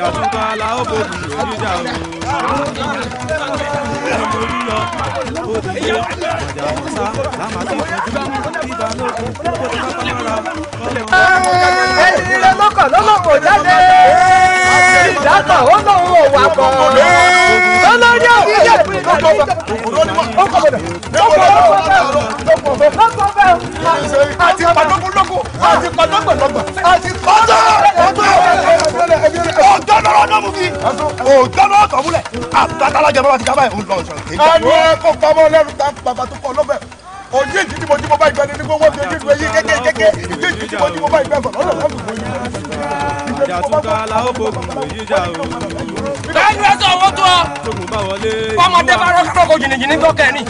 [SPEAKER 3] Jàdúkàlà ó bòdù lójú o torí lọ bó ti jẹ́
[SPEAKER 1] ọjà ọ̀sá lámàtí ìtọ́jú bíbá lóko bó ti bá bá ra ọlọ́run. ẹni nílé lọ́kàn lọ́lọ́kọ̀ jáde ìdáta ó lóun ò wà pọ̀ lọ́lọ́rí òun yẹ àti pàdógúndógún àti pàdógbòdógbò àti pàdó ọjọ́ lọ́rọ́ náà mú kí ọjọ́ lọ́rọ́ tọ̀múlẹ̀ àtàkàlà jẹ́ bá ti jábáyé òun lọ́ọ̀ṣọ́ ẹni ẹ kó pamọ́ lẹ́nu
[SPEAKER 3] ta bàbá tó kọ lọ́bẹ̀ òjì ìjì tí mo jí mo bá ìgbẹ́ni ní gbogbo ìgbẹ́ni ìgbẹ́ yí kéké kéké ìjì ìjì tí mo jí mo bá ìgbẹ́ kọ̀ lọ́dọ̀ lọ́dọ̀ lọ́dọ̀ lọ́dọ̀ jàtúntà aláwọ̀ gbogbo yìí jà o. lẹ́nu ẹ̀sọ́ owó tó ọ. tókùn bá wọlé. fọmọdé bá rọ́ṣọ́rọ́ kò jìnnìjìnnì tó kẹ́ni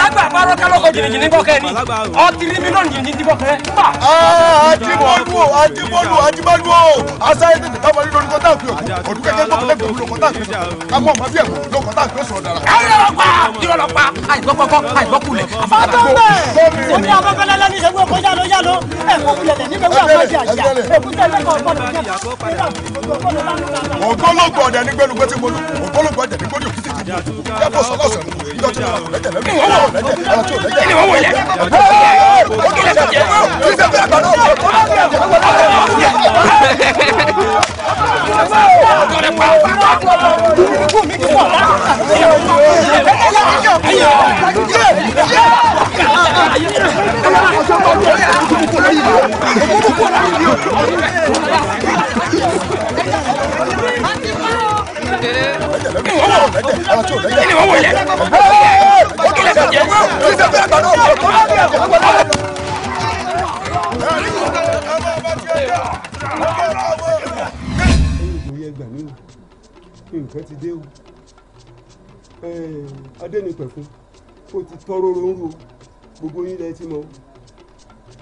[SPEAKER 1] kágbà àbárọ̀ kálọ́kọ̀ jìnnìjìnnì bọ́kẹ́ ni ọtìrì mílíọ̀nù jìnnìjìnnì bọ́kẹ́ pa. Ah, àdìmọ́lù o àdìmọ́lù àdìmọ́lù o àṣà yẹn tètè káwọn nínú olùkọ́tà àfi o ọdún kẹ́kẹ́ gbọ́kọ́tà fi olùkọ́tà àfi kámọ́ ọmọ bí ẹ̀kọ́ olùkọ́tà àfi oṣù ọ̀dàrà. ìrọ̀lọ́pàá àìgbọ́kọ́kọ́ àìgbọ́kulẹ̀. fọ́tọ̀ bẹ́ẹ̀ omi àbọ̀kọ́lẹ́ lẹ́ni ìṣẹ́gun ọkọ̀ yálò yálò ẹ̀kọ́kulẹ̀ lẹ́ni ìgbẹ́wò àbájá àjà èkúté lẹ́kọ̀ọ́ ògbólógbò ọ̀dẹ̀ nígbẹ́lú gbẹ́tí gbọ́dọ̀ ògbólógbò ọ̀dẹ̀ nígbẹ́lú kìtìkìtì yàtọ̀ sọlọ́sọ̀ ní ìjọ́ tí
[SPEAKER 2] wọ́n lọ́wọ́ kí ni wọ́n wọ̀ yẹn. ó kí lẹ́sẹ̀ jẹ́ ó
[SPEAKER 1] ọ̀fẹ́ ti dé o ti tọrọ ronú gbogbo yín lẹ ti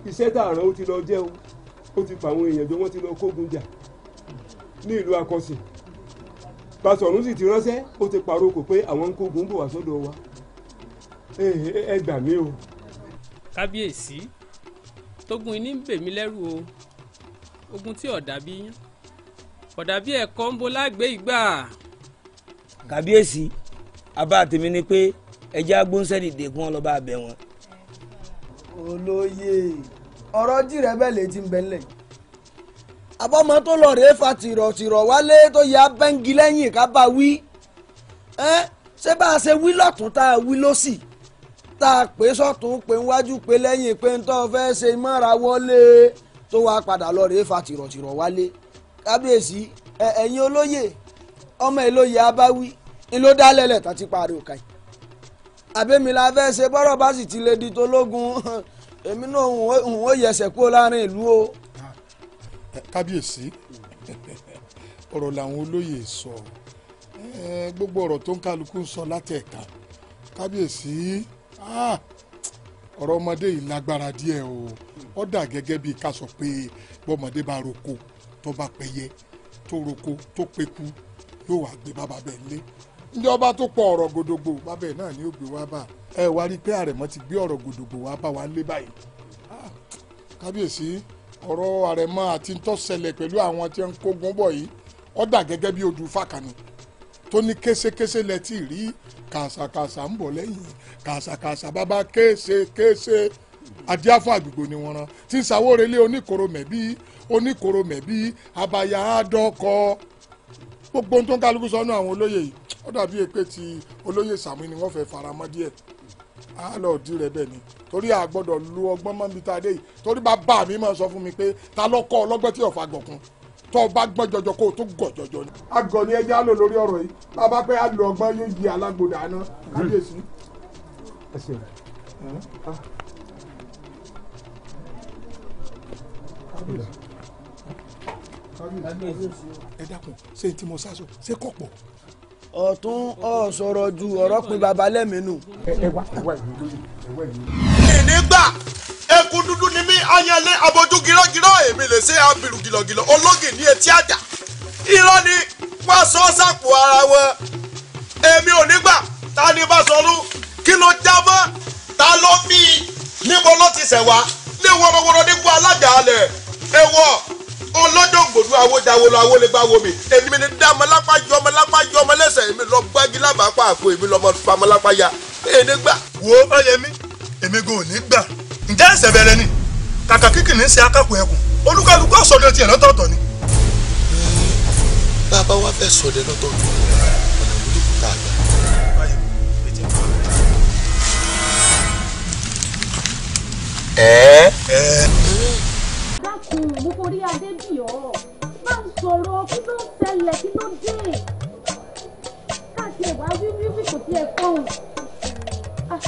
[SPEAKER 1] ti lọ jẹ o o ti pa àwọn èèyàn jọ wọ́n ti lọ kógun jà ní ìlú akọ̀sìn sì ti ránṣẹ́ o ti paroko pé àwọn ń kógun bò wá wa ẹ gbà mí o. kábíyèsí tógun iní kàbíyèsí abá tèmi ni pé ẹjẹ́ agbóhùnsẹ́dì dèkún ọlọ́ba abẹ wọn. olóye ọ̀rọ̀ jìrẹ́ bẹ́ẹ̀ lè ti ń bẹ́ńlẹ̀ àbọ̀mọ́ tó lọ rèé fa tìrọ̀tìrọ̀ wálé tó yẹ abẹ́ńgi lẹ́yìn ká bá wí ṣé bá a ṣe wí lọ́tún tá a wí lọ́sì tá a pè sọ́tún pé níwájú pé lẹ́yìn pé ń tọ́ fẹ́ ṣe mọ́ra wọlé tó wàá padà lọ rèé fa tìrọ̀tìrọ̀ wálé kábíyèsí ẹ̀yin olóyè ọmọ ìlóye abáwí ìló dálẹ́lẹ̀ tó ti parí òkà yìí àbẹ́mi la fẹ́ ṣe bọ́rọ̀ bá sì ti lè di tológun èmi náà òun ó yẹsẹ̀ kúrò láàrin ìlú o. Ah, eh, kábíyèsí ọ̀rọ̀ làwọn olóyè sọ eh, gbogbo ọ̀rọ̀ tó ń kálukú sọ látẹ̀ka kábíyèsí ah, ọ̀rọ̀ ọmọdé yìí lágbára díẹ̀ o ó dà gẹ́gẹ́ bíi ká sọ pé bọ́mọdé bá roko tó bá pẹyẹ tó roko tó peku tó wàá gbé bàbá bẹ́ẹ̀ lé tó pọ ọrọ gòdògbò bàbá ẹ̀ náà ni ó ẹ wá rí i pé àrẹ̀mọ ti gbé ọrọ gòdògbò wá bá wa lé báyìí ah, kábíyèsí ọ̀rọ̀ àrẹ̀mọ àti ntọ́sẹlẹ̀ pẹ̀lú àwọn tí ń kógun bọ̀ yìí dà gẹ́gẹ́ bí odù fàkànì tó ní lẹ ti rí kàṣàkàṣà ń bọ̀ lẹ́yìn kàṣàkàṣà bàbá àgbègbè ni wọ́n rán gbogbo ohun tó ń kálukú sọnù àwọn olóyè yìí ó dàbí èpè tí olóyè Sàámú ni wọ́n fẹ́ faramọ́ díẹ̀ alọ́ọ̀dì rẹ bẹ́ẹ̀ ni torí a gbọ́dọ̀ lu ọgbọ́n mọ́bi tá a dé yìí torí bàbá mi máa sọ fún mi pé ta ló kọ́ ọlọ́gbọ́n tí ọ̀fà gọ̀kun tó o bá gbọ́n jọjọ kó o tó gọ̀ jọjọ ni. agọ̀ ni ẹja lò lórí ọ̀rọ̀ yìí bàbá pé a lo ọgbọ́n yóò di alágbòdà àná kábíyèsí. kábíyèsí ẹ dákun ṣé n tí sáṣọ ṣé kò pọ̀. ọ̀tún ọ̀ sọ̀rọ̀ ju ọ̀rọ̀ baba lẹ́mìínú. ẹ wá eku dúdú ni mí ayanlé abojú gírọ́gírọ́ èmi lè ṣe abirù gìlọ̀gìlọ̀ ológì ní etí àjà irọ́ ni wọ́n sọ sápò ara wọn èmi ò nígbà ta ni bá sọrú kí ló jábọ́ ta ló mí níbo ló ti ṣẹ̀ wá ní wọ́n wọ́n ní alẹ̀ ẹ̀wọ̀ ọlọ́dọ̀gbòdú awódáwolo awólégbáwo mi èmi ni dá ọmọlápá jọ ọmọlápá jọ ọmọlẹ́sẹ̀ èmi lọ gbági lábàápá àpò èmi lọ́mọ pamọ́lápá ya èdè gbà. wo ọyẹmí èmi gan ò ní gbà ǹjẹ́ ẹ̀sẹ̀ bẹ̀rẹ̀ ni kàkà kíkì ní í ṣe akápò ẹkùn olúkálukú ọ̀sọ̀dọ̀ tiẹ̀ lọ́tọ̀ọ̀tọ̀ ni. bàbá wa fẹ́ sọ̀dẹ̀ lọ́tọ̀ọ̀tọ̀ ọ̀nà ìlú tá a gbà. ẹ̀ẹ́. ẹ̀ẹ́
[SPEAKER 2] orí adé bì ọ́ máa ń sọ̀rọ̀ kí ló ń ṣẹlẹ̀ kí ló dé káàkiri ẹ̀wà wíwíwí kò tiẹ̀ fọ́hùn. Ah,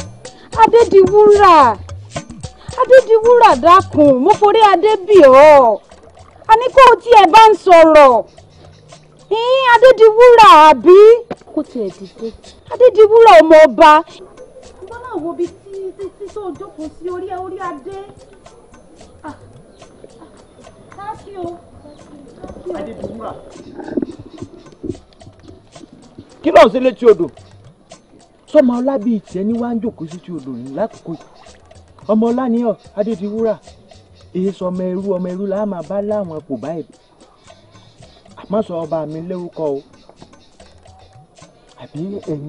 [SPEAKER 1] adédiwúrà adédiwúrà dákun mo forí adé bì ọ́ àní kó o tiẹ̀ bá ń sọ̀rọ̀ ìyín adédiwúrà àbí kó tiẹ̀ dìde adédiwúrà ọmọ ọba. bọ́lá wo bíi tí tí tó jókòó sí orí orí adé kí ló ń ṣe létí odò sọmọ ọlá bíi tiẹ̀ ní wá ń jòkó sí ti odò yìí lákòókò ọmọ ọlá ni ọ adédiwúrà èyí sọ ọmọ ẹrú ọmọ ẹrú àbí ẹ̀yin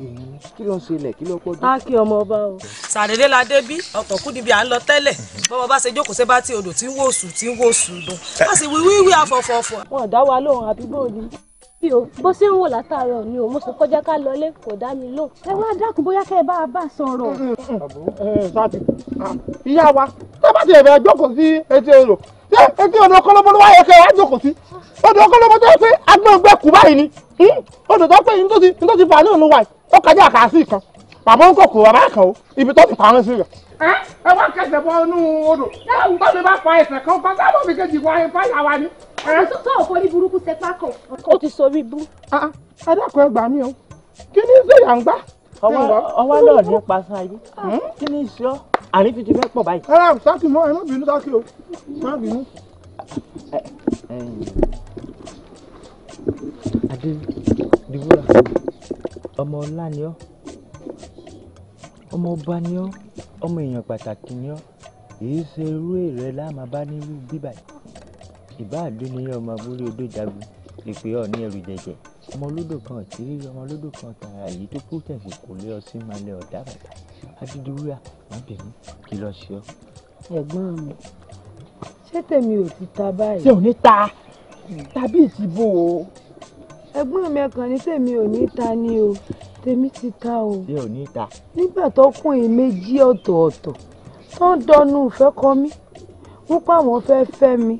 [SPEAKER 1] èèyàn kí ló ń ṣe ilẹ̀ kí ló pọ̀ dé. a kí ọmọ ọba o. sàdédé la dé bí ọkọ̀ kú níbi à ń lọ tẹ́lẹ̀ bọ́mọ bá ṣe jókòó sẹ́bá tí odò tí ń
[SPEAKER 2] wò sùn tí ń wò sùn dùn. a sì wíwíwí
[SPEAKER 1] afọ̀fọ̀fọ̀. wọn dá wa lóhùn àbí bóyá bí o bó ṣe ń wò látàárọ̀ ni o mo sọ kọjá ká lọlé kò dá mi lò. ẹ wá dákun bóyá kẹ ẹ bá a bá sọ̀rọ̀. Eh, eh, ah, ìyá wa tẹ bá ti sí etí èrò ṣé etí ọ̀dọ̀ kọlọ́bọ ló wáyé kẹ wá jókòó sí ọ̀dọ̀ kọlọ́bọ tó yẹ pé agbọ̀ngbẹ́ kù báyìí ni ọ̀dọ̀ hmm? tó pé yín tó ti fà ní òun wáyé ó kọjá àkàsí kan bàbá ń kọkọ bàbá kan o ibi tó ti pààrọ̀ sí rẹ̀ ẹ wá kẹsẹ̀ bọ́ inú odò tó ti bá pa ẹsẹ̀ kan pátá bọ́ mi kejì wáyé fáyà wa ni tó ò forí burúkú sẹpá kan. ó ti sorí bú. adákùn ah, ah. ẹ gbà mí o kí ni sèyà ń gbá. ọwọ́ náà ní pàṣẹ ayé hmm? kí ni sọ àrín fi ti fẹ́ pọ̀ báyìí. ẹ sákì mọ ẹ má bínú sákì o má bínú. adé dìbúra ọmọ ọlá ni ọ ọmọ ọba ni ọ ọmọ èèyàn pàtàkì ni ọ èyí ṣe irú èrè láàmà bá nírú bíbáyìí ìbá àdúniyàn ọmọ abúlé odò jagun ìpè ọ ní ẹrù jẹjẹ ọmọ olódò kan ọtírí ọmọ olódò kan tààrà èyí tó kú tẹ̀sí kò lé ọ sí malẹ̀ ọ̀dà bàtà adídúwúrà mábẹ̀mí kí lọ sí ọ. ẹ̀gbọ́n mi ṣé tèmi ò ti ta báyìí. ṣé ò ní ta tàbí ìsìnbó o. ẹ̀gbọ́n mi ẹ̀kan ní tèmi ò ní ta ni o tèmi ti ta o. ṣé ò ní ta. nígbà tó kún in méjì ọ̀tọ̀ọ̀tọ̀ tó ń dọnu ìfẹ́ kọ mí wípé àwọn fẹ́ fẹ́ mi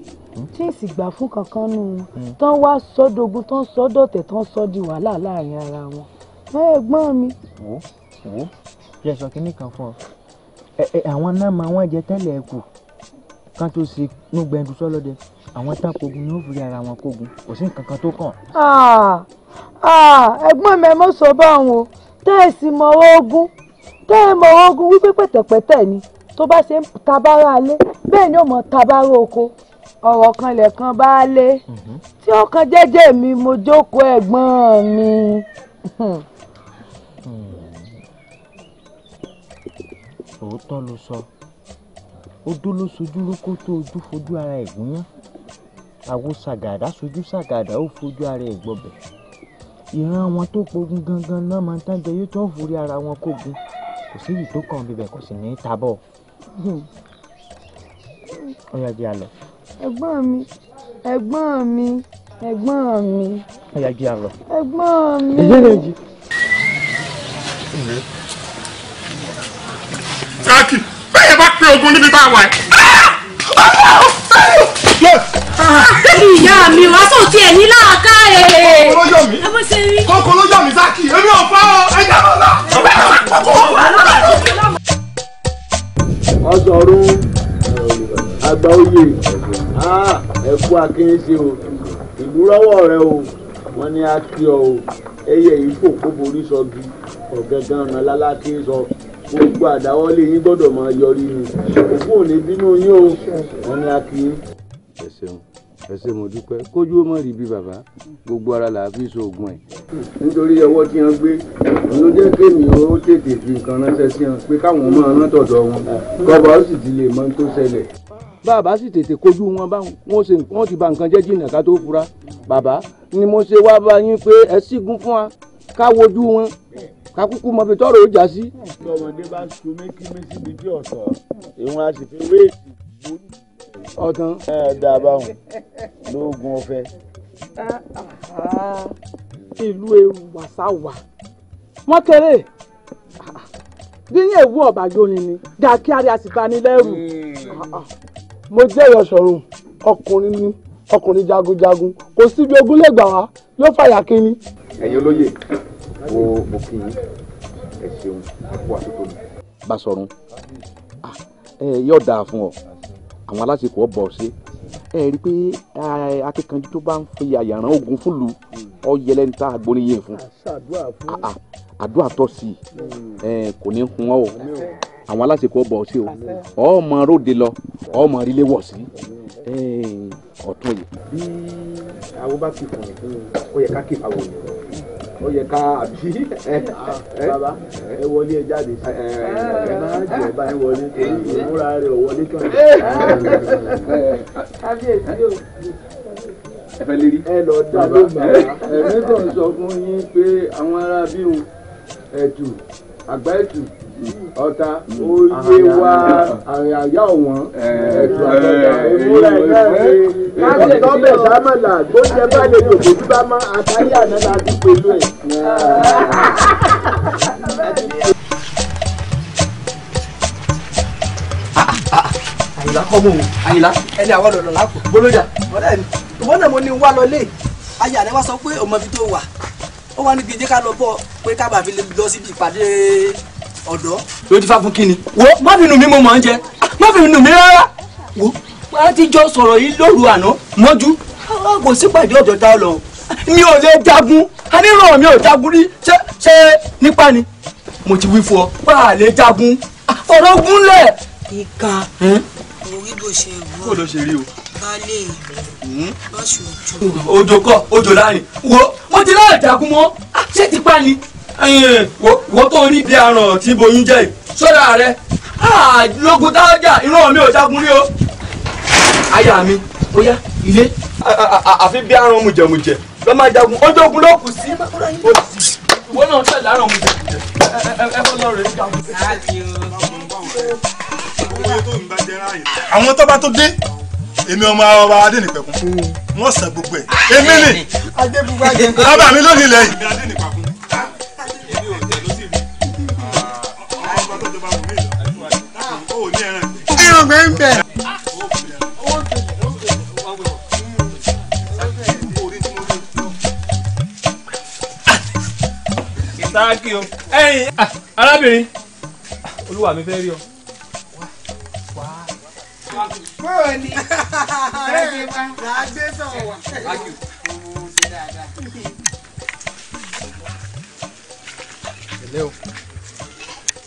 [SPEAKER 1] tí ì sì gbà fún kankan nù wọn tán wá sọdọ̀gún tán sọdọ̀tẹ̀ tán sọ di wàhálà láàrin ara wọn ẹ̀gbọ́n mi.
[SPEAKER 2] wò wò jẹ́
[SPEAKER 1] sọ kínní kan fún ọ àwọn náà máa wọ́n jẹ tẹ́lẹ̀ ẹ̀ kù kan tó ṣe nùgbẹ́ndù sọ́lọ́dẹ àwọn tákogun ni ó fi ara wọn kógun kò sí nǹkan kan tó kàn. ẹ̀gbọ́n mi ẹ mọ̀ sọ báwọn o tẹ́ ẹ sì mọ ogun tẹ́ ẹ mọ ogun wípé pẹ̀tẹ̀pẹ̀tẹ̀ ni tó bá ṣe ń tabára alé bẹ́ẹ̀ ni ó mọ tabára oko ọ̀rọ̀ kan lẹ̀kan bá lé mhm. tí ọkàn jẹ́jẹ́ mi mo jókòó ẹ̀gbọ́n mi. Hmm. òótọ́ ló sọ ojú ló sojú lóko tó ojú fojú ara ẹ̀ gúnyán àwo ṣàgàdá sojú ṣàgàdá ó fojú ara ẹ̀ gbọbẹ̀ ìran wọn tó pogun gangan náà máa ń tán jẹ yóò tó forí ara wọn kógun kò sí ìyí tó kàn bíbẹ̀ kò sì ní í tabọ̀ hmm. ó yá jẹ́ àlọ́
[SPEAKER 2] ẹ̀gbọ́n mi ẹ̀gbọ́n mi ẹ̀gbọ́n mi. ẹ̀yà jí àlọ́. ẹ̀gbọ́n mi. ìyá rẹ̀
[SPEAKER 1] jí. sáàkì bẹ́ẹ̀ bá pé ogun níbi tá a wà ẹ̀. Ah. ìyá mi wá sọ ti ẹ̀ ní láàká ẹ̀. kókó ló yọ mi kókó ló yọ mi sáàkì èmi ò fọ́ ẹ̀jẹ̀ lọ́la ọ̀bẹ̀ ọ̀la kókó. ọjọ́rú àgbà oyè ẹ̀kú akínṣe o ìlú rọ́wọ́ rẹ o wọ́n ní akí ọ o ẹyẹ yìí fò kó borí sọgi ọ̀gẹ́gán ọ̀nà lálákì sọ gbogbo àdáwọ́lé yín gbọ́dọ̀ máa yọrí ni òkú ò ní bínú yín o wọ́n ní akí. ẹ ṣeun ẹ ṣe mo dúpẹ́ kójú ó mọ̀ rí bí bàbá gbogbo ara là á fi ṣoògùn ẹ̀. nítorí ọwọ́ tí wọ́n gbé ló jẹ́ kéèmì ó tètè fi nǹkan ránṣẹ́ sí wọn pé káwọn máa rán tọ̀dọ̀ wọn kọ́ba ó sì ti lè mọ tó ṣẹlẹ̀ bàbá sì tètè kojú wọn báwọn wọn ṣe wọn ti ba nǹkan jẹ́ jìnnà ká tó fura bàbá ni mo ṣe wá bá yín pé ẹ sígun fún wa ká wojú wọn ká kúkú mọ fi tọrọ ó já sí. tọmọdé bá sun méjì méjì méjì ọ̀sán ìwọn a sì fi wéètì gbóni. ọ̀tán. ẹ dábàáhùn lóògùn ọ̀fẹ́. ìlú ewu wàsáwà wọn kéré bí yẹn ewu ọ̀bàjọ́ ni ni dàkí àríyá sì bá ní lẹ́rù.
[SPEAKER 2] Hmm
[SPEAKER 1] mo jẹ́ ìyọ̀sọ̀rùn ọkùnrin ni ọkùnrin jagunjagun kò sí bí ogun lè gbà wá yóò fàyà kínní. ẹ̀yin olóye wo mo kí yín ẹ ṣeun àpò àtúntò mi. Basọ̀run ah, yóò dáa fún ọ àwọn aláṣekọ̀ bọ̀ ṣe ẹ rí i pé akíkanjú tó bá ń fi àyàrán ogun fúlù ọ yẹlẹ ń ta agbóríyìn fún ah, ah, àdúrà tó sì
[SPEAKER 2] hmm.
[SPEAKER 1] kò ní hun ọ o àwọn aláṣekọ bọ̀ sí o ọmọ róde lọ ọmọ rílé wọ̀ sí
[SPEAKER 2] ọ̀tún yìí. bí
[SPEAKER 1] àwọn bá ti kùn ó yẹ ká kí àwọn ènìyàn ó yẹ ká àbí bàbá ẹ wọlé ẹ jáde ẹ máa jẹ bá ẹ wọlé torí ìmúra rẹ ò wọlé tán.
[SPEAKER 2] kábíyèsí o ẹ fẹ́ lérí. ẹ lọ dá bàbá ẹ̀mí kan
[SPEAKER 1] sọ fún yín pé àwọn ará bíi ẹ̀tù àgbá ẹ̀tù ọ̀tá oyè mm. wa àyà ọ̀wọ́n ẹ̀tù àtọ̀tà ìmúra ẹ̀ka ẹ̀fẹ́ káàkiri tọ́bẹ̀ eh. sámàlà gbóúnjẹ bá lè lò kó bá má àná ti ẹ̀. àyìnlá ẹni àwọn ọ̀dọ̀ náà mo ní wá wá sọ pé tó wà ó ní ká lọ pé ká bàbí lọ síbi ìpàdé ọ̀dọ́. ló ti fa fún kini. wo má bínú mi mo mọ̀ ń jẹ má bínú mi rárá. wo a ti jọ sọ̀rọ̀ yìí lóru àná mọ́jú kò sípàdé ọ̀dọ̀ tá a lọ. mi ò lè jagun aníràn mi ò jagun rí ṣé ṣé nípa ni. mo ti wí fún ọ bá a lè jagun ọ̀rọ̀ gúnlẹ̀. ìka orí bó ṣe wọ kó ló ṣe o. balẹ̀ lọ́sùn hmm? ojú. ojo kọ ojo láàrin wo mo ti láàjagun mọ́ ṣé tipa ni wọ́n tó rí bí aràn tí boyún jẹ́ yìí sọ́dà rẹ lógun tájà irun mi ò jagun rí o. aya mi ó yá ilé. àfi bí aràn mùjẹ̀mùjẹ̀ lọ́ máa jagun ọjọ́ ogun ló kù sí. ìwọ náà tẹ̀lé aràn mùjẹ̀mùjẹ̀ ẹ bọ́ lọ́ọ́ rẹ̀ jagun. àwọn tó bá tó dé èmi ọmọ ọba adẹnipẹkun wọn sàn gbogbo ẹ èmi ni
[SPEAKER 2] bàbá mi ló nílẹ̀
[SPEAKER 1] gbẹ̀ngbẹ̀. sáàkì o ẹ̀yin ah, arábìnrin olúwa mi fẹ́ rí ọ.
[SPEAKER 2] bóò ni ẹ̀ẹ́dì wa là á gbé sọ̀rọ̀ o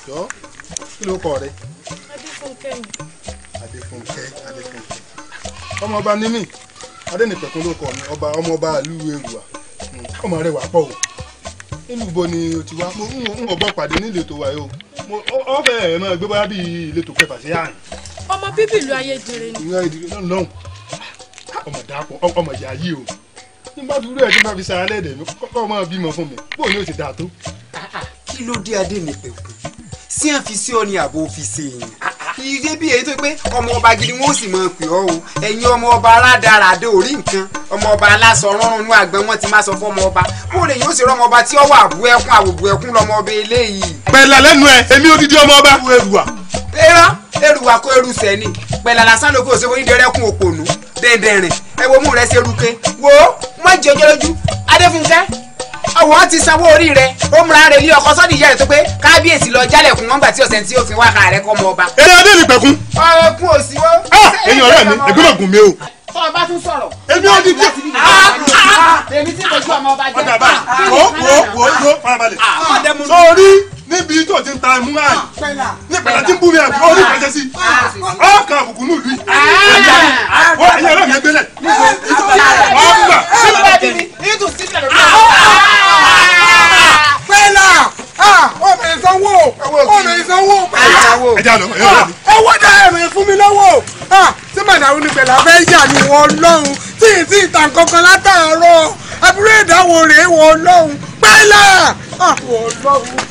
[SPEAKER 2] jọ́ kí adéfúnkẹ́
[SPEAKER 1] adéfúnkẹ́ ọmọ ọba ní mí adẹ́nìpẹ̀kún ló kọ mi ọba ọmọ ọba ìlú èrùwà ọmọ rẹ̀ wà pọ̀ o nílùú ibo ni o ti wá mo ń wọ̀ bọ́ pàdé nílé tó wà yìí o ọ bẹ̀rẹ̀ mọ́ ẹgbẹ́ bóyá bíi ilé kẹfà sí àárín. ọmọ bíbí ìlú ayédèrè ni. ìlú ayédèrè náà lọ́hùn ah, ọmọ dàpọ̀ ọmọ ìyá yìí o nígbà tó rẹ̀ tí n fi sara lẹ́dẹ̀ẹ́ mi kọ́kọ́ máa bímọ fún mi bó ni o ti dà tó. Ah, ah, kí ló dé adé mi pẹ̀lú sí àfi sí ọ ni àbò fi ṣe èèyàn iye bí èyí tó pé ọmọ ọba gidi wọn ò sì máa pè ọ́ o ẹ̀yin ọmọ ọba aládàradà orí nǹkan ọmọ ọba aláṣọ ní àgbọn wọn ti máa sọ fọmọ ọba bó lè yóò ṣe rọmọ ọba tí ọwọ́ àbú ẹkún àwòbù ẹkún lọmọ ọba eléyìí. pẹ̀lá lẹ́nu ẹ èmi ò dídí ọmọ ọba. èrùwà. erá èrùwà kó eru sẹ́ni pẹ̀lá lásán lóko òṣèwọ́ onídẹ̀ẹ́rẹ́kùn òpònú dẹ̀ndẹ̀rìn ẹ wo mú rẹ ṣe eruke wo má jẹ́ ọjọ́ lójú adéfúnkẹ́ ọwọ́ ti sanwó orí rẹ ó múra rẹ lé ọkọ sọ́dí ìyá rẹ tó pé kábíyèsí lọ jálẹ̀ fún wọn gbà tí ọ̀sẹ̀ tí ó fi wá ka rẹ kọ́ ọmọ ọba. eré adé ni pẹ̀kún. ọ̀rẹ́kun ò sí wọ́n. Ah, ẹ̀yin ọ̀rẹ́ mi ẹ̀gbọ́n ògùn mi o. sọ̀rọ̀ bá tún sọ̀rọ̀. èmi ò ní jẹ́. Ah, ah, èmi tí mo ju ọmọ ọba jẹ́. ọ̀dà bá wo wo wo wo farabalẹ̀. sórí níbi tó ti ń ta mú àyè ní pẹ̀lá tí ń bú mi àbí ó ní ìpẹ́jẹ́ sí ọkàn àbùkù ní ìlú yìí ó ẹ̀yẹ ọlọ́ọ̀gá gbélẹ̀ ọgbà sílẹ̀ pẹ̀lá ọmọ ìsanwó ọmọ ìsanwó pẹ̀lá owó dá ẹ̀rìn fún mi lọ́wọ́ tí màdàrú ni pẹ̀lá fẹ́ yà ni wọ́n lọ́hùn tí ì tí ì tàn kankan látàárọ̀ abúlé ìdáwó rèé wọ́n lọ́hùn pẹ̀lá wọ́n lọ́hùn.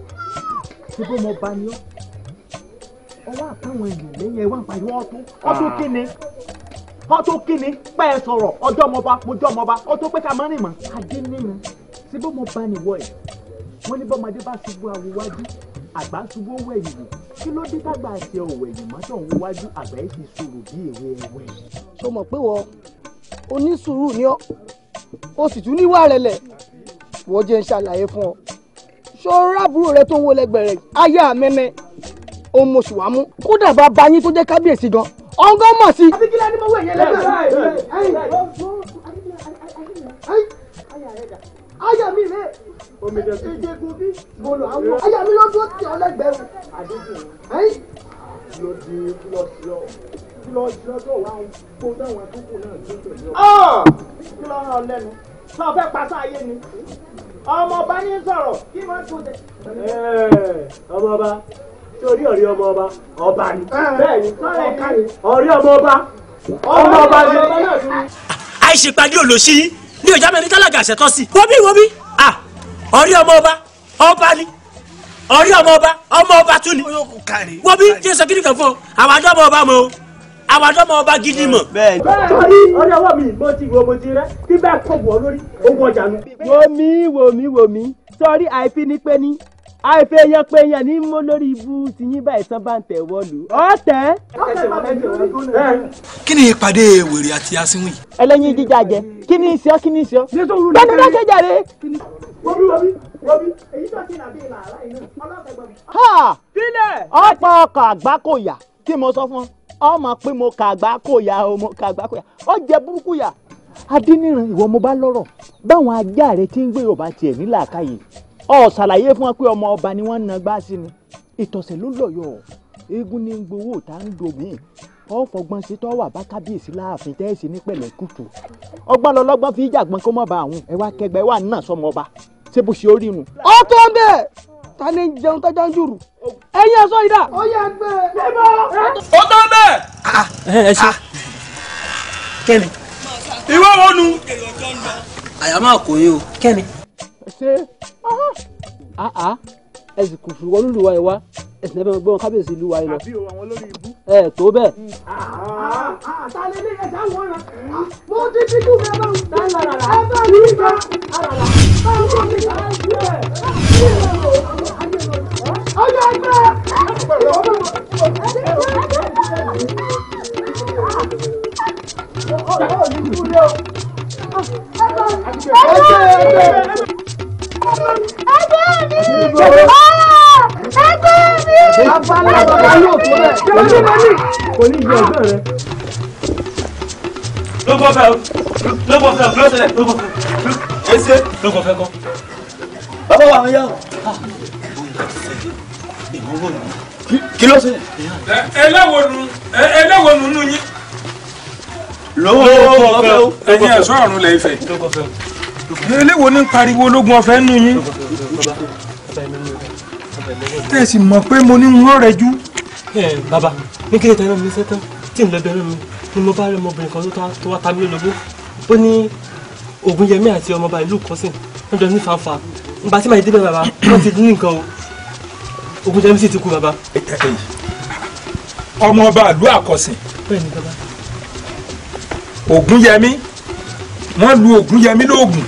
[SPEAKER 1] ṣe mo bá ní ọ ọwọ́ àtàwọn èèyàn lẹ́yìn ẹwà àgbáyé wọn tó ọdún kíni ọdún kíni pẹ́ ẹ sọ̀rọ̀ ọjọ́ ọmọba mojọ́ ọmọba ọdún pé ká má rìn mọ́ adé nírin ṣe mo bá nìwọ ẹ̀ wọ́n ní bọ́mọdé bá ṣubú awúwájú àgbà ṣubú owó ẹ̀yìn wò kí ló dé tágbà àti ọ̀wọ̀ ẹ̀yìn mọ́tò ń wájú àgbà ẹ̀ ti ṣòro bí èwe ẹ̀wẹ̀. ṣo mọ̀ pé wọ onísùúrù ni ọ o sì tún níwà rẹ̀ lẹ̀ wọ́n jẹ́ ń ṣàlàyé fún ọ ṣọ́ra àbúrò rẹ tó ń wo lẹ́gbẹ̀rẹ̀ aya mẹ́mẹ́ òun kódà bá bá yín tó jẹ́ kábíyèsí gan ọ̀ngán mọ̀ sí. abigilá ni mo wẹ̀ yẹn lẹ́gbẹ̀rẹ̀ aya mi re ejegun bi mo lọ àwọn mi lọ dúró tí ọlẹgbẹrún àdéhùn ẹ̀yìn ló di kílọsíọ kílọsíọ tó wà ń kó táwọn àkókò náà tó tẹ́lẹ̀ ọ. Ah! kí ló ń rán ọ lẹ́nu sọ fẹ́ pàṣẹ ayé ni ọmọ ọba ní sọ̀rọ̀ kí wọ́n tún dé. ọmọ ọba sórí ọ̀rí ọmọ ọba ọba ni bẹ́ẹ̀ ni ọ̀ka ni ọ̀rí ọmọ ọba ọmọ ọba ni. àìṣèpàdé olóṣì yìí ní ìjà mẹ́rin tálágà ṣẹ̀tọ́ sí. wọ́bí wọ́bí ọ̀rí ọmọ ọba ni ọ̀rí ọmọ ọba ọmọ ọba tún ni wọ́bí jésù kìnnìkan fún ọ àwọn adé ọmọ mọ́ o àwa tó mọ ọba gidi mọ. bẹ́ẹ̀ni. torí ọdẹ ọwọ́ mi mo ti wo mo ti rẹ kí bẹ́ẹ̀ kọ bọ lórí ogun ọjà nu. wo mi wo mi wo mi sọrí àìfi ni pé ní àìfẹ́ yẹn pé yẹn ní mú lórí ibú tìyín báyìí tán bá ń tẹ̀ wọ́ọ̀lù ọ̀tẹ̀. kí ni ìpàdé wèrè àti asínwó yìí. ẹlẹ́yin jíjà jẹ kí ni ìṣọ́ kí ni ìṣọ́ bẹ́ẹ̀ni lọ́jọ́ jàre. ọ̀pọ̀ ọkọ̀ àgbákò yà kí mo sọ fún ọ ọmọ pé mo kàgbá kò yá o mo kàgbá kò yá ọ jẹ burúkú yá adíniran ìwọ mo bá lọ́rọ̀ báwọn ajá rẹ ti ń gbé yorùbá tiẹ̀ ní làákàyè ọ ṣàlàyé fún wọn pé ọmọ ọba ni wọ́n ń na gbá sí ni ìtọ̀sẹ̀ ló lọ́yọ̀ eégún ní gbowó tá ń domi ọ fọgbọ́n sí tọ́wà bá kábíyèsí láàfin tẹ́ẹ̀sì ní pẹ̀lẹ́ kùtù ọgbọ́n lọ́lọ́gbọ́n fi jàgbọ́n kó mọ́ bá àwọn ẹ wá kẹgbẹ́ wà náà sọmọ ọba ṣé bó ṣe orí nu. ó tó ń bẹ́ẹ̀ ta ni jẹun tọ́jọ́ ń jùrù ẹ̀yin ẹ̀ sọ yìí dà. ó yẹ gbẹ ẹ bá. ó tọ́ bẹ́ẹ̀. Ah, eh, eh, ẹ ṣe ah. kẹ́ni. ìwé wo nu. àyà máa kò yé o kẹ́ni. ṣé ah, ẹsìn kò fún wọn lùwà yìí wá ẹsìn ẹbẹ gbọ́n kábíyèsí lùwà yìí lọ. àbí o àwọn olórí ibú. ẹ tó bẹ́ẹ̀. àtàlẹ́ ní ẹ̀dá wọ̀nà
[SPEAKER 2] mo ti fi kú mi ẹ bá ń bá ẹ bá rí i
[SPEAKER 1] kò ní ìjọ ọjọ́ rẹ. ló gbọ́ fẹ́ ló gbọ́ fẹ́ ló tẹ̀lé ló gbọ́ fẹ́ ẹsẹ̀ ló gbọ́ fẹ́ kọ́. bàbá wa àwọn yà wọ. kí ló ṣe. ẹlẹ́wọ̀nù ẹlẹ́wọ̀nù nù yín. lówó lówó fẹ́ o. ẹ̀yin ẹ̀ṣọ́ ọ̀run lẹ̀ ifẹ̀. eléwo ní pariwo ológun ọ̀fẹ́ nù yín. tẹ̀sí mọ̀ pé mo ní ń rọ̀ rẹ̀ jú.
[SPEAKER 3] bàbá ní kí lẹ́tà iná mi ṣẹ́ tán tí n lọ bẹ̀rẹ̀ mi ni mo bá rí ọmọbìnrin kan tó wá ta mí lọ́gbọ́n ó ní ogun yẹmí àti ọmọọba ìlú kọ́sìn ń jọ ní fanfa nba
[SPEAKER 1] tí màá débẹ̀ bàbá wọ́n ti ní nǹkan o ogun yẹmí sì ti kú bàbá. ọmọọba ìlú àkọ́sìn ogun yẹmí wọ́n lu ogun yẹmí lóògùn.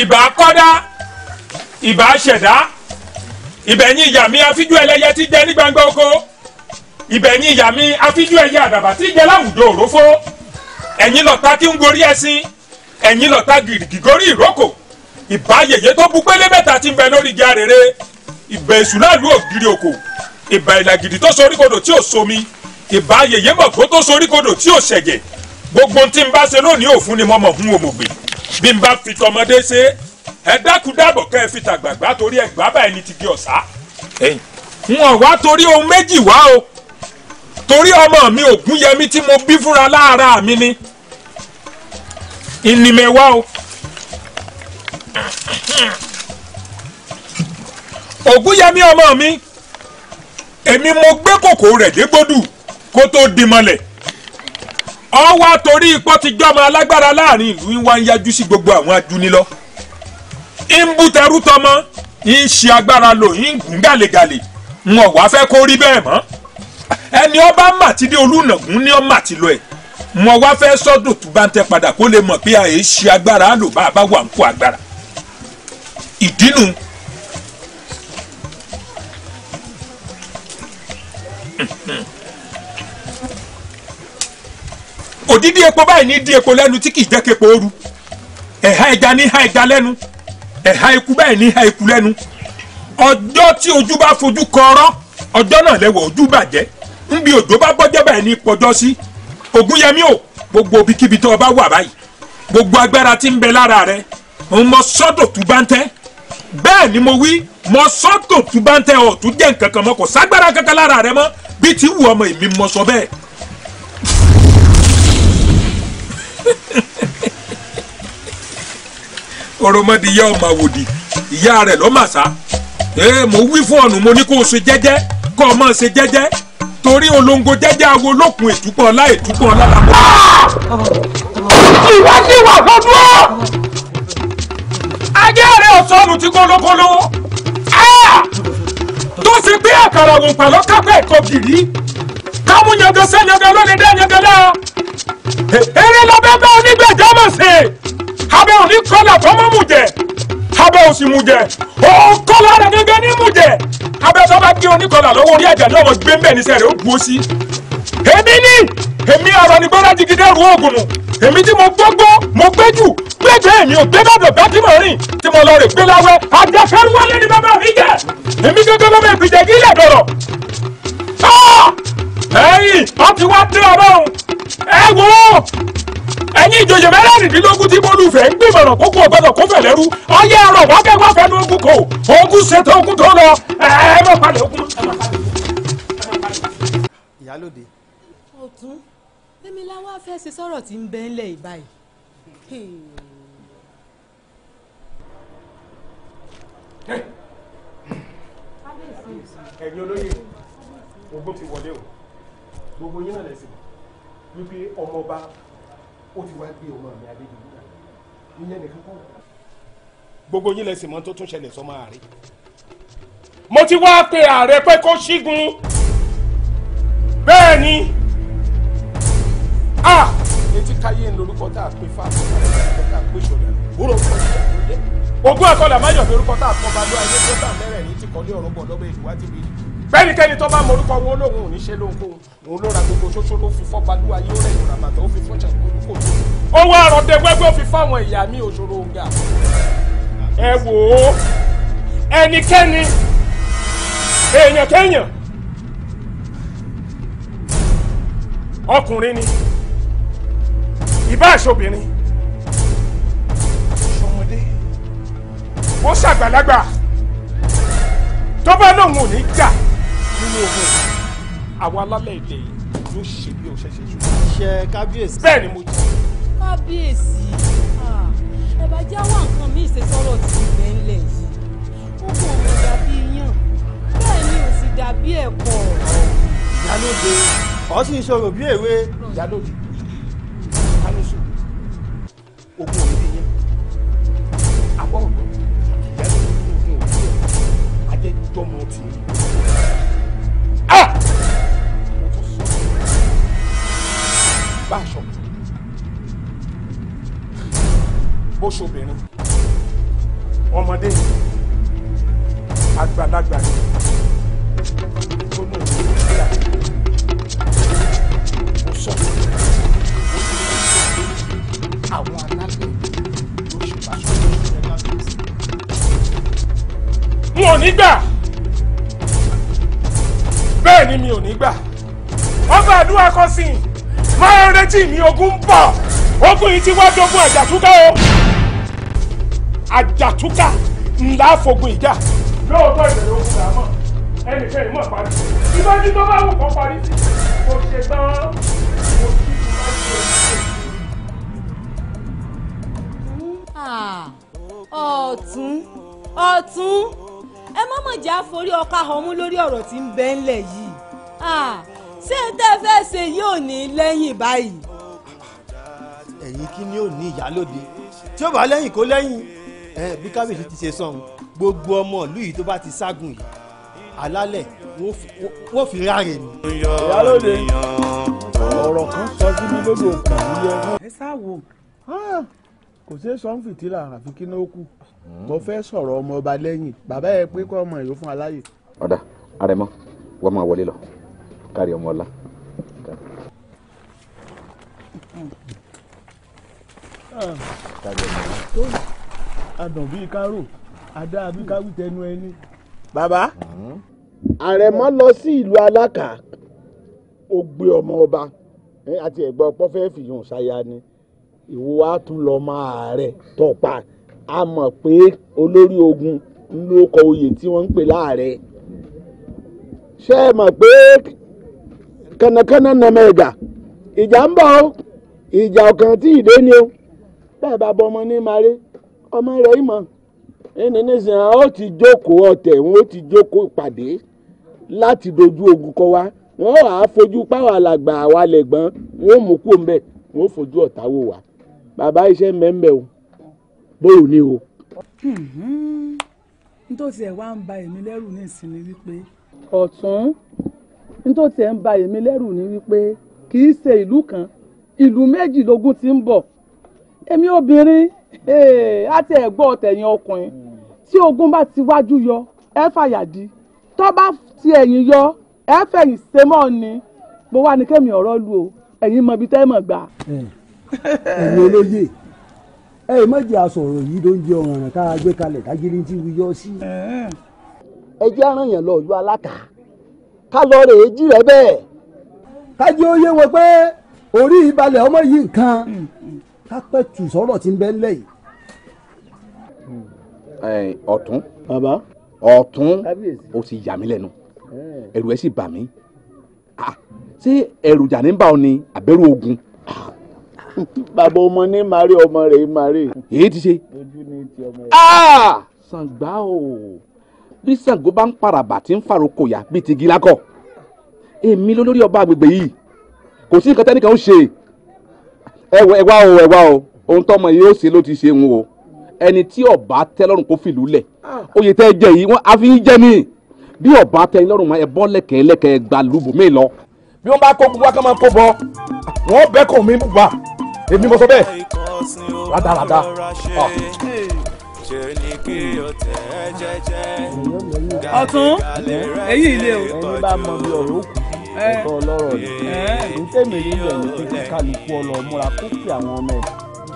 [SPEAKER 1] ìbá kọ́dá ìbá ṣẹ̀dá ibẹ̀ ni ìyá mi afíjú ẹlẹ́yẹ ti jẹ ní gbangba oko ibẹ̀ ni ìyá mi afíjú ẹyẹ àdàbà ti jẹ láwùjọ òrófó ẹ̀yin lọ̀tá tí ń gorí ẹṣin ẹ̀yin lọ̀tá gìrìgìgórí ìrókò ìbáyèyé tó bu pélé mẹ́ta ti ń bẹ lórí igi arèrè ìbà èṣù láàlú ògiri òkò ìbà ìlàgìdì tó soríkodò tí ò somi ìbáyèyé mọ̀gbó tó soríkodò tí ò ṣẹ̀jẹ̀ gbogbo tí ń bá ṣe lónìí òfun ni mo mọ̀ fún òmùgbè bí n bá fi tọmọdé ṣe ẹ dákun dábọ̀ kẹ́ ẹ fi tàgbàgbà torí ẹ gbà bá ẹni ti di ọ̀sá. wọn wá torí ohun méjì wá o torí ọmọ mi Ògúnyẹmí tí mo bí fúnra lára mi ni ìnìmẹ̀wá o. Ògúnyẹmí ọmọ mi èmi mo gbé kòkó rẹ̀ dégbòdù kó tó di mọ́lẹ̀ ọ wá torí ipò ti jọmọ alágbára láàrin ìlú wa ń yájú sí gbogbo àwọn ajuni ń bú tẹrú tọmọ ń ṣe agbára lò ń gùn gàlégàlé ń ọ̀wá fẹ́ kó rí bẹ́ẹ̀ mọ́ ẹni ọba màtídé olùnàgún ni ọ màtí lọ ẹ̀ mo wá fẹ́ sọ́dọ̀ tó bá ń tẹ padà kó lè mọ̀ pé àyè ṣe agbára lò bá a bá wà ń kó agbára ìdínú. òdídí epo báyìí ní dí epo lẹ́nu tí kì í jẹ́ képo ooru ẹ̀ha ẹja ní ha ẹja lẹ́nu ẹ̀ha ikú bẹ́ẹ̀ ní ẹ̀ha ikú lẹ́nu ọjọ́ tí ojú bá fojú kọrọ́ ọjọ́ náà lẹ́wọ̀ ojú bàjẹ́ nbí òjò bá bọ́jọ́ bẹ́ẹ̀ ní pọjọ́ sí Ògúnyẹmí o gbogbo ibikíbi tó o bá wà báyìí gbogbo agbára tí ń bẹ lára rẹ mo sọ́dọ̀ tó bá ń tẹ́ bẹ́ẹ̀ ni mo wí mo sọ́dọ̀ tó bá ń tẹ́ ọ̀ tó jẹ́ nǹkan kan mọ́ kò ságbára kankan lára rẹ mọ́ bí ti wù ọmọ èmi ọ̀rọ̀mọdìyẹ ọmọ àwòdì ìyá rẹ̀ lọ́màṣá ee mo wí fún ọ̀nù mo ní kó o ṣe jẹ́jẹ́ kó o máa ṣe jẹ́jẹ́ torí olóńgó jẹ́jẹ́ awo lókun ètúpọ̀ ọlá ètúpọ̀ ọlá làbọ̀. ìwà sí wà fọ́tú ọ́ ajé rẹ̀ ọ̀sọ́nù tí kólókóló tó ṣe bí àkàrà òun pàlọ́ kápẹ́ ẹ̀kọ́ gìrì kámú yangan sẹ́yangan lónìí dá yangan náà eré lọ́bẹ̀ bá onígbẹ̀jọ́ mọ̀ sí i abẹ́ òní kọ́là fọmọ́ mùjẹ́ abẹ́ òsì mùjẹ́ òun kọ́là rẹ̀ gẹ́gẹ́ ní mùjẹ́ abẹ́ tó bá gé oníkọ́là lọ́wọ́ orí àjà ní ọmọ gbé mbẹ́ ní sẹ́rẹ̀ ó bu ó sí. èmi ni èmi ọ̀rọ̀ ni gbọ́dọ̀ jigidé ru oògùn nù èmi tí mo gbógbó mo gbé jù gbẹ́jẹ́ èmi ò gbé dọ̀dọ̀ bá tí mo rìn tí mo lọ rè gbé láwẹ́ àjẹfẹ́ wọlé ni bàbá mi jẹ́ èmi gẹ́gẹ́ bàbá ìpìjẹ́ kí ilẹ̀ dọ̀rọ̀ ẹ̀yìn wọ́n ti ìjòyè mẹ́rẹ̀ẹ́rìndínlógún tí mọ́lúfẹ́ ń gbìmọ̀ràn kókó ọ̀gbọ́dọ̀ kó fẹ̀ lẹ́rú ọyẹ́ ẹ̀rọ wákẹ́wà fẹ́nu ogun kò ogun ṣètò ogun tó lọ ẹ má palẹ̀ ogun. ìyálòde. ọ̀tún èmi làwọn afẹ́sí sọ̀rọ̀ tí ń bẹ ńlẹ̀ ìbáyìí. ẹ̀yin olóyè ogun ti wọlé o gbogbo yín náà lẹ́sìn wípé ọmọọba ó ti wá gbé ọmọ mi adédìbò náà nìkan kọ́ gbogbo yín lẹ́sìn mọ́ tó tún ṣẹlẹ̀ sọ́mọ ààrẹ mo ti wá pe ààrẹ pé kó ṣígun bẹ́ẹ̀ ni a ah! etí káyé ń lorúkọ tá a pè fáwọn ọmọ tá a pè ṣọlẹ òwúrọ̀ ògùn àkọlà májọ̀ fi orúkọ tá a pọ̀ balùwà ilé tó tà mẹ́rẹ̀ẹ́rin ti kọ́lé ọ̀rọ̀ bọ̀ lọ́bẹ̀ ìlú wájú mi fẹ́nikẹ́ni tó bá morúkọ wo lóhun ò ní ṣe lóhunkóhun òun ló ra gbogbo ṣoṣo ló fi fọ́ balùwà yóò rẹ̀ yóò ràbàtà ó fi fún ṣàkóso kò tó owó àròdẹ wẹ́gbẹ́ ó fáwọn ìyá mi òṣòro ga ẹ wò ó ẹnikẹ́ni èèyàn kéèyàn ọkùnrin ni ìbá àṣọbìnrin ṣọmọdé ó ṣàgbàlagbà tó bá lóun ò ní gbà nínú ogun àwọn alálẹ̀ èdè yìí yóò ṣe bí òṣè ṣe ṣùgbọ́n. ṣe kábíyèsí. bẹ́ẹ̀ ni mo
[SPEAKER 2] jẹ́. kábíyèsí ẹ bá jáwọ́ nǹkan mi ìṣesọ́rọ̀ ti ilẹ̀ ńlẹ̀ yìí ó kò wọ́n
[SPEAKER 1] dàbí yàn bẹ́ẹ̀ ni ò sì dàbí ẹ̀kọ́. ìyálóde ọ̀ sì ń sọ̀rọ̀ bí èwe. ìyálóde ìyálóde ogun òní yẹn àbọ̀ òní. bá bosho, bó ṣobìnrin ọmọdé àgbàlagbà ni tó ní òkú ìlà mo sọ àwọn alálẹ̀ ló ṣe bá mi ò ní gbà bẹ́ẹ̀ ni mi máa retí mi ogun ń bọ̀ ogun yìí ti wá dogun àjàtúkà o àjàtúkà ńlá fogun ìjà lóòótọ́ ìbẹ̀rẹ̀ ogun là á ẹnikẹ́ni mọ̀ parí ibà ní tó bá wù kó parí sí kò ṣe tán kò
[SPEAKER 2] sí
[SPEAKER 1] ọ̀tún ọ̀tún ẹ má mọ̀ jẹ́ ọkà ọmú lórí ọ̀rọ̀ tí ń bẹ ńlẹ̀ yìí. Ah, ṣé tẹ́ fẹ́ ṣe yóò ní lẹ́yìn báyìí. ẹ̀yin kí ni ò ní ìyálòde tí ó bá lẹ́yìn kó lẹ́yìn bí kábíyèsí ti ṣe sọ̀hún gbogbo ọmọ ìlú yìí tó bá ti ságun yìí alálẹ̀ wọ́n fi ráre ni.
[SPEAKER 3] ìyálòde ọ̀rọ̀
[SPEAKER 1] kan sọ sí mi lóde òkú yìí yẹ. ẹ sá wo ah, kò sí sọ́ǹfì tí làrá fi kíná ó kù mo fẹ́ sọ̀rọ̀ ọmọ ọba lẹ́yìn bàbá ẹ pé kọ́ ọmọ ìlú fún aláyè. ọ̀dà àrẹ̀mọ wọ́n máa wọlé lọ kárí ọmọlá. adùn bíi kárò adá bíi káwí tẹnu ẹni. bàbá àrẹ̀mọ lọ sí ìlú alákà ó gbé ọmọ ọba àti ẹ̀gbọ́n ọpọ́ fẹ́ẹ́ fìyàn ṣáya ni ìwọ wa tún lọ máa rẹ̀ tọ̀pa a mọ̀ pé olórí ogun ń ló kọ oyè tí wọ́n ń pè láàrẹ ṣé ẹ mọ̀ pé kànnàkànnà nàmẹ ìjà ìjà ń bọ̀ o ìjà ọ̀kan tí ìdé ni o bẹ́ẹ̀ bá bọ ọmọ ní maré ọmọ rẹ̀ ìmọ̀ ẹni nísìnyí ó ti jókòó ọ̀tẹ̀ wọn ó ti jókòó ìpàdé láti dojú ogun kọ wa wọn ò á fojú páwọn alàgbà àwa lẹ̀gbọ́n wọn ò mú kú òun bẹ́ẹ̀ wọn ò fojú ọ̀tá wò wá bàbá iṣẹ́ mẹ́mẹ́ o bóyò ni o. nítòsí ẹ̀ wá ń ba èmi lẹ́rù ní ìsinmi wípé. ọ̀tún nítorí tiẹ̀ ń ba èmi lẹ́rù ni wípé kì í ṣe ìlú kan ìlú méjì lógún ti ń bọ̀ èmi obìnrin àti ẹ̀gbọ́n tẹ̀yìn ọkùnrin tí ogun bá ti wájú yọ ẹ fàyà di tó bá ti ẹ̀yìn yọ ẹ fẹ̀yìn ṣe mọ́ ni mo wá ní kẹ́mi ọ̀rọ̀ lu o ẹ̀yin mọ ibi tẹ́ mọ̀ gbà. ẹ̀yin olóye ẹ ẹ má jẹ́ àsọ̀rọ̀ yìí ló ń jẹ ọ̀ràn ká gbé kalẹ̀ kájírí tí wíyọ sí. ẹ jẹ́ àràyàn lọ ìlú alákàá ká lọ rèé jí rẹ bẹ́ẹ̀ kájí ó yé wọn pé orí ìbalẹ̀ ọmọ yìí nǹkan mm, mm. ká pẹ́ tù sọ́rọ̀ tí ń bẹ lẹ́yìn. ọ̀tún ọ̀tún ó ti yà mí lẹ́nu ẹ̀rù ẹ̀ sì bà mí ṣé èròjà ní bá ni àbẹ̀rù ogun. bàbá ọmọ ní màrí ọmọ rẹ̀ màrí. èyí ti ṣe. ojú ni ti ọmọ rẹ̀. sàǹgbà o bí Ṣàngó bá ń paraba tí ń faroko yá bíi ti gilakọ èmi lólórí ọba àgbègbè yìí kò sí nǹkan tẹ́nìkan ń ṣe ẹwà ẹwà o ẹwà o ohun tọmọ yìí ó ṣe ló ti ṣe ń o ẹni tí ọba tẹ́ lọ́rùn kó fìlú lẹ̀ oyè tẹ́ jẹ yìí wọ́n àfi ń jẹ bí ọba tẹ́ lọ́rùn mọ́ ẹ lẹ́kẹ̀ẹ́ lẹ́kẹ̀ẹ́ gba lùbùmí lọ. bí wọ́n bá kó gbogbo akọ́mọ kó bọ wọ́n bẹ́ẹ̀ kàn mí bùbá èmi mo sọ bẹ́ẹ̀ rádaràda
[SPEAKER 3] ọ̀tún èyí ilé o. ẹni bá mọ bí ọ̀rọ̀ òkú ẹ̀tọ́ ọlọ́rọ̀ ni
[SPEAKER 1] ní tèmi ní ìyẹn ní kíkí kálukú ọlọ́múra kó pè àwọn ọmọ ẹ̀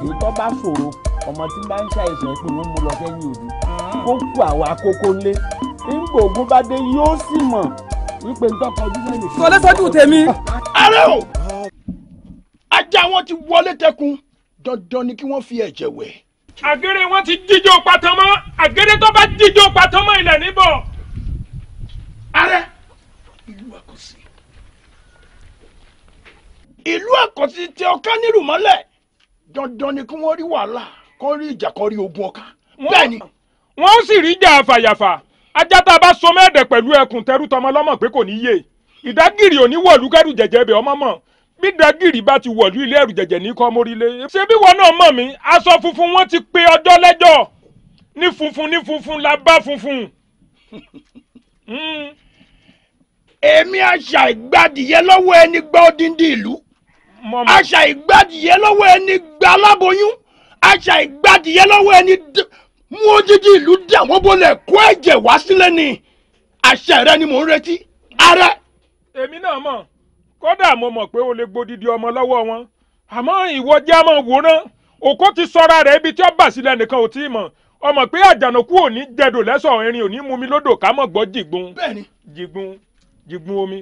[SPEAKER 1] èyí tó bá ṣòro ọmọ tí bá ń ṣàìsàn pé wọ́n mú lọ sẹ́yìn òbí ah. kó kú àwọn akókó lé nígbà bá dé yóò sì mọ̀ wípé ń tọ́kọ ojú sẹ́yìn. sọ lẹ́sọ́dún tèmi. ààrẹ o ajá wọn ti wọlé tẹkùn dandan ni kí wọ́n fi ẹ̀jẹ̀ wẹ̀ àgẹ́rẹ́ wọn ti jíjó patọ́mọ́ àgẹ́rẹ́ tó bá jíjó patọ́mọ́ ilẹ̀ níbọ̀. ààrẹ
[SPEAKER 2] ìlú àkọsí
[SPEAKER 1] ìlú àkọsí tẹ ọká nílùú mọ́lẹ̀ dandan ni kí wọ́n rí wàhálà kọ́ rí ìjà kọ́ rí ogun ọ̀ka bẹ́ẹ̀ ni. wọ́n sì rí ìjà àfàyàfà ajá tá a bá so mẹ́ẹ̀dẹ̀ pẹ̀lú ẹkùn tẹrú tọmọ lọ́mọ pé kò ní yé ìdágìrì ò ní wọ̀lú kẹ́rù jẹ̀jẹ̀ bẹ̀ ọmọ mọ̀ bí dagiri bá ti wọ̀lú ilé ẹ̀rù jẹ̀jẹ̀ ní kọ́mórílé. ṣé bí wọn náà mọ̀ mí aṣọ funfun wọn ti pe ọjọ́ lẹ́jọ́ ní funfun ní funfun la bá funfun. Hmm. èmi àṣà ìgbàdìyẹ lọ́wọ́ ẹni gba odindi ìlú àṣà ìgbàdìyẹ lọ́wọ́ ẹni gba aláboyún àṣà ìgbàdìyẹ lọ́wọ́ ẹni mú odidi ìlú dé àwọn bọ́lẹ̀ kó ẹ̀jẹ̀ wá sílẹ̀ ni àṣà rẹ ni mò ń retí ara. èmi náà mọ̀ kódà mo mọ̀ pé o lè gbódìdí ọmọ lọ́wọ́ wọn àmọ́ ìwọ jẹ́ àmọ́ wòran òkó ti sọra rẹ̀ ibi tí ó bà sílẹ̀ nìkan ò tí ì mọ̀ ọmọ pé àjànàkú ò ní jẹdò lẹ́sọ̀ erin ò ní mumi lódò ká mọ̀ gbọ́ jìgbun jìgbun jìgbun omi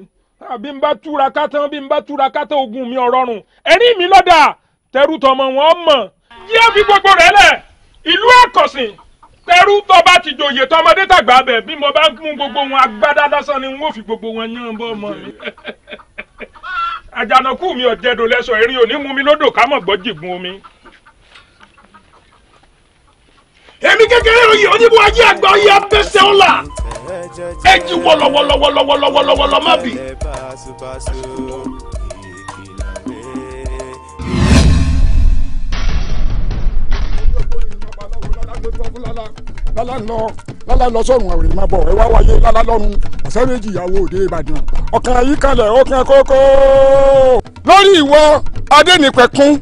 [SPEAKER 1] ah, bí n bá túra kátán bí n bá túra kátán ogun mi ọ̀rọ̀rùn ẹ̀rín mi lọ́dà tẹrú tọmọ wọn mọ̀ yíyá fi gbogbo rẹ̀ lẹ̀ ìlú àkọ̀sìn tẹrú tọba ti jòyè tọmọdé tàgbà bẹ̀ bí mo bá mú gbogbo wọn agbádá lásán ni n ó fi gbogbo wọn yán bọ́ ọmọ mi. àjànàkú mi ọ̀jẹ̀dò lẹ́sọ̀ erin òní mú mi lódò ká mọ̀ gbọ́ jìgún omi. èmi kékeré oyè oníbó ajé àgbà oyè abẹ́sẹ̀ ọ̀la ẹ̀jì wọ̀lọ̀wọ̀lọ̀wọ̀lọ̀wọ̀lọ̀ má bì. ló lálá lọ sọ̀rùn àwòrán máa bọ̀ ẹ wá wáyé lálá lọ́rùn àṣẹ́rẹ́jì ìyàwó òde ìbàdàn ọkàn yìí kalẹ̀ ọkàn kókó. lórí ìwọ adẹnipẹkun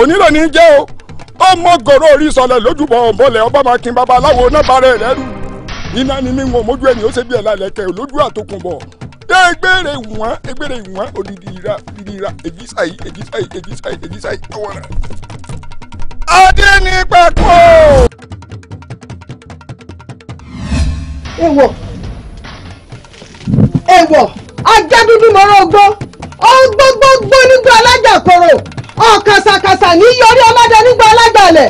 [SPEAKER 1] onílò ní jẹ́ o ọmọ gòrò orí sọlẹ̀ lójúbọ ọ̀bọ̀lẹ̀ ọba máa kin baba aláwo nábàárẹ̀ rẹ̀ rú iná ni mí wọn mójú ẹni ó ṣe bí ẹ̀ lálẹ́kẹ̀ lójú àtòkùn bọ̀ egbèrè wọn egbèrè wọn odidi ira odidi ira èjì sáyì èjì sáyì èjì sáyì èjì sáyì èèwọ̀ èèwọ̀ ajá dúdú mọ́rọ́ ogbó ọgbọ́gbọ́gbọ́ nígbà alájà kòrò ọ̀kàsàkàsà ní yọrí ọlọ́dẹ nígbà alájà alẹ̀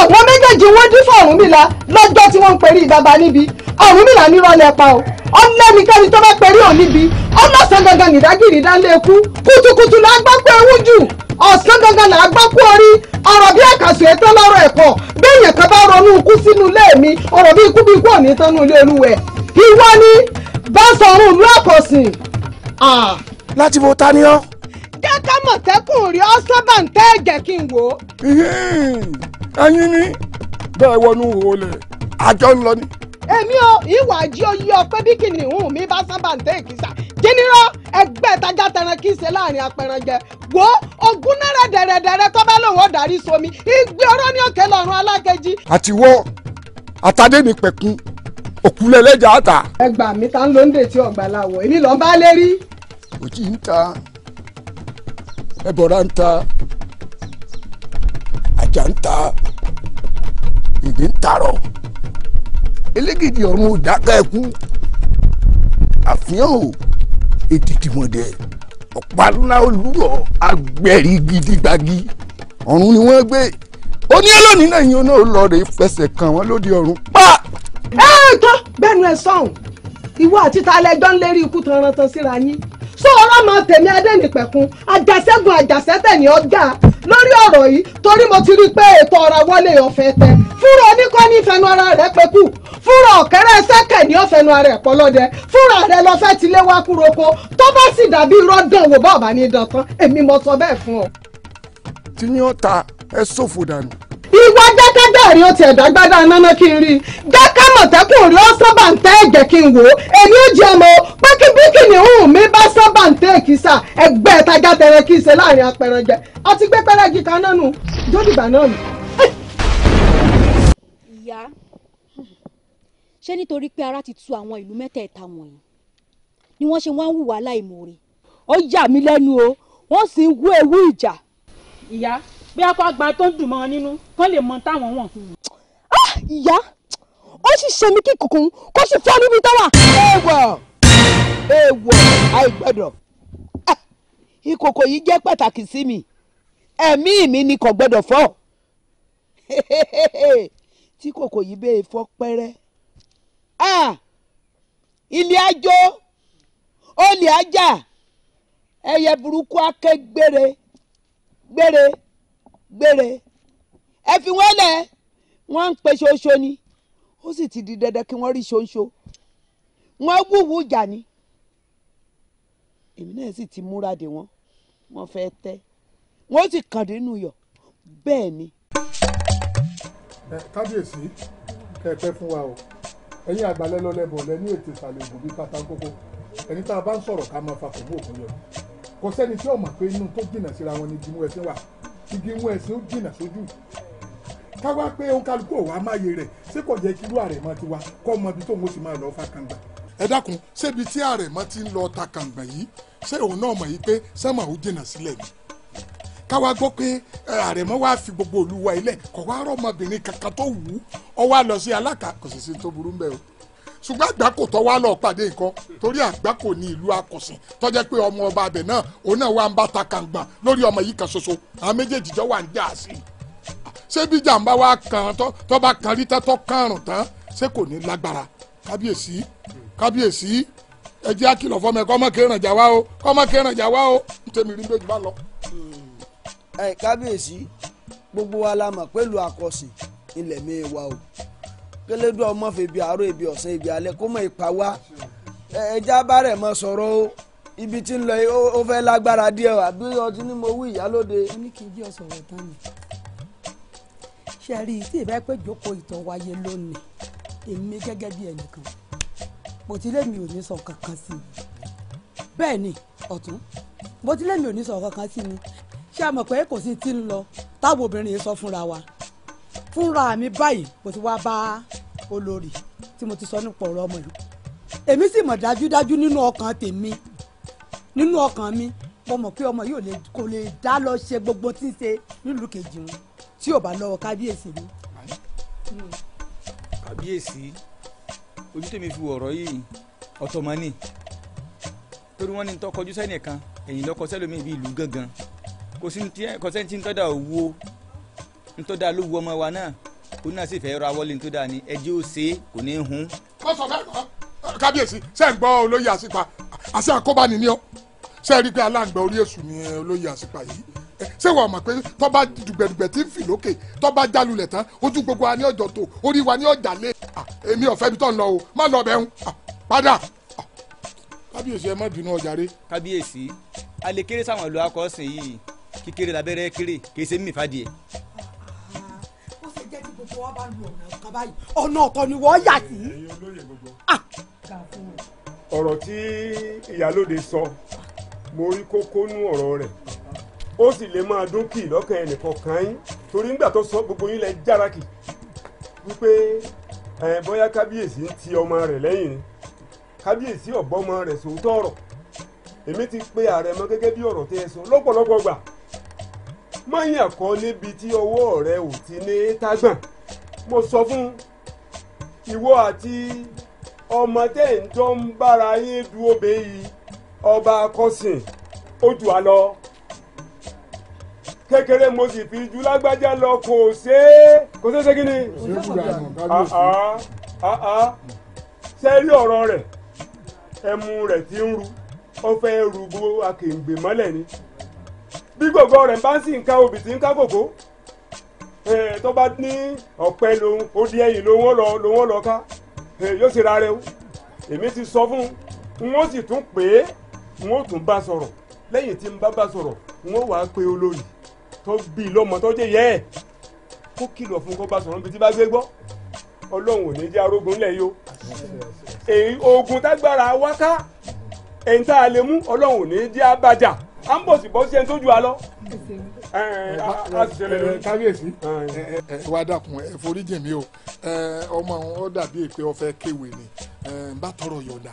[SPEAKER 1] àwọn méjèèjì wọ́n dín fún Ọ̀rúnmìlà lọ́jọ́ tí wọ́n ń perí ìdàgbà níbi Ọ̀rúnmìlà nírọ̀lẹ́ pa o ọlẹ́nikẹ́ni tó bá perí ò níbi ọlọ́sàn gangan nìdágìrì dánlé kú kùtùkùtù là á gbọ́ pé ewu jù ọ̀sán gangan là á gbọ́ pé orí ọ̀rọ̀ bí àkàsù ètò lọ́rọ̀ ẹ̀kọ́ bẹ́ẹ̀yàn kan bá ronú ikú sínú ilé mi ọ̀rọ̀ bí ikú bí ikú òní tán ní ilé olúwẹ̀ ìwọ ni bá sọ̀rùn ìlú àpọ̀sìn. láti bo ta ni jẹ́ ká mọ̀tẹ́kùn rí ọ́ sábà ń tẹ́ ẹ̀jẹ̀ kí n wò ẹyin ni bẹ́ẹ̀ wọnú òòlẹ̀ àjọ ńlọ ni. èmi o ìwà àjí oyè ọpẹ bí kìnìún mi bá sábà ń tẹ ìkísà jẹnirọ ẹgbẹ tajà tẹran kí n ṣe láàrin apẹranjẹ wo ogún náírà dẹrẹdẹrẹ tó bá lòun somi igbe ọ̀rọ̀ ní òkè lọ́rùn alákejì. àtiwọ́ àtàdé mi pẹ̀kun òkúlẹ̀ lẹ́jà àtà. ẹ gbà mí ta ń lo ń dètí ọ̀gbà làwọ̀ èmi lọ́ọ́ bá lé òjì ń ta ẹbọra ń ta ajá ń ta ìgbín ń elégidì ọ̀run òdàkà ẹ̀kú àfihàn o ètìtì mọ̀dẹ́ ọ̀pálúná olúrọ̀ agbẹ̀rí gidigbagi ọ̀run ni wọ́n gbé oní ẹlòmí náà yín oná lọ rè fẹsẹ̀ kàn wọ́n lóde ọ̀run pa. ẹ ẹ tán bẹ́ẹ̀ ni ẹ sọ̀hún ìwọ àti ta ń lérí ikú tanrantan síra yín sọ ọ̀rọ̀ mọ tèmi adẹnipẹkun àjàṣẹ́gun àjàṣẹ́tẹ̀ ni ọjà lórí ọ̀rọ̀ yìí torí mo ti rí i pé ètò ọ̀rọ̀ wọlé ọ̀fẹ́ tẹ fúnra oníkọ́ ní ìfẹnu ara rẹ̀ pẹ́kù fúnra ọ̀kẹ́rẹ́ sẹ́kẹ̀ ní ọ̀fẹ́nu ara ẹ̀ pọ́lọ́dẹ fúnra rẹ̀ lọ́fẹ́ ti lé wá kúroko tó bá sì dàbí rọ́dàn wò bá ọ̀bà ní dantan èmi mo sọ bẹ́ẹ̀ fún ọ. tí yín ọ̀tá ẹ ṣòfò dànù ìwọ jákàdá rí o tiẹ̀ dágbádá náná kí n rí i jákà mọ̀tẹ́kùn rí ọ sábà ń tẹ́ ẹ̀jẹ̀ kí n wò ó èmi ò jẹ́ ọmọ pákíbíkì ni òun mi bá sábà ń tẹ́ èkìsà ẹgbẹ́ ìtajà tẹ̀rẹ̀ kí n ṣe láàrin apẹ̀rẹ̀ jẹ àti gbé pẹ́rẹ́gì kan náà nù jódìgbà náà nù. ìyá ṣé nítorí pé ara ti tu àwọn ìlú mẹ́tẹ̀ẹ̀ta wọ̀nyí ni wọ́n ṣe o wọ́n sì ń wú bí akọ àgbà tó ń dùn mọ́ nínú lè mọ táwọn wọn. Ah, ìyá ó sì ṣe mí kí kùkùn kó sì fọ́ níbi tó wà. èèwọ̀ èèwọ̀ àìgbọ́dọ̀ ah, yìí jẹ́ pàtàkì sí mi ẹ̀mí mi ni kò gbọ́dọ̀ fọ́ tí kòkò yìí bẹ́ẹ̀ fọ́ pẹ́rẹ́ ah, ilé olè ajá ẹyẹ burúkú gbére gbére. gbére ẹ fi wọ́n lẹ̀ wọ́n ń pe ṣoṣo ni ó sì ti di dandan kí wọ́n rí ṣoṣo wọ́n wúwú jà ni èmi náà sì ti múra dè wọ́n wọ́n fẹ́ tẹ́ wọ́n sì kàn nínú yọ̀ bẹ́ẹ̀ ni. kábíyèsí kẹ̀kẹ́ fún wa o ẹ̀yin àgbàlẹ́ lọ́lẹ́bọ̀ lẹ́ ní ètò ìsàlẹ̀ ògùn bíi pátákókó ẹni tá a bá ń sọ̀rọ̀ ká máa fa kòmó òkú yọ kò sẹ́ni tí ó mọ̀ pé inú tó jìnnà síra wọn ni jimú ẹsẹ̀ wà igi wọn ẹ̀sìn ó jìnnà sójú ká wá pé òun kálukú ọ̀wá máyé rẹ̀ ṣé kò jẹ́ kí irú àrẹ̀mọ ti wá kọ́ ọmọ ibi tóun ó sì máa lọ fa kàngbà. ẹ dákun ṣébi tí àrẹ̀mọ ti ń lọ ta kàngbà yìí ṣé òun náà mọ̀ yìí pé sẹ́mọ̀ ó jìnnà sílẹ̀ ni ká wá gbọ́ pé àrẹ̀mọ wá fi gbogbo olúwa ilẹ̀ kọ̀ wá rọ́mọbìnrin kankan tó wù ú ọ wá lọ sí alákà sí tó burú mbẹ́ o ṣùgbọ́n àgbákò tó wá lọ pàdé nǹkan torí àgbákò ní ìlú akọ̀sìn tó jẹ́ pé ọmọ ọba abẹ náà òun náà wà ń bá ta kàǹgbà lórí ọmọ yìí kan ṣoṣo àwọn méjèèjì jọ wà ń jà sí i ṣé bí jàǹbá wa kàn tó bá kan rí tán tó kàrùn tán ṣé kò ní lágbára kábíyèsí kábíyèsí ẹ jẹ́ àkìlọ̀ fọmọ ẹ kọ́ mọ̀ kéèràn jà wá o kọ́ mọ̀ kéèràn jà wá o ń tẹ̀mí rí méjì bá lọ. Hmm. ẹ kábíyèsí gbogbo wa la mọ̀ pẹ̀lú akọ̀sìn ilẹ̀ mi wà o kélédú ọmọ fèbí àárọ̀ èbí ọ̀sán èbí alẹ́ kó mọ̀ ìpà wá ẹja bárẹ̀ mọ sọ̀rọ̀ o ibi tí ń lọ ó fẹ́ lágbára díẹ̀ àbí ọtí ni mo wí ìyálóde. ó ní kí n jí ọ̀sán rẹ̀ tán ni ṣe rí i tí ìbá pẹ́ jókòó ìtàn wáyé lónìí èmi gẹ́gẹ́ bí ẹnìkan mo mi ò ní sọ kankan sí i bẹ́ẹ̀ ni ọ̀tún mo mi ò ní sọ kankan sí i ṣé a kò sí tí ń lọ táwọn obìnrin yìí sọ fúnra wa fúnra mi báyìí mo ti wá bá olórí tí mo ti sọ nípa ọ̀rọ̀ ọmọ yìí èmi sì mọ̀ dájúdájú nínú ọkàn tèmi nínú ọkàn mi mo mọ̀ pé ọmọ yìí kò lè dá lọ ṣe gbogbo tí ń ṣe nílùú kejì wọn tí ò bá lọ́wọ́ kábíyèsí mi. kábíyèsí ojú tèmi fi wọ̀rọ̀ yìí ọ̀tọ̀ mọ́ ni torí wọ́n ní tọkọjú sẹ́nìkan ẹ̀yìn lọ́kọ sẹ́lómi ìlú gangan kò sí kọ́sẹ́ntì ń tọ́da òwò nítorí dáa ló wu ọmọ wa náà òun náà sì fẹ́ ra wọlé nítorí dáa ni ẹjẹ́ ò ṣe é kò ní í hun. wọ́n sọ fẹ́ẹ́ kábíyèsí ṣe ń gbọ́ olóyè àṣìpa àṣẹ àkóbá ni ní ọ ṣe rí i pé aláǹgbá orí èṣù ni olóyè àṣìpa yìí ṣé wàá mọ̀ pé tọ́ba dùgbẹ̀dùgbẹ̀ tí ń fì lókè tọ́ba jalulẹ̀ tán ojú gbogbo wa ní ọjọ́ tó orí wa ní ọjà lé èmi ọ̀fẹ́ mi tọ̀ ń lọ o má lọ bẹ́ẹ̀ ń padà kábíyèsí ẹ má bínú ọjà rẹ. kábíyèsí alẹ́ kéré sáwọn ìlú akọ́sìn yìí kíkéré labẹ́rẹ́ kéré kèsè mímì fọwọ́ bá lu ọ̀nà kan báyìí ọ̀nà ọ̀tọ̀ ni wọ́n yà sí. ọ̀rọ̀ tí ìyálóde sọ mo rí kókó nú ọ̀rọ̀ rẹ̀ ó sì lè máa dún kì lọ́kàn ẹnìkan kan yín torí nígbà tó sọ gbogbo yín lẹ jára kì wípé bóyá kábíyèsí ń ti ọmọ rẹ̀ lẹ́yìn ni kábíyèsí ọ̀bọ́mọ rẹ̀ sòótọ́ ọ̀rọ̀ èmi ti pe àrẹ̀mọ gẹ́gẹ́ bí ọ̀rọ̀ tẹ́ ẹ sọ lọ́pọ̀lọpọ̀ gbà mọ̀yìn àkọ́ níbi tí ọwọ́ rẹ ò ti ní tágbọ̀n mo sọ fún ìwọ àti ọmọ tẹ́ ń tó ń bára yín du obè yìí ọba akọ́sìn ó jù á lọ kékeré mo sì fi ju lágbájá lọ kò ṣe é kò ṣe é ṣe kí ni. ṣe rí ọ̀rọ̀ rẹ̀ ẹmu rẹ̀ ti ń ru ó fẹ́ rúgbó akèǹgbè mọ́lẹ̀ ni bí gbogbo rẹ̀ bá ń sìn ká obì tí ń ká kòkó tó bá ní ọ̀pẹ lòun ó di ẹ̀yìn lòun lọ lòun lọ ká yóò ṣe ra rẹ o èmi ti sọ fún un wọn sì tún pè é wọn ò tún bá sọ̀rọ̀ lẹ́yìn tí n bá bá sọ̀rọ̀ wọn wàá pe olóyè tó bí i lọ́mọ tó jẹ́ yẹ ẹ̀ kó kìlọ̀ fún kó bá sọ̀rọ̀ níbi tí bá gbé gbọ́ ọlọ́run ò ní jẹ́ arógun lẹ̀ yó oògùn tágbára wá ká ẹ̀yìn tá a lè mú ọlọ́run ò ní jẹ́ abàjà à ń bọ̀ sí bọ́ sí ẹni tó ju kábíyèsí ẹ wá dákun ẹ forí jìn mí o ọmọ àwọn ọ dàbí èpè ọfẹ kéwèé ni n bá tọrọ yọ̀ǹda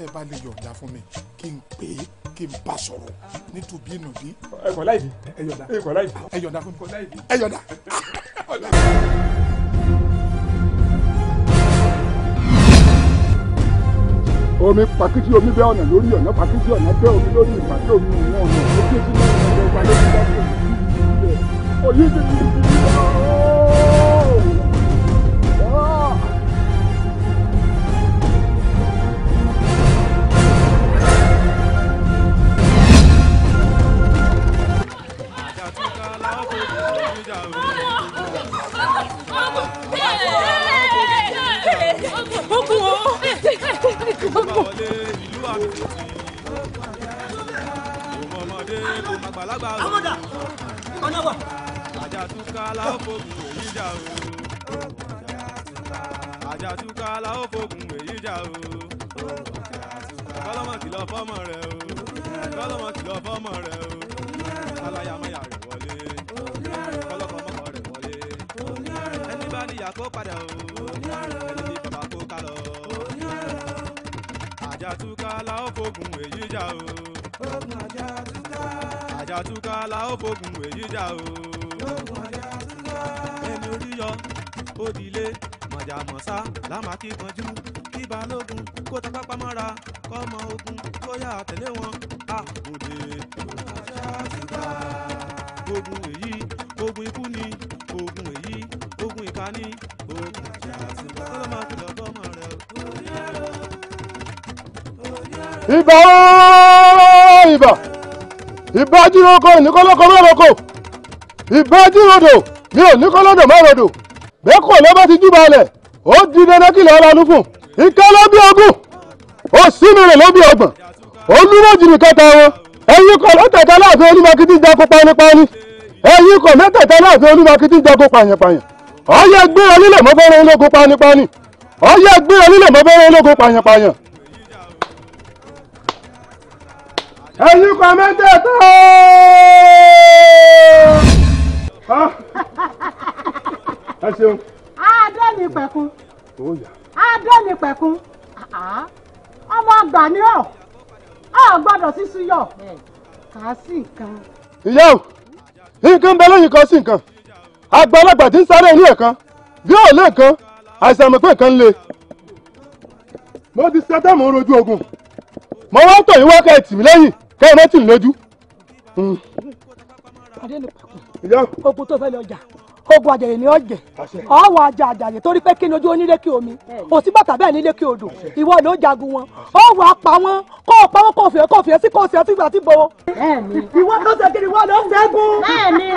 [SPEAKER 1] ẹ bá lè yọ̀ǹda fún mi kí n pè é kí n bá sọ̀rọ̀ nítubí nùbí. ẹ kọ̀ láì bí ẹ yọ̀ǹda ẹ kọ̀ láì bí ẹ yọ̀ǹda fún mi ẹ yọ̀ǹda. omi pàkìtì omi bẹ́ ọ̀nà lórí ọ̀nà pàkìtì ọ̀nà bẹ́ omi lórí ìpàkì omi ìwọ̀n ọ̀nà ó kéjì náà ọ̀nà ọ̀gbà lórí ìpàkì omi. Amanda,
[SPEAKER 3] ọ̀nà wà àjàtúká la ó fògùn èyí jà o. àjàtúká la ó fògùn èyí jà o. kọ́lọ́mọ̀ kìlọ̀ fọ́mọ rẹ o. kọ́lọ́mọ̀ kìlọ̀ fọ́mọ rẹ o. aláyàmáyà rẹ̀ wọlé. kọ́lọ́kọ́ mọ́kọ rẹ̀ wọlé. ẹni bá níyà kó padà o. ẹni bí bàbá kó ká lọ. àjàtúká la ó fògùn èyí jà o. àjàtúká la ó fògùn èyí jà o èmi oríyọ òdìlé mọ̀jàmọ̀sá lámàkí kanjú kí balógun kó tán pápá mọ́ra kọ́mọ ogun kó yà tẹ̀lé wọn àbòdè òṣàṣùgbà. ogun èyí ogun ikú ni ogun èyí ogun ìka ni ogun òṣàṣùgbà. kó ló máa fi lọ́gbọ́n mọ́ rẹ̀ o.
[SPEAKER 2] ìbà ìbà ìbà jíròkò
[SPEAKER 1] ìníkọ́lọ́kọ́ lọ́rọ̀kọ̀ ìbà jíròdò mi ò ní kọ́lọ́dọ̀ má rodò bẹ́ẹ̀ kò lọ́ bá ti jú balẹ̀ ó di dandan kí lọ́ọ́ lanú fún ìka ló bí ogún ó sí mi rè ló bí ọgbọ̀n olúmọ̀jì nìkan ta wọn ẹ̀yin kọ̀ lọ́tẹ̀ẹ̀ta láàfin olúmọkìtì jago panípaní ẹ̀yin kọ̀ mẹ́tẹ̀ẹ̀ta láàfin olúmọkìtì jago pàyànpàyàn ọ̀yẹ́ gbé onílẹ̀ mọ́fẹ́rẹ́ ológun panípaní ọ̀yẹ́ gbé onílẹ̀ mọ́fẹ́rẹ́ ológun pàyànpàyàn ẹ̀yin kọ̀ mẹ́tẹ̀ẹ̀ta ẹ ṣeun. adé mi pẹ̀kun. adé mi pẹ̀kun. ọmọ àgbà ni ọ ọ gbọ́dọ̀ sísun yọ kà á sí nǹkan. ìyá o nǹkan bẹ lóyìn kan sí nǹkan àgbà ọlọ́gbà tí ń sáré ní ẹ̀kan bí ò lè kan àìsàn mọ̀ pé nǹkan le. mo ti ṣe táwọn rojú ogun mo wá ń tọ̀ yín wá ká ẹ̀ tì mí lẹ́yìn ká ẹ̀ mọ́ lójú. adé ni pàkó. Melhor? Ô, puto velho, ogun àjèrè ni ó jẹ ọwọ ajá àjàyè torí pé kí ni ojú onílékè omi òsì bàtà bẹ́ẹ̀ nílékè odò ìwọ ló jagun wọn ọwọ apá wọn kó o pa wọn kó o fìyẹ kó o fìyẹ sí kó o sẹ sígbà tí bo. ìwọ ló ṣe kiri wọn ló ṣẹ́gun. bẹ́ẹ̀ni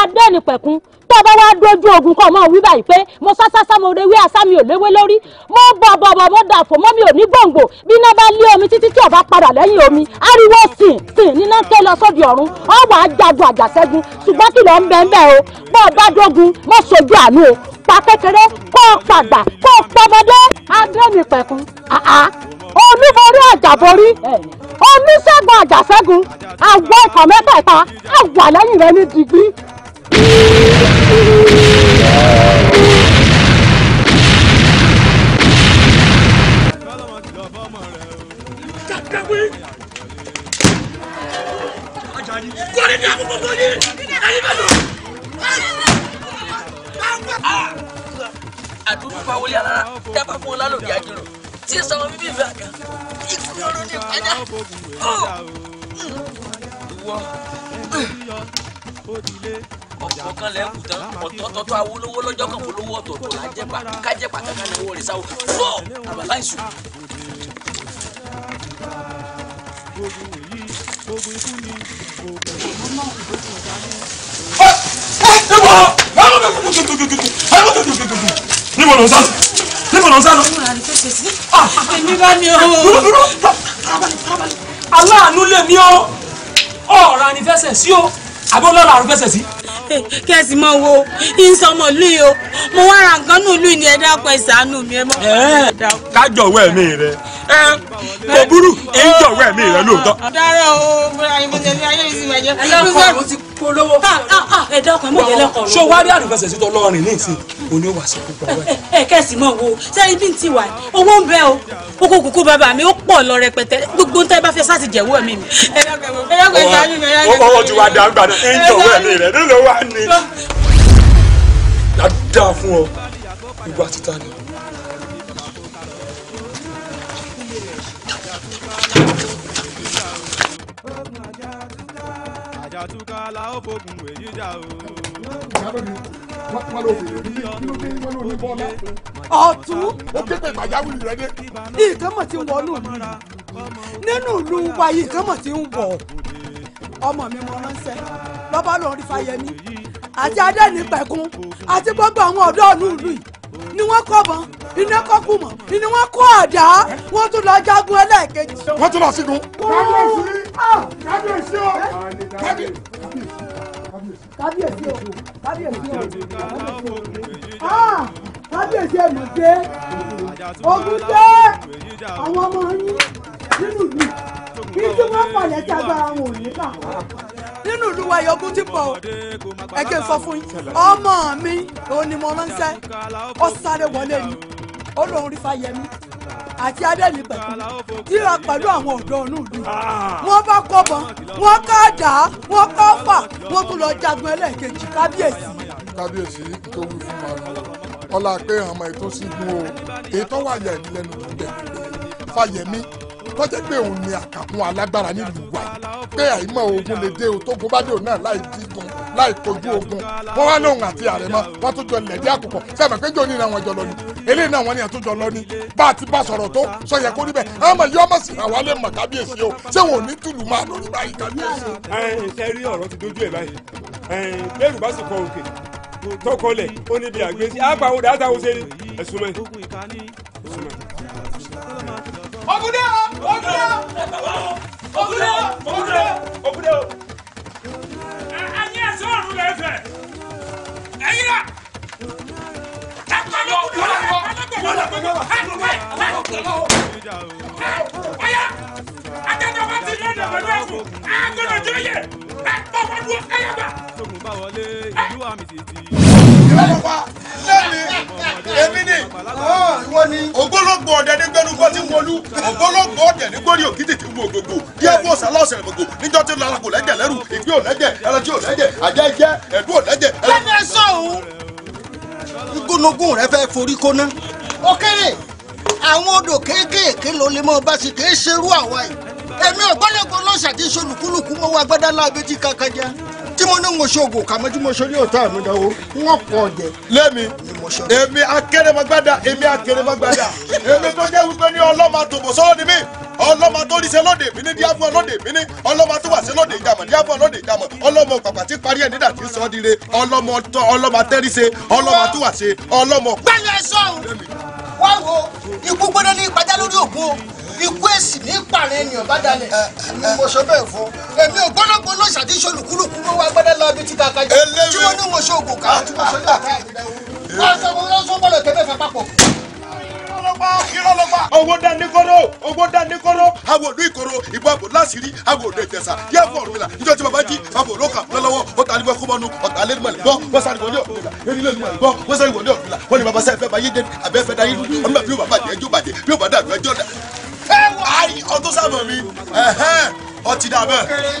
[SPEAKER 1] adẹnipẹkun tó bá wá dojú ogun kan mọ wí báyìí pé mo sásásá mo rewé asá mi ò léwé lórí mo bọ bọbọ mo dàfọ mọ mi ò ní gbòǹgbò bí iná bá lé omi títí tí ọba padà lẹ́yìn omi ariwo sìn sìn níná ké lọ sódì ọ̀run ọwọ ajagun àjàṣẹ́gun ṣùgbọ́n kìlọ̀ ń bẹ́ẹ̀ bẹ́ẹ̀ o bọ́ọ̀ bá d ológun má sojú àánú o pa kékeré kó o pàgbà kó o pọmọdé adẹ́mi pẹ̀kun olúborí àjàborí olùṣègùn àjàṣẹ́gun àwọn ikọ̀ mẹ́tẹ̀ẹ̀ta àwà lẹ́yìn rẹ ní digbí.
[SPEAKER 2] Kọ́ni ní àbúkọ́ kọ́ni ẹ̀yin bẹ̀rù. Ah! àdúgbò pa wọlé
[SPEAKER 1] alára dábàá fún wọn lálòdì àjọrò
[SPEAKER 2] tí ì sọmọ bíbí ìfẹ́ àgàn
[SPEAKER 1] ikú lọ́rọ́ ní ẹ̀dá ìwọ ọ̀kan lẹ́ kù tán ọ̀tọ̀ọ̀tọ̀ awo lówó lọ́jọ́ kan fún lówó ọ̀tọ̀ọ̀tọ̀ là ń jẹ́pà kájẹ́pà kankan náà wọ̀ rẹ̀ sáwọ́ fọ́ àbàbá ìṣù. gbogbo èyí gbogbo ikú ni gbogbo ìmọ̀mọ́ ìdókòó dání níbo ló ń sá níbo ló ń sá lọ. èmi bá ní o. aláàánú lèmi o ọ̀rọ̀ ni fẹsẹ̀ sí o àbọ̀ lọ́la àrùn mọ wo ìsọmọ ìlú o mo wá ra nǹkan ní ìlú ni ẹ dákun ẹ ṣàánú mi ẹ mọ. kájọ̀wé mi rẹ ẹ kò burú èyí jọ̀wọ́ ẹ̀mí rẹ lóòótọ́. ọ̀daràn o ayélujára ayé mi sì máa jẹ́. mo ti polówó. Ah, ah, ah, ẹ̀dá ọkàn mọ̀ ẹlẹ́kọ̀ọ́ lọ. ṣé wàá rí àdìgbàsẹ̀ sí tọ́lọ́rin ní ìsìn òní ó wà sí ẹ kẹ́sì mọ̀ wo ṣé ibi ń ti owó ń bẹ o oko kòkó bàbá mi ó pọ̀ lọ rẹpẹtẹ gbogbo nǹkan bá fẹ́ sáà ti jẹ̀wọ́ ẹ̀mí mi. ọwọ́ ti wá dá gbàdá ẹ̀ ń jọ̀wọ́ ẹ̀mí rẹ̀ nílò wá ní. dáadáa fún ọ gbogbo àtìtá ni àjàtúkà la ó fogun èyí jà o. ọ̀tún ó ké pé pàjáwìrì rẹ dé. nǹkan mọ̀ tí ń wọnú mi nínú ìlú wa yìí nǹkan mọ̀ tí ń wọ̀ ọmọ mi mo ránṣẹ́ lọ́ba lórí Fáyẹmí àti adẹ́nipẹ̀kun àti gbogbo àwọn ọ̀dọ́ ọ̀nù ìlú yìí ni wọ́n kọ́ bọ́n iná kọ́ kù mọ́ ni wọ́n kọ́ ọ̀dà wọ́n tún lọ jagun ẹlẹ́ẹ̀kejì. wọ́n tún lọ sígun.
[SPEAKER 2] Ah, kábíyèsí o kábíyèsí o kábíyèsí o
[SPEAKER 1] ah, kábíyèsí ẹ̀mí dé ogun dé àwọn ọmọ yín nínú ìlú kí tí wọ́n pàlẹ́ tí agbára wọn ò ní kà nínú ìlú wa yọgún ti pọ̀ ẹ kí n sọ fún yín ọmọ mi òun ni mo ránṣẹ́ ó sáré wọlé mi ó lóun rí fáyemí àti adẹ́ni pẹ̀lú tíra pẹ̀lú àwọn ọ̀dọ́ inú ìlú wọ́n bá kọ́bọ̀n wọ́n ká dà á wọ́n ká fà wọ́n tún lọ jagun ẹlẹ́ẹ̀kejì kábíyèsí. kábíyèsí tó wí fún wa ọlá pé àwọn ètò sí gun o ètò wà yà ẹ̀ nílẹ̀ nù fàyẹ̀mí kọ́jẹ́ pé òun ni àkàkùn alágbára nílùú wa pé àìmọ̀ ogun lè dé o tógun bá dé òun náà láì dígun láì kojú ogun wọ́n wá lóhun àti àrẹ̀mọ wọ́n tún jọ lẹ̀dí àkùkọ sẹ́mi péjọ ní ìran wọn jọ lọ ni eléyìí náà wọ́n ní àtúnjọ lọ ni bá a ti bá sọ̀rọ̀ tó sọ yẹ kó níbẹ̀ àmọ́ yọ ọmọ sì ràwá lè mọ̀ kábíyèsí o ṣé wọn ò ní tùlù máa lórí báyìí kábíyèsí. ẹ ẹ ṣe Ogunde lẹ́mi èmi ni oh, ògbólógbò ọ̀dẹ̀ ní gbẹnugbó tí wọlú ògbólógbò ọ̀dẹ̀ ní gbórí òkìtì tí wọ gbogbo bí ẹgbẹ́ òsàlá ọ̀sẹ̀ gbogbo níjọ́ tí larakò lẹ́jẹ̀ lẹ́rù ìgbé òlẹ́jẹ̀ ẹlẹ́jẹ̀ òlẹ́jẹ̀ àjẹ́ ìjẹ́ ẹ̀dú òlẹ́jẹ̀. bẹ́ẹ̀ni ẹ sọ òun. gbólógún rẹ fẹ́ forí kóná. ó kéré àwọn odò kéékèèké ló lè mọ ọba sì kéé ṣerú àwa yìí èmi ògbólógbò lọ́sà ti ṣolùkúlùkù mọ́wọ́ agbádá láàbẹ̀tì kankan jẹ́ tí mo ní mo ṣoògùn tí mo ṣe ní òtá mi náà wọ́n jẹ. lẹ́mi èmi akérèmọ́gbádà èmi akérèmọ́gbádà èmi tó jẹ́ wípé ní ọlọ́mà tòbò sọ́ọ́ ni mí ọlọ́mọ tó rí ṣe lóde mi ní díá fún ọlọ́dẹ mi ní ọlọ́mọ tó wà ṣe lóde ìjàmọ̀ díá fún ọlọ́dẹ ìjàmọ̀ ọlọ́mọ pàpà tí parí ẹ̀ nígbà tí ń sọ ọ́ dire ọlọ́mọ tọ́ ọlọ́mọ tẹ́rí ṣe ọlọ́mọ tó wà ṣe ọlọ́mọ. gbẹ́lẹ̀ sọ̀hún wá wo ikú gbọ́dọ̀ ní ìpàdé lórí òkú ikú èsì ní ìpààrọ̀ ènìyàn bá dalẹ̀. mo sọ bẹ́ẹ̀ fún. èmi ò gbọ́dọ̀ gbọ́ lọ́sà tí sọlùkúlùkù ló wá gbọ́dọ̀ lọ ibi títa kájọ. eléyìí tí wọ́n ní mo ṣe òògùn ká. Ah, wọ́n sọ wọn lọ́sọ̀ gbọ́dọ̀ tẹ́fẹ́ fẹ́ papọ̀ owó dání kóró owó dání kóró awòlú ìkóró ìbọn àbò láṣìírí awòlú ìjẹsà yẹ fún ọ̀rùn mi la ìjọ tí baba jí awòlú kà lọ́wọ́ ọ̀tá alẹ́ kó mọ́nu ọ̀tá alẹ́ mọ̀lẹ́ gbọ́ wọ́n sáré wọlé ọ̀rùn mi la eré lẹ́nu mọ̀lẹ́ gbọ́ wọ́n sáré wọlé ọ̀rùn mi la wọ́n ní baba sẹ́fẹ́ bá yé dé abẹ́fẹ́ dá yé lu ọmọ bí ó bàbá jẹ́ ẹjọ́ bàjẹ́ bí ó bàdá àdúrà ẹjọ́ dà. ẹ wá ọtún sábà mi ọtí dà bẹ́ẹ̀.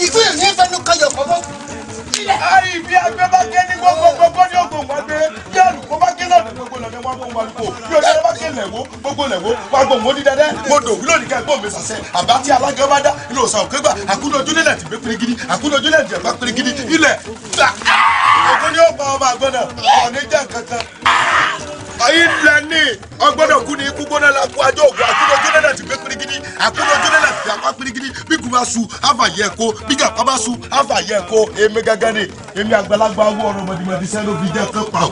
[SPEAKER 1] ìfún yìí ní fẹnu kan yọ ayi ibi agbẹ́ bá gé ní gbogbo ní ògùn wá gbé yẹ olùkọ́ bá gé náà ní gbogbo lọ́dẹ wá gbóhùn wá lùkọ́ bí olùkọ́ bá gé lẹ̀wọ́ gbogbo lẹ̀wọ́ wá gbóhùn wó dídẹ́dẹ́ mo dò wúlò nìkan ẹ̀gbọ́n mi sàṣẹ àbá tí alága bá dá ilé òsàn òkè gbà àkúnojú nílẹ̀ tìgbé pirigidi àkúnojú nílẹ̀ tìgbé pirigidi ilẹ̀ gbà. ògùn ni ó gba ọmọ ọyìn ńlá ní ọgbọ́dọ̀ kú ní ikú gbọ́dọ̀ la kú ajọ́ ògùn àkúdójó náà ti gbé pirigidi àkúdójó náà ti apá pirigidi bí kú bá su àfàyẹ ẹ̀kọ́ bí gàpá bá su àfàyẹ ẹ̀kọ́ èmi gángan ni èmi àgbàlagbà owó ọ̀rọ̀ mọ̀dìmọ̀dì sẹ́nu fi jẹ́ kán pa ọ́.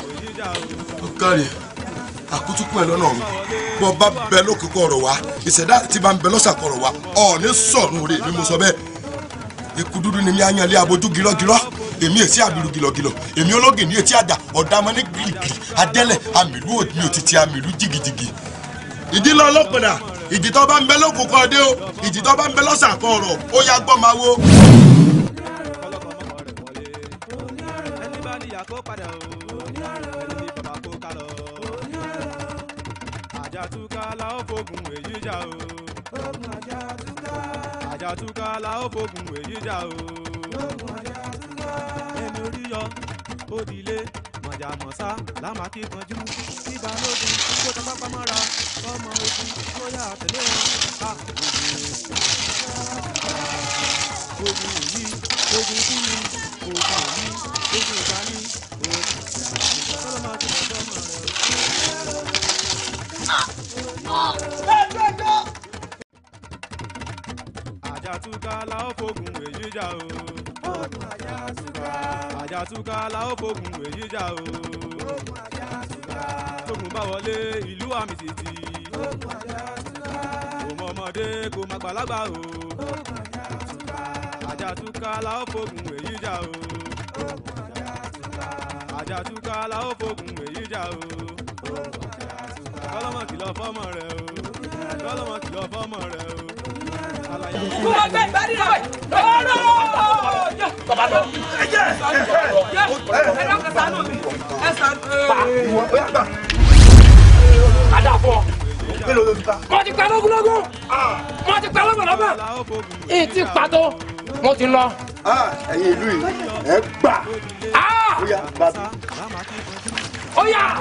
[SPEAKER 1] ọ̀kàrì àkútúkù ẹ̀ lọ́nà ọ̀run bọ́ bá bẹ lókùkọ ọ̀rọ̀ wa ìṣẹ̀dá ti bá ń bẹ lọ́sàkọ̀rọ̀ wa ọ̀ ní sọ̀rùn rè ni mo sọ bẹ́ẹ̀ ikú dúdú ni mi á yan ilé abojú gírọ́gírọ́ èmi èsì àmìlú gìlọ̀gìlọ̀ èmi ológì ní etí àdá ọ̀dàmọ́ ní gìrìgìrì adẹ́lẹ̀ àmìlú òtí òtítì àmìlú jìgìjìgì. ìdí lọ lọ́pọ̀dà ìdí tó bá ń bẹ lókùnkọ́ ọdẹ o ìdí tó bá ń bẹ lọ́sàkọ́ ọ̀rọ̀ ó yá gbọ́ máa wo.
[SPEAKER 3] àjàtúkà la ó fogun èyí jà o.
[SPEAKER 2] ogun àjàtúkà.
[SPEAKER 3] àjàtúkà la ó fogun èyí jà o. ogun àjàtúkà yíyọ òdìlé mọ̀jàmọ̀sá lámàkí kanjú kí balógun kó tọ́ pápá mọ́ra ọmọ ogun kó yà tẹ̀lé wọn. Ah,
[SPEAKER 2] ogun yìí ogun kú ni ogun yìí ogun ìgbà ni ogun kọ́lọ́ máa tún ọjọ́ mọ̀ rẹ̀.
[SPEAKER 1] Ah!
[SPEAKER 3] àjàtúkà la ó fogun èyí jà o ogun àjàtúká. àjàtúká la ó fogun èyí jà o. ogun àjàtúká. ogun bá wọlé ìlú àmì títì. ogun kò mọ ọmọdé kò má gbàlagbà o. ogun àjàtúká. àjàtúká la ó fogun èyí jà o. ogun àjàtúká. àjàtúká èyí jà o. ogun àjàtúká. kọ́lọ́mọ kìlọ̀ o. kọ́lọ́mọ kìlọ̀ fọ́mọ rẹ̀ o
[SPEAKER 1] kó o gbẹ ìbárí rẹ lọ́rọ̀ bàbá lọ. ẹ jẹ ẹ
[SPEAKER 3] jẹ ẹ dákẹ́ sànú mi ẹ sànú. ìwọ ẹ gbà.
[SPEAKER 1] adá fọ mélòó ló ti ta. mo ti pa lógúnlógún mo ti pa lọ́gbọ̀lọ́gbọ̀ èyí ti pàtó mo ti lọ. ẹ̀yin ìlú yìí ẹ gbà. ó yá ó yá.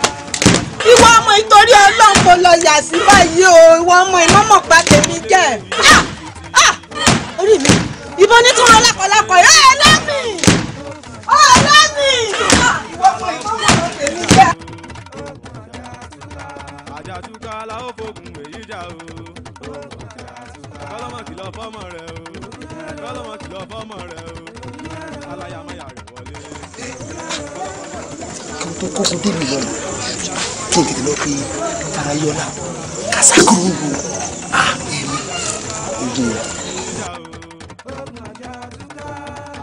[SPEAKER 1] ìwọ ọmọ ìtorí ọlọ́run kò lọ yà sí báyìí o ìwọ ọmọ ìmọ̀mọ̀ pa tèmi jẹ́ ah! Ah! orí mi ìbọn ní tí wọn lákọlákọ ẹ ẹ lẹ́mì ọ lẹ́mì ìwọ ọmọ ìmọ̀mọ̀ pa tèmi jẹ́. àjàtúkà làwọn
[SPEAKER 3] fògùn èyí jà o kọ́lọ́mọ̀ kìlọ̀ fọ́mọ rẹ o kọ́lọ́mọ̀ kìlọ̀ fọ́mọ rẹ o
[SPEAKER 1] aláyàmáyà rẹ wọlé. kò tó kókó débi lọ́nà kí n tètè lọ pé fara yọlá kásákùrú wo ah, èmi ogun rẹ.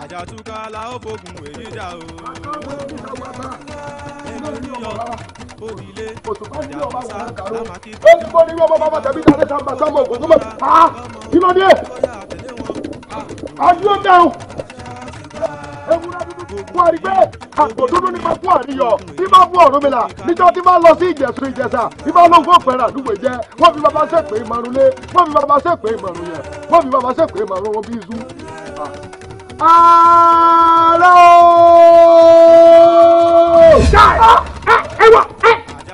[SPEAKER 3] àjàtúkà la ó fogun èyí dà o. ó
[SPEAKER 1] ti bọ́ ní wọ́n bá bá tẹ̀bí dáadé sábà sábà ògùn tó bá. Ah, kí ló dé? are ah, you wọ́n rí pé àpò ní máa fún bí máa fún ọ̀rọ̀ mi là níjọ́ tí máa lọ sí ìjẹ̀sù ìjẹ̀sà bí máa lóun pẹ̀rẹ̀ àdúgbò jẹ́ wọ́n fi bàbá ṣèpè ìmọ̀rún lé wọ́n fi bàbá ṣèpè ìmọ̀rún yẹn wọ́n fi bàbá ṣèpè ìmọ̀rún wọn bí zú. ààrẹ ooo. Ah, ah, ẹ wà ẹ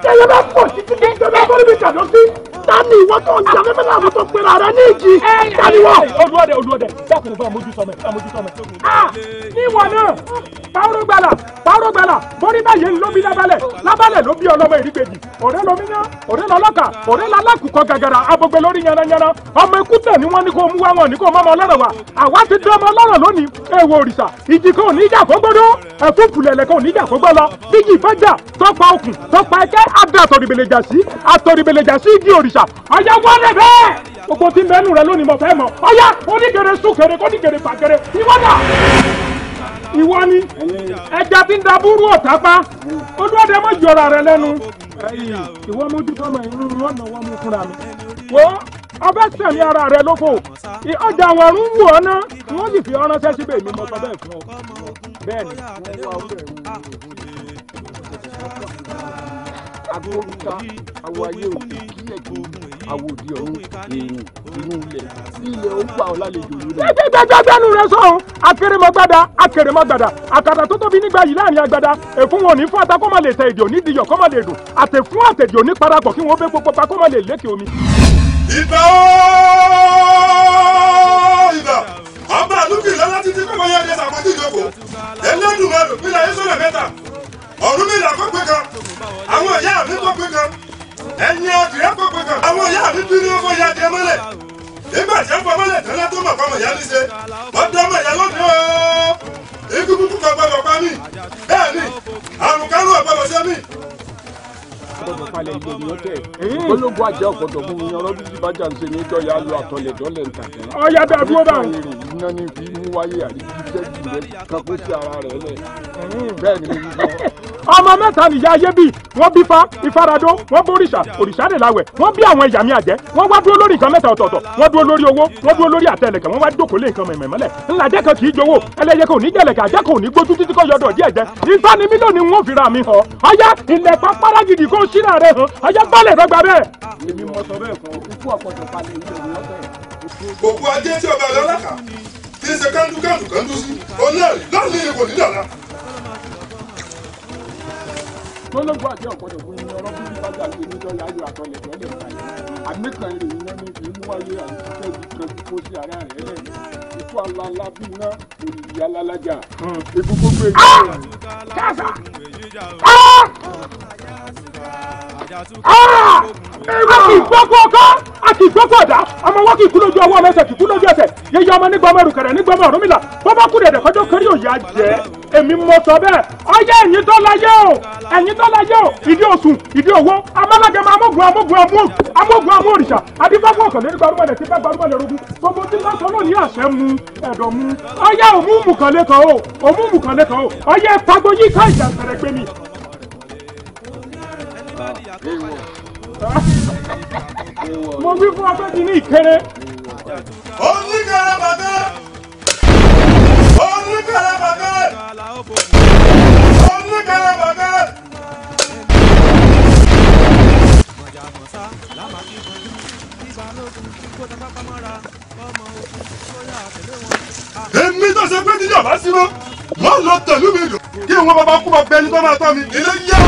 [SPEAKER 1] ẹ yẹ bá pọ̀ sí títí ẹ bá bọ́ níbi ìtàdọ́sí tani ìwọ tó ń jà fẹ́fẹ́ láàbò tó pera rẹ ní ìjì taniwọ. olùwọ́dẹ olùwọ́dẹ dákun ní bá mojú sọmọ ẹ mojú sọmọ ẹ. a níwọ náà pàrọ̀ gbàlà pàrọ̀ gbàlà borí báyìí ló bí lábálẹ̀ lábálẹ̀ ló bí ọlọ́mọ ìrígbèjì ọ̀rẹ́ lomi náà ọ̀rẹ́ lọ́lọ́kà ọ̀rẹ́ lalákùkọ gàgàrà abọ́gbẹ́ lórí yanayana ọmọ ekútẹ̀ ni wọ́n ní kó mú wá wọn ní kó mọ́mọ́ ọlọ́rọ̀ wa àwa ti dán ọmọ ọlọ́rọ̀ lónìí èèwọ̀ òrìṣà ìjì kò ní ìjà kó gbọ́dọ̀ ẹ̀fún pùlẹ̀lẹ̀ kò ní ìjà kó gbọ́dọ̀ bíjì òrìṣà ọ̀yá wọ́n lè bẹ́ẹ̀ gbogbo tí mẹ́nu rẹ lónìí mo fẹ́ mọ̀ ọ̀yá onígèrè súnkèrè kónígèrè pàgèrè ìwọ náà ìwọ ni ẹja tí ń da búrú ọ̀tá pa olúwọ́dẹ mọ̀ yọra rẹ lẹ́nu ìwọ mójútó mọ̀ irú ọ̀nà wọn mú fúnra mi wò ọbẹ̀ sẹ̀mí ara rẹ̀ lóko ọjà àwọn ọ̀run wù ọ́ ná wọ́n sì fi ọ̀rán sẹ́ síbẹ̀ mi mọ́tọ́ bẹ́ẹ̀ fún ọ bẹ́ẹ̀ ni wọ́n wá ọ̀rẹ́ rẹ̀ agbóríta àwọ ayé òkè kílẹ̀kùn àwọ òdi ọ̀run èèyàn inú ilẹ̀ ilẹ̀ ó gbà ọ́ lálejò lónìí. jẹ́jẹ́ gbẹ́gbẹ́nu rẹ sọ̀rọ̀ akérèmọ́gbàdà akérèmọ́gbàdà àkàtà tó tóbi nígbà yìí láàrin agbada èfún wọn ní fún ata kó lè tẹ èdè òní diyọ̀ kó má lè dùn àtẹ̀fún àtẹ̀dì òní parapọ̀ kí wọ́n bẹ́ gbogbo pa kó má lè lékè omi. ìbà ó ìbà ọba àlùkì lọ́lá títí pé wọ́n yá Ọ̀rúnmìlà kó pé kan àwọn ìyá mi kó pé kan ẹ̀yin adìrẹ kó pé kan àwọn ìyá mi bínú owó ya adìẹ mọ́lẹ̀ nígbà tí wọ́n mọ́lẹ̀ tẹ́lẹ̀ tó mọ̀ fọmọ ìyá mi ṣe wọ́n dá ọmọ ìyá lóde ooo ikú kúkú kan gbọdọ̀ pa mí bẹ́ẹ̀ ni àrùn kárù ọ̀gbọdọ̀ ṣe mí. Gbọ́dọ̀ palẹ̀ ìlú ènìyàn tẹ̀. Ológun àjẹ́ ọ̀gbọ̀dọ̀ fún mi ọ̀rọ̀ bíbí bájà ń ṣe ní ìjọ yà á lo àtọ̀lẹ̀ dọ́lẹ̀ ń tàkẹ́. Ọ̀ya bẹ̀ dúró bá. Nípa èrè iná ní fi mú wáyé àríkí iṣẹ́ jù rẹ̀ kakó sí ara rẹ̀ lẹ̀. Bẹ́ẹ̀ ni mo yí ọmọ mẹ́ta nìyá ayé bí wọ́n bí fa ìfaradó wọ́n bóríṣà òrìṣà lè láwẹ̀ wọ́n bí àwọn ìyàmí àjẹ́ wọ́n wá dúró lórí nǹkan mẹ́ta ọ̀tọ̀ọ̀tọ̀ wọ́n dúró lórí owó wọ́n dúró lórí àtẹlẹkẹ wọ́n wá jókòó lé nǹkan mẹ̀mẹ̀ mọ́lẹ̀ ńlá jẹ́ kan kì í jowó ẹlẹ́yẹ kò ní jẹ̀lẹ̀kẹ àjẹ́ kò ní gbójú títí kọ́ yọdọ̀ díẹ̀ jẹ́ ifá ni mí lónìí wọn fìrà mi hàn ọyá ilẹ̀ pápára gidi kó ṣíra rẹ̀ hàn ọyá balẹ̀ rẹ̀ gbà tólógbò àti ọ̀gbọ́dọ̀ fún mi ọ̀rọ̀ fún bá gbà pé nítorí ayò àtọlẹ̀ tẹ́lẹ̀ ń tayọ̀ àmìkan ní ẹni kì wáyé àtúntẹ́ yìí kan tí kò sí ara rẹ̀ lẹ́yìn ikú alala bí iná òyìnbí alalajà hmm. egungun gbé e ẹ̀rọ kì í gbọ́kú ọkọ́ a kì í gbọ́kú ọ̀dá ọmọ wọn kì í kú lójú ọwọ́ mẹsẹ̀ kì í kú lójú ẹsẹ̀ yẹyẹ ọmọ nígbà ọmọ ẹrùkẹ̀rẹ̀ nígbà ọmọ ọ̀rúnmìlà bọ́bá kú dẹ̀dẹ̀ kọjọ́ kẹrí òye àjẹ́ èmi mọ sọ bẹ́ẹ̀ ọyẹ ẹ̀yin tó láyé o ẹ̀yin tó láyé o ìdí òsùn ìdí owó amálàgẹmọ amógun amógun amóhùn amógun amóhùrìṣà adífáfọ ọkàn lẹni gbarumọ lẹsí fẹ gbarumọ lẹrogún gbogbo tí wọn sọ lónìí àṣẹ mu ẹdọ mu ọyẹ òmùmù kan lẹkọọ o òmùmù kan o ọyẹ pagbo yíká ìjà ìṣẹ̀lẹ̀ pé mi mo wí fún ọgbẹ́ ti ní ìkéré. oníkàrà bàbá oníkàrà bàbá oníkàrà bàbá. èmi tó ṣe pé tíjọba sí mọ́ lọ́ọ́ lọ tẹ̀lú mi lò kí wọn bá bá kú bá bẹ ẹni tó máa tọ́ mi ilé yá.